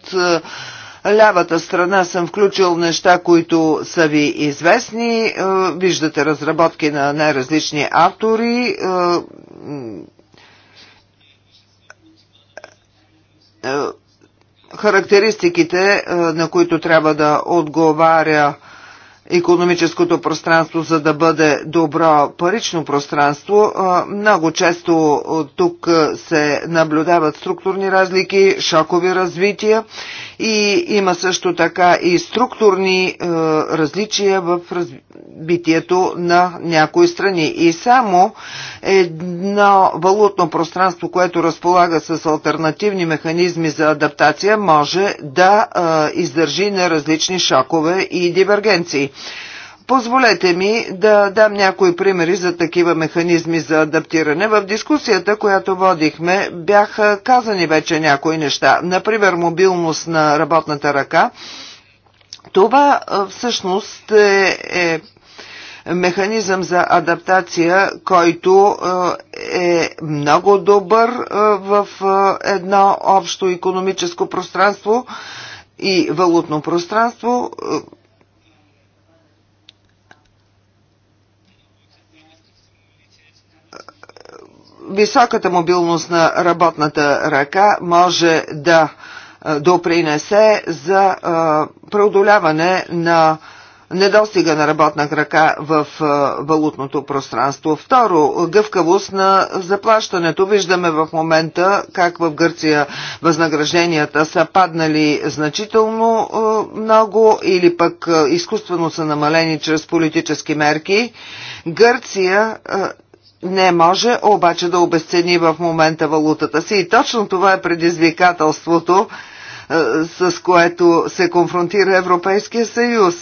лявата страна съм включил неща, които са ви известни. Е, виждате разработки на най-различни автори. Е, е, характеристиките, на които трябва да отговаря економическото пространство, за да бъде добро парично пространство. Много често тук се наблюдават структурни разлики, шокови развития и има също така и структурни е, различия в разбитието на някои страни. И само едно валутно пространство, което разполага с альтернативни механизми за адаптация, може да е, издържи на различни шокове и дивергенции. Позволете ми да дам някои примери за такива механизми за адаптиране. В дискусията, която водихме, бяха казани вече някои неща. Например, мобилност на работната ръка. Това всъщност е, е механизъм за адаптация, който е много добър в едно общо економическо пространство и валутно пространство. високата мобилност на работната ръка може да допринесе за преодоляване на недостига на работна крака в валутното пространство. Второ, гъвкавост на заплащането. Виждаме в момента как в Гърция възнагражденията са паднали значително много или пък изкуствено са намалени чрез политически мерки. Гърция не може обаче да обесцени в момента валутата си. И точно това е предизвикателството, е, с което се конфронтира Европейския съюз.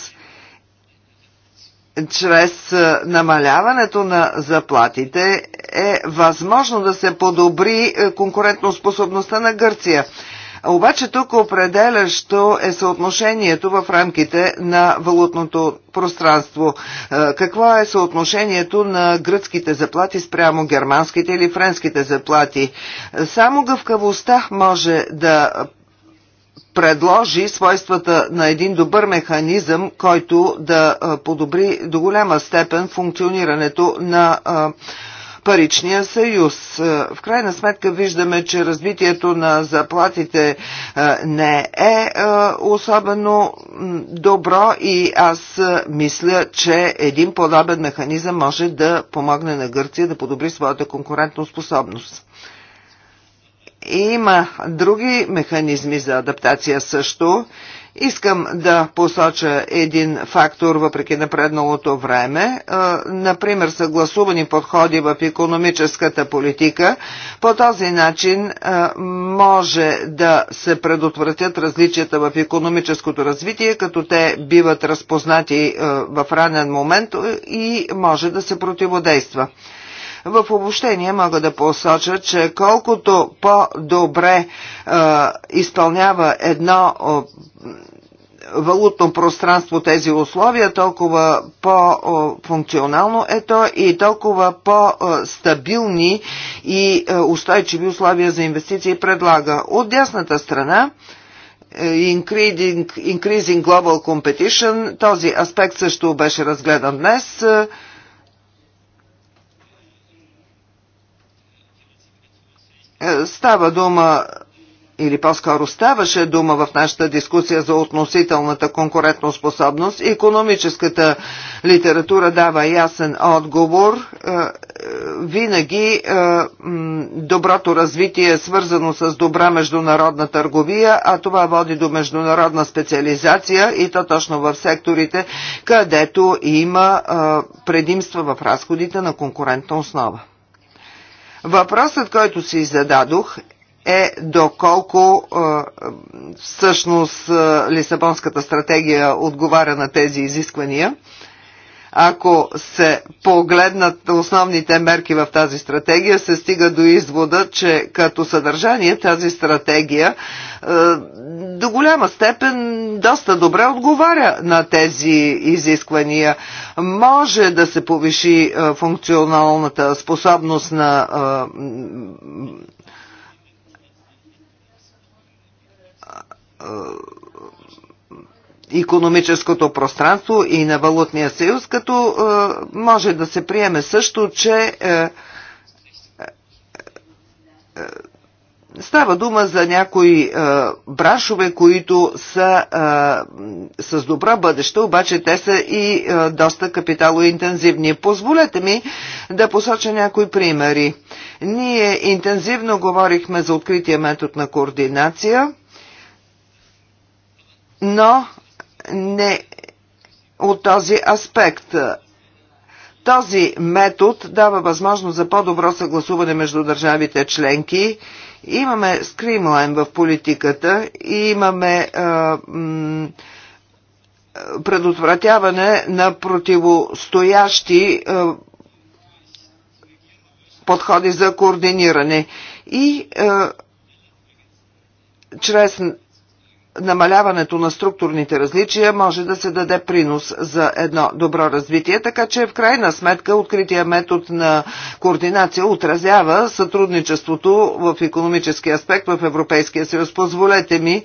Чрез е, намаляването на заплатите е възможно да се подобри е, конкурентоспособността на Гърция. Обаче тук определящо е съотношението в рамките на валутното пространство. Е, какво е съотношението на гръцките заплати спрямо германските или френските заплати? Само гъвкавостта може да предложи свойствата на един добър механизъм, който да е, подобри до голяма степен функционирането на а, е, паричния съюз. Е, в крайна сметка виждаме, че развитието на заплатите е, не е, е особено добро и аз мисля, че един подобен механизъм може да помогне на Гърция да подобри своята конкурентоспособност. Има други механизми за адаптация също Искам да посоча един фактор въпреки напредналото време. Е, например, съгласувани подходи в економическата политика. По този начин е, може да се предотвратят различията в економическото развитие, като те биват разпознати е, в ранен момент и може да се противодейства. В обобщение мога да посоча, че колкото по-добре е, изпълнява едно валутно пространство тези условия, толкова по-функционално е то и толкова по-стабилни и е, устойчиви условия за инвестиции предлага. От дясната страна е, Increasing Global Competition, този аспект също беше разгледан днес. Е, става дума или по-скоро ставаше дума в нашата дискусия за относителната конкурентоспособност, економическата литература дава ясен отговор. Е, е, винаги доброто развитие е свързано с добра международна търговия, а това води до международна специализация и то точно в секторите, където има предимства в разходите на конкурентна основа. Въпросът, който си зададох е доколко всъщност Лисабонската стратегия отговаря на тези изисквания. Ако се погледнат основните мерки в тази стратегия, се стига до извода, че като съдържание тази стратегия до голяма степен доста добре отговаря на тези изисквания. Може да се повиши е, функционалната способност на економическото е, пространство и на валутния съюз, като е, може да се приеме също, че Става дума за някои е, брашове, които са е, с добра бъдеще, обаче те са и е, доста капиталоинтензивни. Позволете ми да посоча някои примери. Ние интензивно говорихме за открития метод на координация, но не от този аспект. Този метод дава възможност за по-добро съгласуване между държавите членки Имаме скримлайн в политиката и имаме а, предотвратяване на противостоящи а, подходи за координиране. И а, чрез намаляването на структурните различия може да се даде принос за едно добро развитие, така че в крайна сметка открития метод на координация отразява сътрудничеството в економически аспект в Европейския съюз. Позволете ми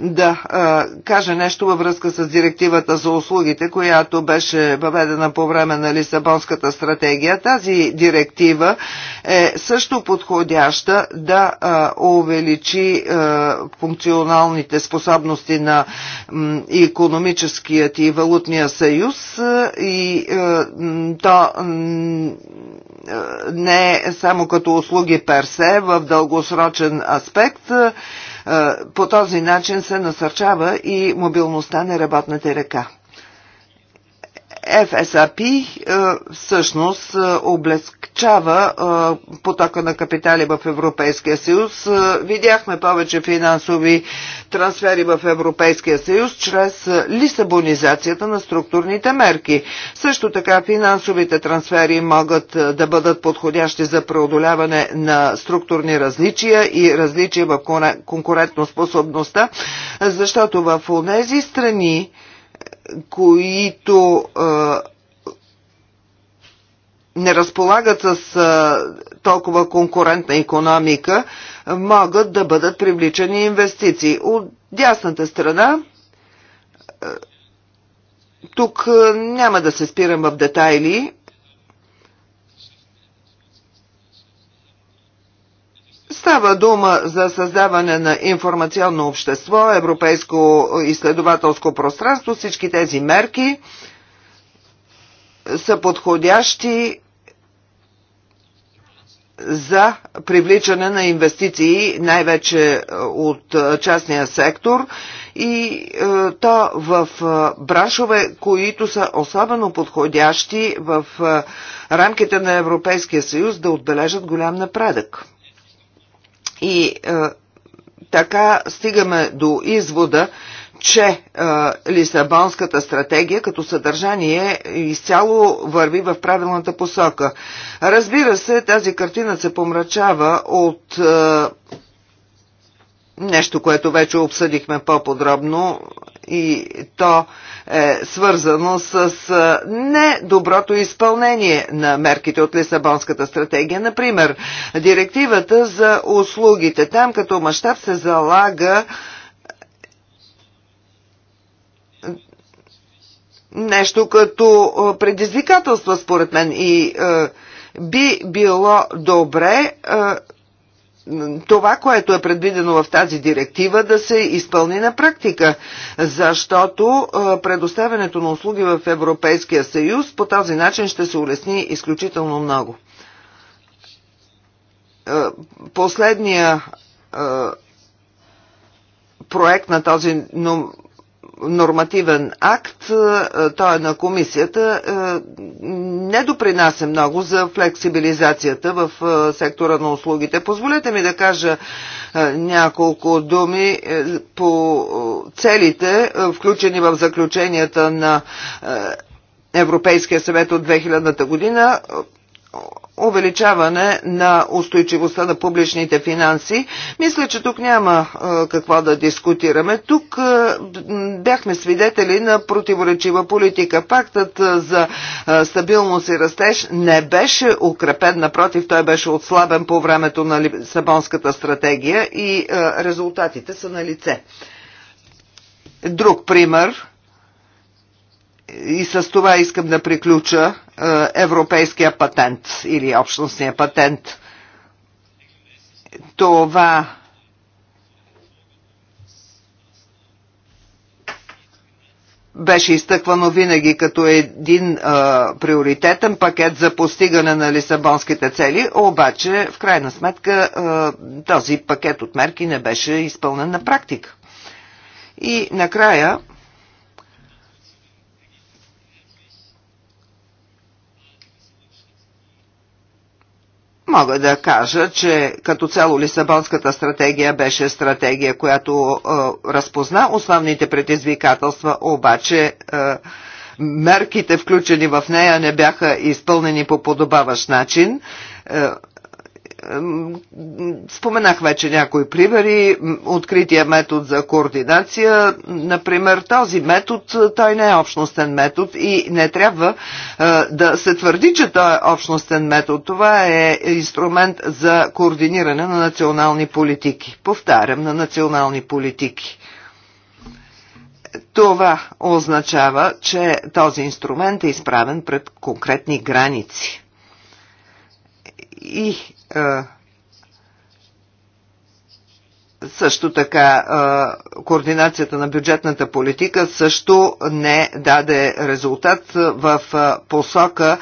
да а, кажа нещо във връзка с директивата за услугите, която беше въведена по време на Лисабонската стратегия. Тази директива е също подходяща да а, увеличи а, функционалните способности на м, економическият и валутния съюз и а, то не е само като услуги персе в дългосрочен аспект. А, е, по този начин се насърчава и мобилността на работната ръка. FSRP е, всъщност е, облегчава е, потока на капитали в Европейския съюз. Видяхме повече финансови трансфери в Европейския съюз чрез лисабонизацията на структурните мерки. Също така финансовите трансфери могат да бъдат подходящи за преодоляване на структурни различия и различия в конкурентоспособността, защото в тези страни, които не разполагат с а, толкова конкурентна економика, могат да бъдат привличани инвестиции. От дясната страна, тук няма да се спирам в детайли, Става дума за създаване на информационно общество, европейско изследователско пространство. Всички тези мерки са подходящи за привличане на инвестиции, най-вече е, от е, частния сектор и е, то в браншове, които са особено подходящи в рамките на Европейския съюз да отбележат голям напредък. И е, така стигаме до извода, че е, Лисабонската стратегия като съдържание изцяло върви в правилната посока. Разбира се, тази картина се помрачава от е, нещо, което вече обсъдихме по-подробно и то е свързано с е, недоброто изпълнение на мерките от Лисабонската стратегия. Например, директивата за услугите. Там като мащаб се залага нещо като е, предизвикателства, според мен. И е, би било добре е, това, което е предвидено в тази директива, да се изпълни на практика, защото предоставянето на услуги в Европейския съюз по този начин ще се улесни изключително много. Последния проект на този нормативен акт, е, той е на комисията, е, не допринася много за флексибилизацията в е, сектора на услугите. Позволете ми да кажа няколко думи по целите, включени в заключенията на Европейския съвет от 2000 година увеличаване на устойчивостта на публичните финанси. Мисля, че тук няма а, е, какво да дискутираме. Тук а, е, бяхме свидетели на противоречива политика. Пактът а, е, за а, стабилност и растеж не беше укрепен, напротив, той беше отслабен по времето на сабонската стратегия и а, резултатите са на лице. Друг пример и с това искам да приключа е, европейския патент или общностния патент. Това беше изтъквано винаги като един а, е, приоритетен пакет за постигане на лисабонските цели, обаче в крайна сметка а, е, този пакет от мерки не беше изпълнен на практика. И накрая Мога да кажа, че като цяло Лисабонската стратегия беше стратегия, която е, разпозна основните предизвикателства, обаче е, мерките, включени в нея, не бяха изпълнени по подобаващ начин. Е, Споменах вече някои примери. Открития метод за координация, например, този метод, е, той не е общностен метод и не трябва е, да се твърди, че той е общностен метод. Това е инструмент за координиране на национални политики. Повтарям, на национални политики. Това означава, че този инструмент е изправен пред конкретни граници. И е, също така е, координацията на бюджетната политика също не даде резултат в е, посока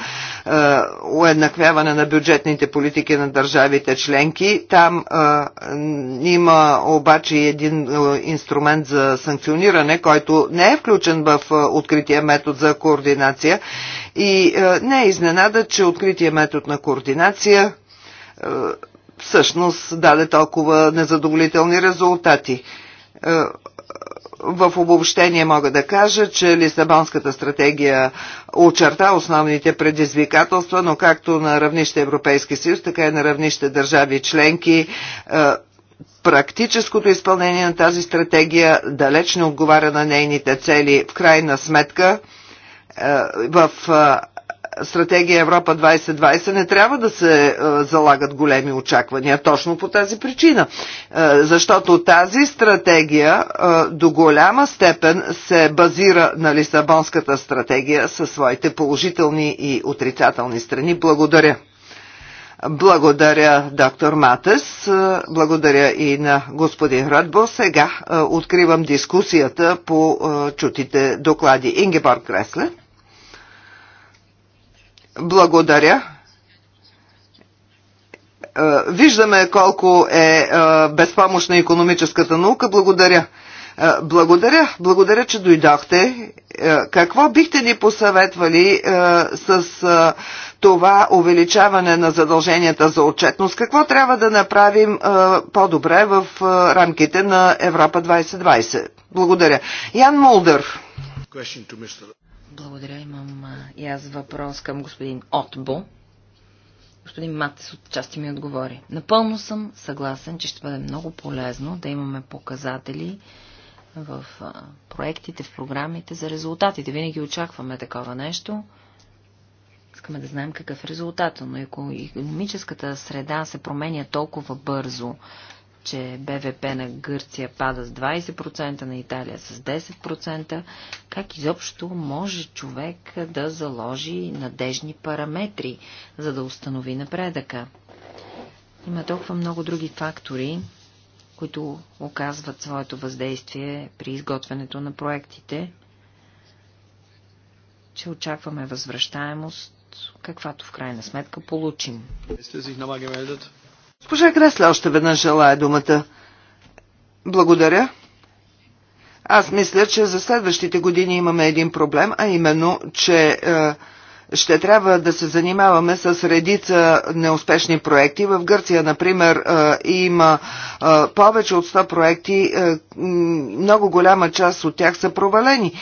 уеднаквяване на бюджетните политики на държавите членки. Там има обаче един инструмент за санкциониране, който не е включен в открития метод за координация и не е изненада, че открития метод на координация е, всъщност даде толкова незадоволителни резултати. Е, в обобщение мога да кажа, че Лисабонската стратегия очерта основните предизвикателства, но както на равнище Европейски съюз, така и на равнище държави членки е, практическото изпълнение на тази стратегия далеч не отговаря на нейните цели. В крайна сметка в стратегия Европа 2020 не трябва да се е, залагат големи очаквания точно по тази причина. Е, защото тази стратегия е, до голяма степен се базира на Лисабонската стратегия със своите положителни и отрицателни страни. Благодаря. Благодаря, доктор Матес. Благодаря и на господин Радбо. Сега откривам дискусията по чутите доклади. Ингеборг Кресле. Благодаря. Е, виждаме колко е, е безпомощна економическата наука. Благодаря. Е, благодаря, благодаря, че дойдохте. Какво бихте ни посъветвали с това увеличаване на задълженията за отчетност? Какво трябва да направим по-добре в рамките на Европа 2020? Благодаря. Ян Мулдър. Благодаря. Имам и аз въпрос към господин Отбо. Господин Матис от части ми отговори. Напълно съм съгласен, че ще бъде много полезно да имаме показатели в проектите, в програмите за резултатите. Винаги очакваме такова нещо. Искаме да знаем какъв е резултат, но ако економическата среда се променя толкова бързо, че БВП на Гърция пада с 20%, на Италия с 10%, как изобщо може човек да заложи надежни параметри, за да установи напредъка? Има толкова много други фактори, които оказват своето въздействие при изготвянето на проектите, че очакваме възвръщаемост, каквато в крайна сметка получим. Госпожа Гресле още веднъж желая думата. Благодаря. Аз мисля, че за следващите години имаме един проблем, а именно, че е, ще трябва да се занимаваме с редица неуспешни проекти. В Гърция, например, има повече от 100 проекти, много голяма част от тях са провалени.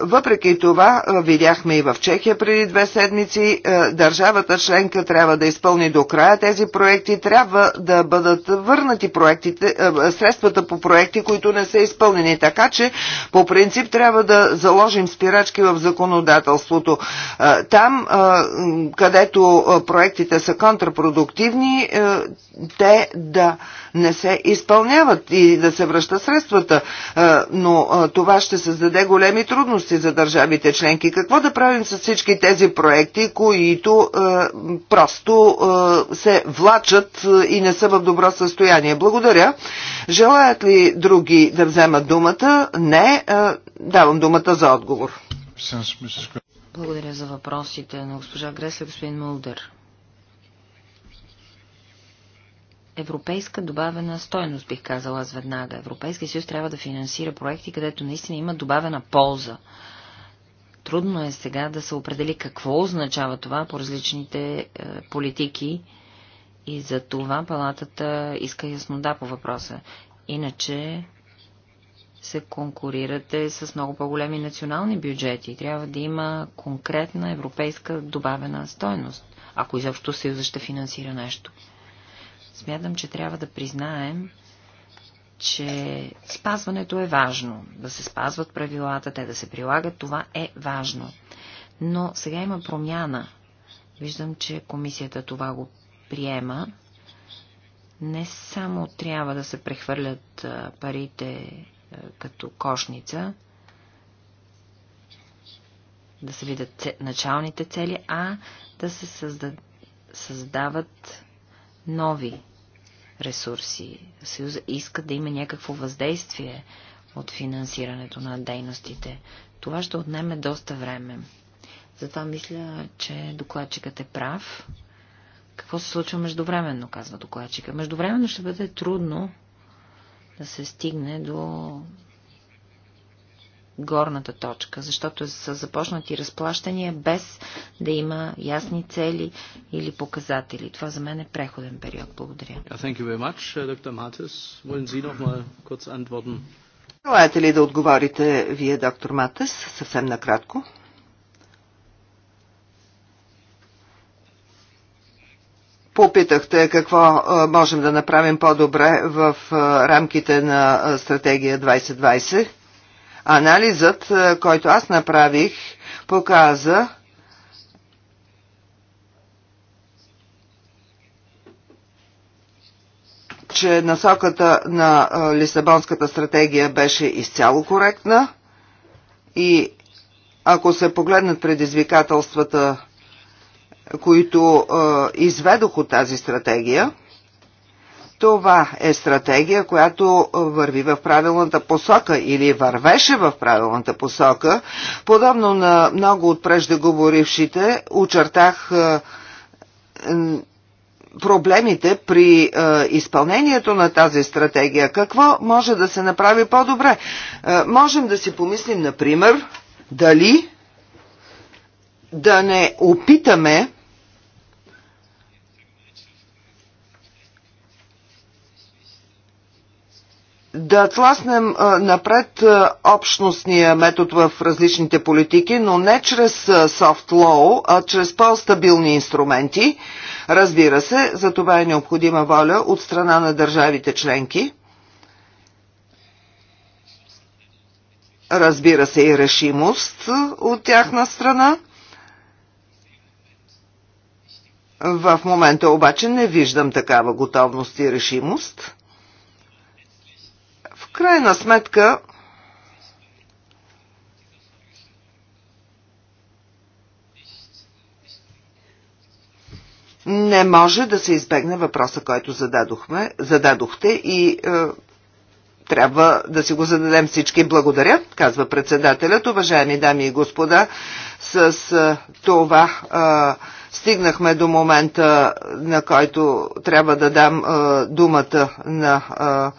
Въпреки това, видяхме и в Чехия преди две седмици, държавата членка трябва да изпълни до края тези проекти, трябва да бъдат върнати проектите, средствата по проекти, които не са изпълнени. Така че, по принцип, трябва да заложим спирачки в законодателството там, където проектите са контрпродуктивни, те да не се изпълняват и да се връщат средствата. Но това ще създаде големи трудности за държавите членки. Какво да правим с всички тези проекти, които просто се влачат и не са в добро състояние? Благодаря. Желаят ли други да вземат думата? Не. Давам думата за отговор. Благодаря за въпросите на госпожа Греса господин Мулдър. Европейска добавена стойност, бих казала аз веднага. Европейския съюз трябва да финансира проекти, където наистина има добавена полза. Трудно е сега да се определи какво означава това по различните е, политики и за това палатата иска яснота по въпроса. Иначе се конкурирате с много по-големи национални бюджети. Трябва да има конкретна европейска добавена стойност, ако изобщо Съюза ще финансира нещо. Смятам, че трябва да признаем, че спазването е важно. Да се спазват правилата, те да се прилагат, това е важно. Но сега има промяна. Виждам, че комисията това го приема. Не само трябва да се прехвърлят парите е, като кошница, да се видят началните цели, а да се създават нови ресурси. Съюза иска да има някакво въздействие от финансирането на дейностите. Това ще отнеме доста време. Затова мисля, че докладчикът е прав. Какво се случва междувременно, казва докладчика. Междувременно ще бъде трудно да се стигне до горната точка, защото са започнати разплащания без да има ясни цели или показатели. Това за мен е преходен период. Благодаря. Uh, Желаете ли да отговорите вие, доктор Матес, съвсем накратко? Попитахте какво можем да направим по-добре в рамките на стратегия 2020. Анализът, който аз направих, показа, че насоката на Лисабонската стратегия беше изцяло коректна и ако се погледнат предизвикателствата които изведох от тази стратегия, това е стратегия, която върви в правилната посока или вървеше в правилната посока. Подобно на много от преждеговорившите, очертах проблемите при е, изпълнението на тази стратегия. Какво може да се направи по-добре? Е, можем да си помислим, например, дали да не опитаме да тласнем напред общностния метод в различните политики, но не чрез soft law, а чрез по-стабилни инструменти. Разбира се, за това е необходима воля от страна на държавите членки. Разбира се и решимост от тяхна страна. В момента обаче не виждам такава готовност и решимост. В крайна сметка, не може да се избегне въпроса, който зададохме, зададохте и е, трябва да си го зададем всички. Благодаря, казва председателят. Уважаеми дами и господа, с е, това. Е, стигнахме до момента, на който трябва да дам а, думата на а,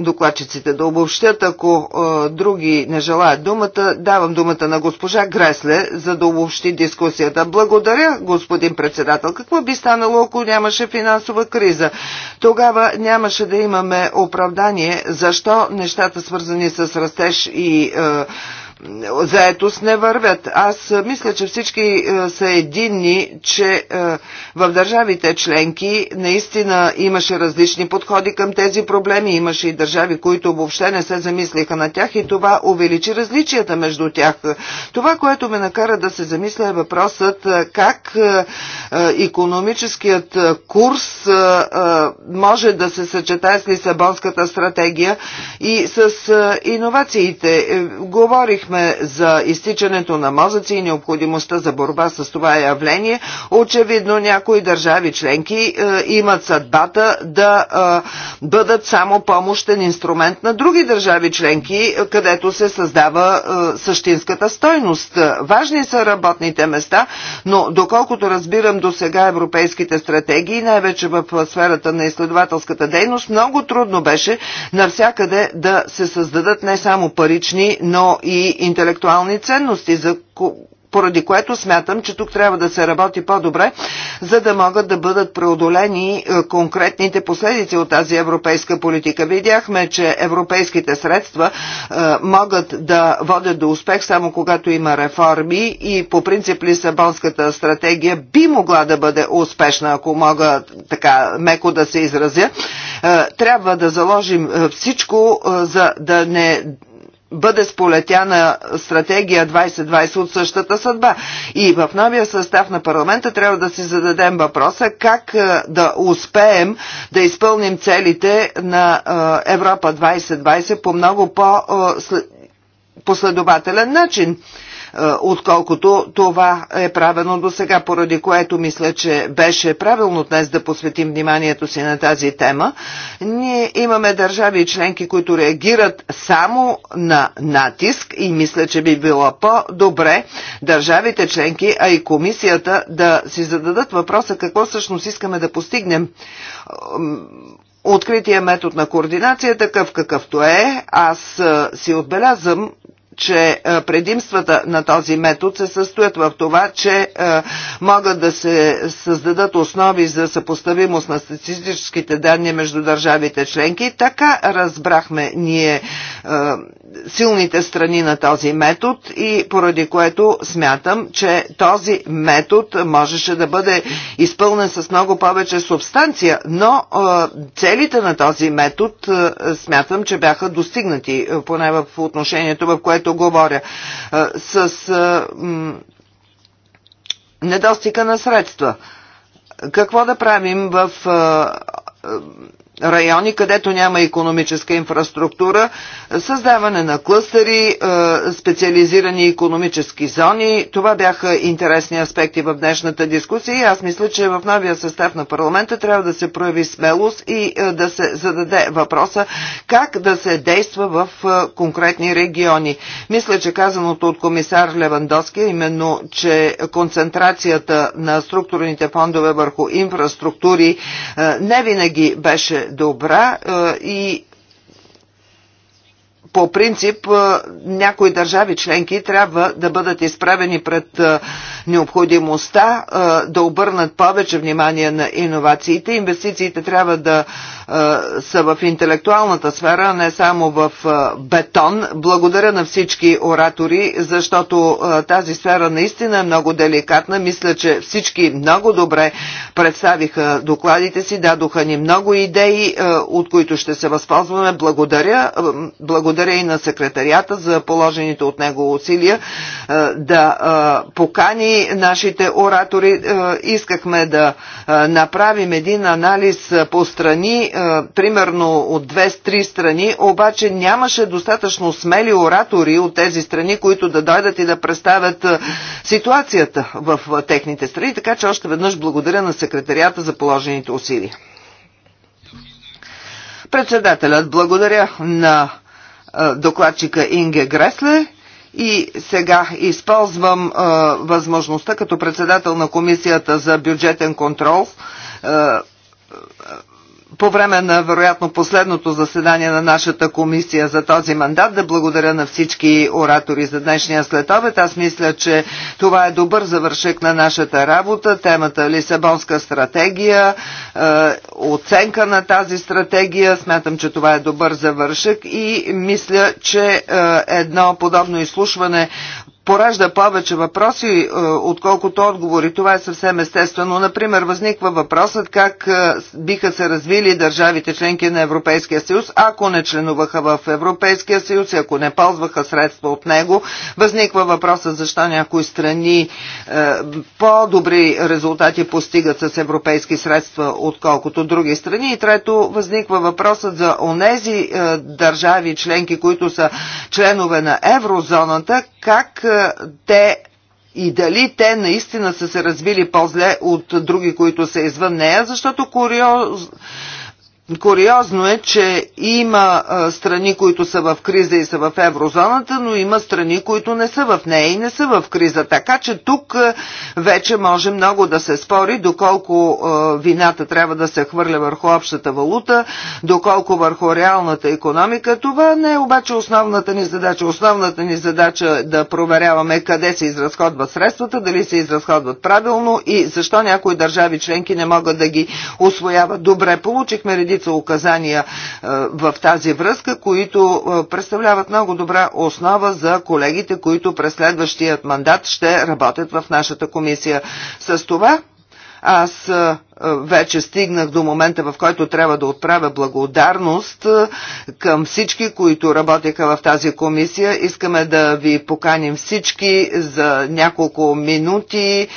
докладчиците да обобщят. Ако а, други не желаят думата, давам думата на госпожа Гресле, за да обобщи дискусията. Благодаря, господин председател. Какво би станало, ако нямаше финансова криза? Тогава нямаше да имаме оправдание защо нещата свързани с растеж и а, заетост не вървят. Аз мисля, че всички са единни, че в държавите членки наистина имаше различни подходи към тези проблеми. Имаше и държави, които въобще не се замислиха на тях и това увеличи различията между тях. Това, което ме накара да се замисля е въпросът как економическият курс може да се съчетае с Лисабонската стратегия и с иновациите. Говорих говорихме за изтичането на мозъци и необходимостта за борба с това явление, очевидно някои държави членки е, имат съдбата да е, бъдат само помощен инструмент на други държави членки, където се създава е, същинската стойност. Важни са работните места, но доколкото разбирам до сега европейските стратегии, най-вече в сферата на изследователската дейност, много трудно беше навсякъде да се създадат не само парични, но и интелектуални ценности, за поради което смятам, че тук трябва да се работи по-добре, за да могат да бъдат преодолени е, конкретните последици от тази европейска политика. Видяхме, че европейските средства е, могат да водят до успех само когато има реформи и по принцип Лисабонската стратегия би могла да бъде успешна, ако мога така меко да се изразя. Е, трябва да заложим всичко, за да не бъде сполетяна стратегия 2020 от същата съдба. И в новия състав на парламента трябва да си зададем въпроса как е, да успеем да изпълним целите на е, Европа 2020 по много по-последователен е, начин. Е, отколкото това е правено до сега, поради което мисля, че беше правилно днес да посветим вниманието си на тази тема. Ние имаме държави и членки, които реагират само на натиск и мисля, че би било по-добре държавите членки, а и комисията да си зададат въпроса какво всъщност искаме да постигнем открития метод на координация, такъв какъвто е, аз е, си отбелязам че е, предимствата на този метод се състоят в това, че е, могат да се създадат основи за съпоставимост на статистическите данни между държавите членки. Така разбрахме ние е, силните страни на този метод и поради което смятам, че този метод можеше да бъде изпълнен с много повече субстанция, но целите на този метод смятам, че бяха достигнати, поне в отношението, в което което говоря, с недостига на средства. Какво да правим в райони, където няма економическа инфраструктура, създаване на клъстери, е, специализирани економически зони. Това бяха интересни аспекти в днешната дискусия и аз мисля, че в новия състав на парламента трябва да се прояви смелост и е, да се зададе въпроса как да се действа в е, конкретни региони. Мисля, че казаното от комисар Левандоски, именно, че концентрацията на структурните фондове върху инфраструктури не винаги беше добра е, и по принцип някои държави членки трябва да бъдат изправени пред необходимостта да обърнат повече внимание на иновациите. Инвестициите трябва да са в интелектуалната сфера, не само в бетон. Благодаря на всички оратори, защото тази сфера наистина е много деликатна. Мисля, че всички много добре представиха докладите си, дадоха ни много идеи, от които ще се възползваме. Благодаря. Благодаря благодаря и на секретарията за положените от него усилия е, да е, покани нашите оратори. Е, искахме да направим един анализ по страни, примерно от 2-3 страни, обаче нямаше достатъчно смели оратори от тези страни, които да дойдат и да представят ситуацията в техните страни, така че още веднъж благодаря на секретарията за положените усилия. Председателят благодаря на докладчика Инге Гресле. И сега използвам а, възможността като председател на Комисията за бюджетен контрол а, по време на вероятно последното заседание на нашата комисия за този мандат. Да благодаря на всички оратори за днешния следобед. Аз мисля, че това е добър завършек на нашата работа. Темата Лисабонска стратегия, е, оценка на тази стратегия. Смятам, че това е добър завършек и мисля, че е, едно подобно изслушване поражда повече въпроси, е, отколкото отговори. Това е съвсем естествено. Например, възниква въпросът как е, биха се развили държавите членки на Европейския съюз, ако не членуваха в Европейския съюз и ако не ползваха средства от него. Възниква въпросът защо някои страни е, по-добри резултати постигат с европейски средства, отколкото други страни. И трето, възниква въпросът за онези държави членки, които са членове на еврозоната, как е, те и дали те наистина са се развили по-зле от други, които са извън нея, защото куриоз, Куриозно е, че има страни, които са в криза и са в еврозоната, но има страни, които не са в нея и не са в криза. Така че тук вече може много да се спори доколко вината трябва да се хвърля върху общата валута, доколко върху реалната економика. Това не е обаче основната ни задача. Основната ни задача е да проверяваме къде се изразходват средствата, дали се изразходват правилно и защо някои държави членки не могат да ги освояват. Добре, получихме редица указания е, в тази връзка, които е, представляват много добра основа за колегите, които през следващият мандат ще работят в нашата комисия. С това аз е, вече стигнах до момента, в който трябва да отправя благодарност към всички, които работеха в тази комисия. Искаме да ви поканим всички за няколко минути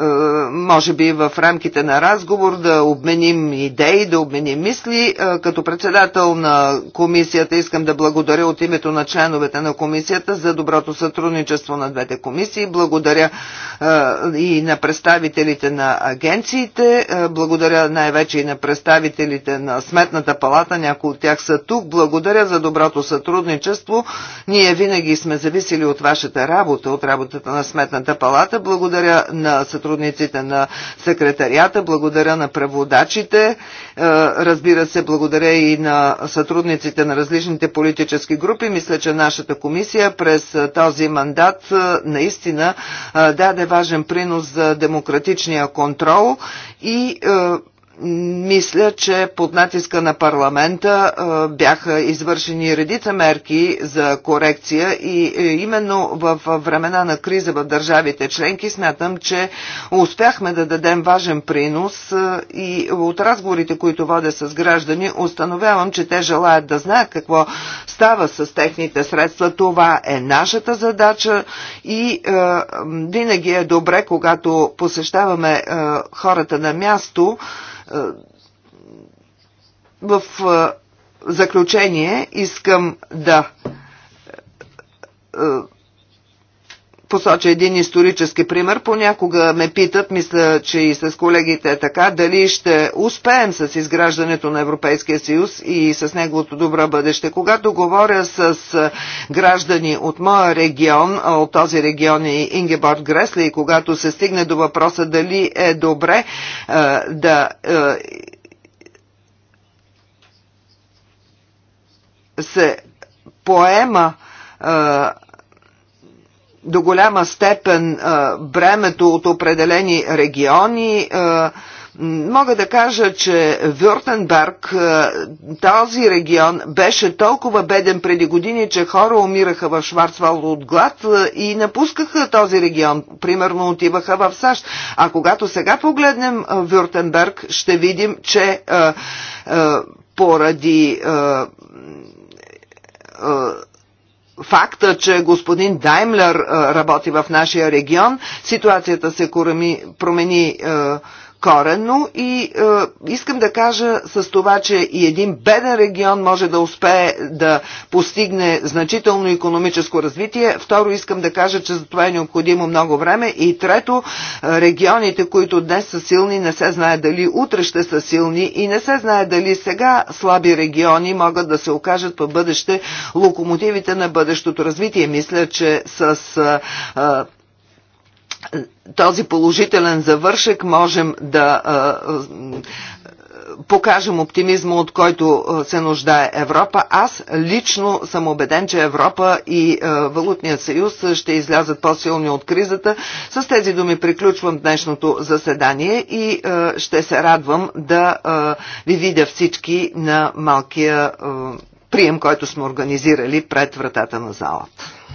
е, може би в рамките на разговор да обменим идеи, да обменим мисли. Е, като председател на комисията искам да благодаря от името на членовете на комисията за доброто сътрудничество на двете комисии. Благодаря е, и на представителите на агенциите, благодаря най-вече и на представителите на Сметната палата, някои от тях са тук. Благодаря за доброто сътрудничество. Ние винаги сме зависели от вашата работа, от работата на Сметната палата. Благодаря на сътрудничеството сътрудниците на секретарията, благодаря на преводачите, е, разбира се, благодаря и на сътрудниците на различните политически групи. Мисля, че нашата комисия през е, този мандат е, наистина даде важен принос за демократичния контрол и мисля, че под натиска на парламента е, бяха извършени редица мерки за корекция и е, именно в времена на криза в държавите членки смятам, че успяхме да дадем важен принос е, и от разговорите, които водя с граждани, установявам, че те желаят да знаят какво става с техните средства. Това е нашата задача и винаги е добре, когато посещаваме хората на място, е, в е, заключение искам да е, посоча един исторически пример. Понякога ме питат, мисля, че и с колегите е така, дали ще успеем с изграждането на Европейския съюз и с неговото добро бъдеще. Когато говоря с граждани от моя регион, от този регион е Ингеборг Гресли, и когато се стигне до въпроса дали е добре да се поема до голяма степен бремето от определени региони. Мога да кажа, че Вюртенберг, този регион, беше толкова беден преди години, че хора умираха в Шварцвалд от глад и напускаха този регион. Примерно отиваха в САЩ. А когато сега погледнем Вюртенберг, ще видим, че поради факта, че господин Даймлер работи в нашия регион, ситуацията се промени коренно и е, искам да кажа с това, че и един беден регион може да успее да постигне значително економическо развитие. Второ, искам да кажа, че за това е необходимо много време. И трето, регионите, които днес са силни, не се знае дали утре ще са силни и не се знае дали сега слаби региони могат да се окажат по бъдеще локомотивите на бъдещото развитие. Мисля, че с е, този положителен завършек можем да покажем оптимизма, от който се нуждае Европа. Аз лично съм убеден, че Европа и Валутният съюз ще излязат по-силни от кризата. С тези думи приключвам днешното заседание и ще се радвам да ви видя всички на малкия прием, който сме организирали пред вратата на залата.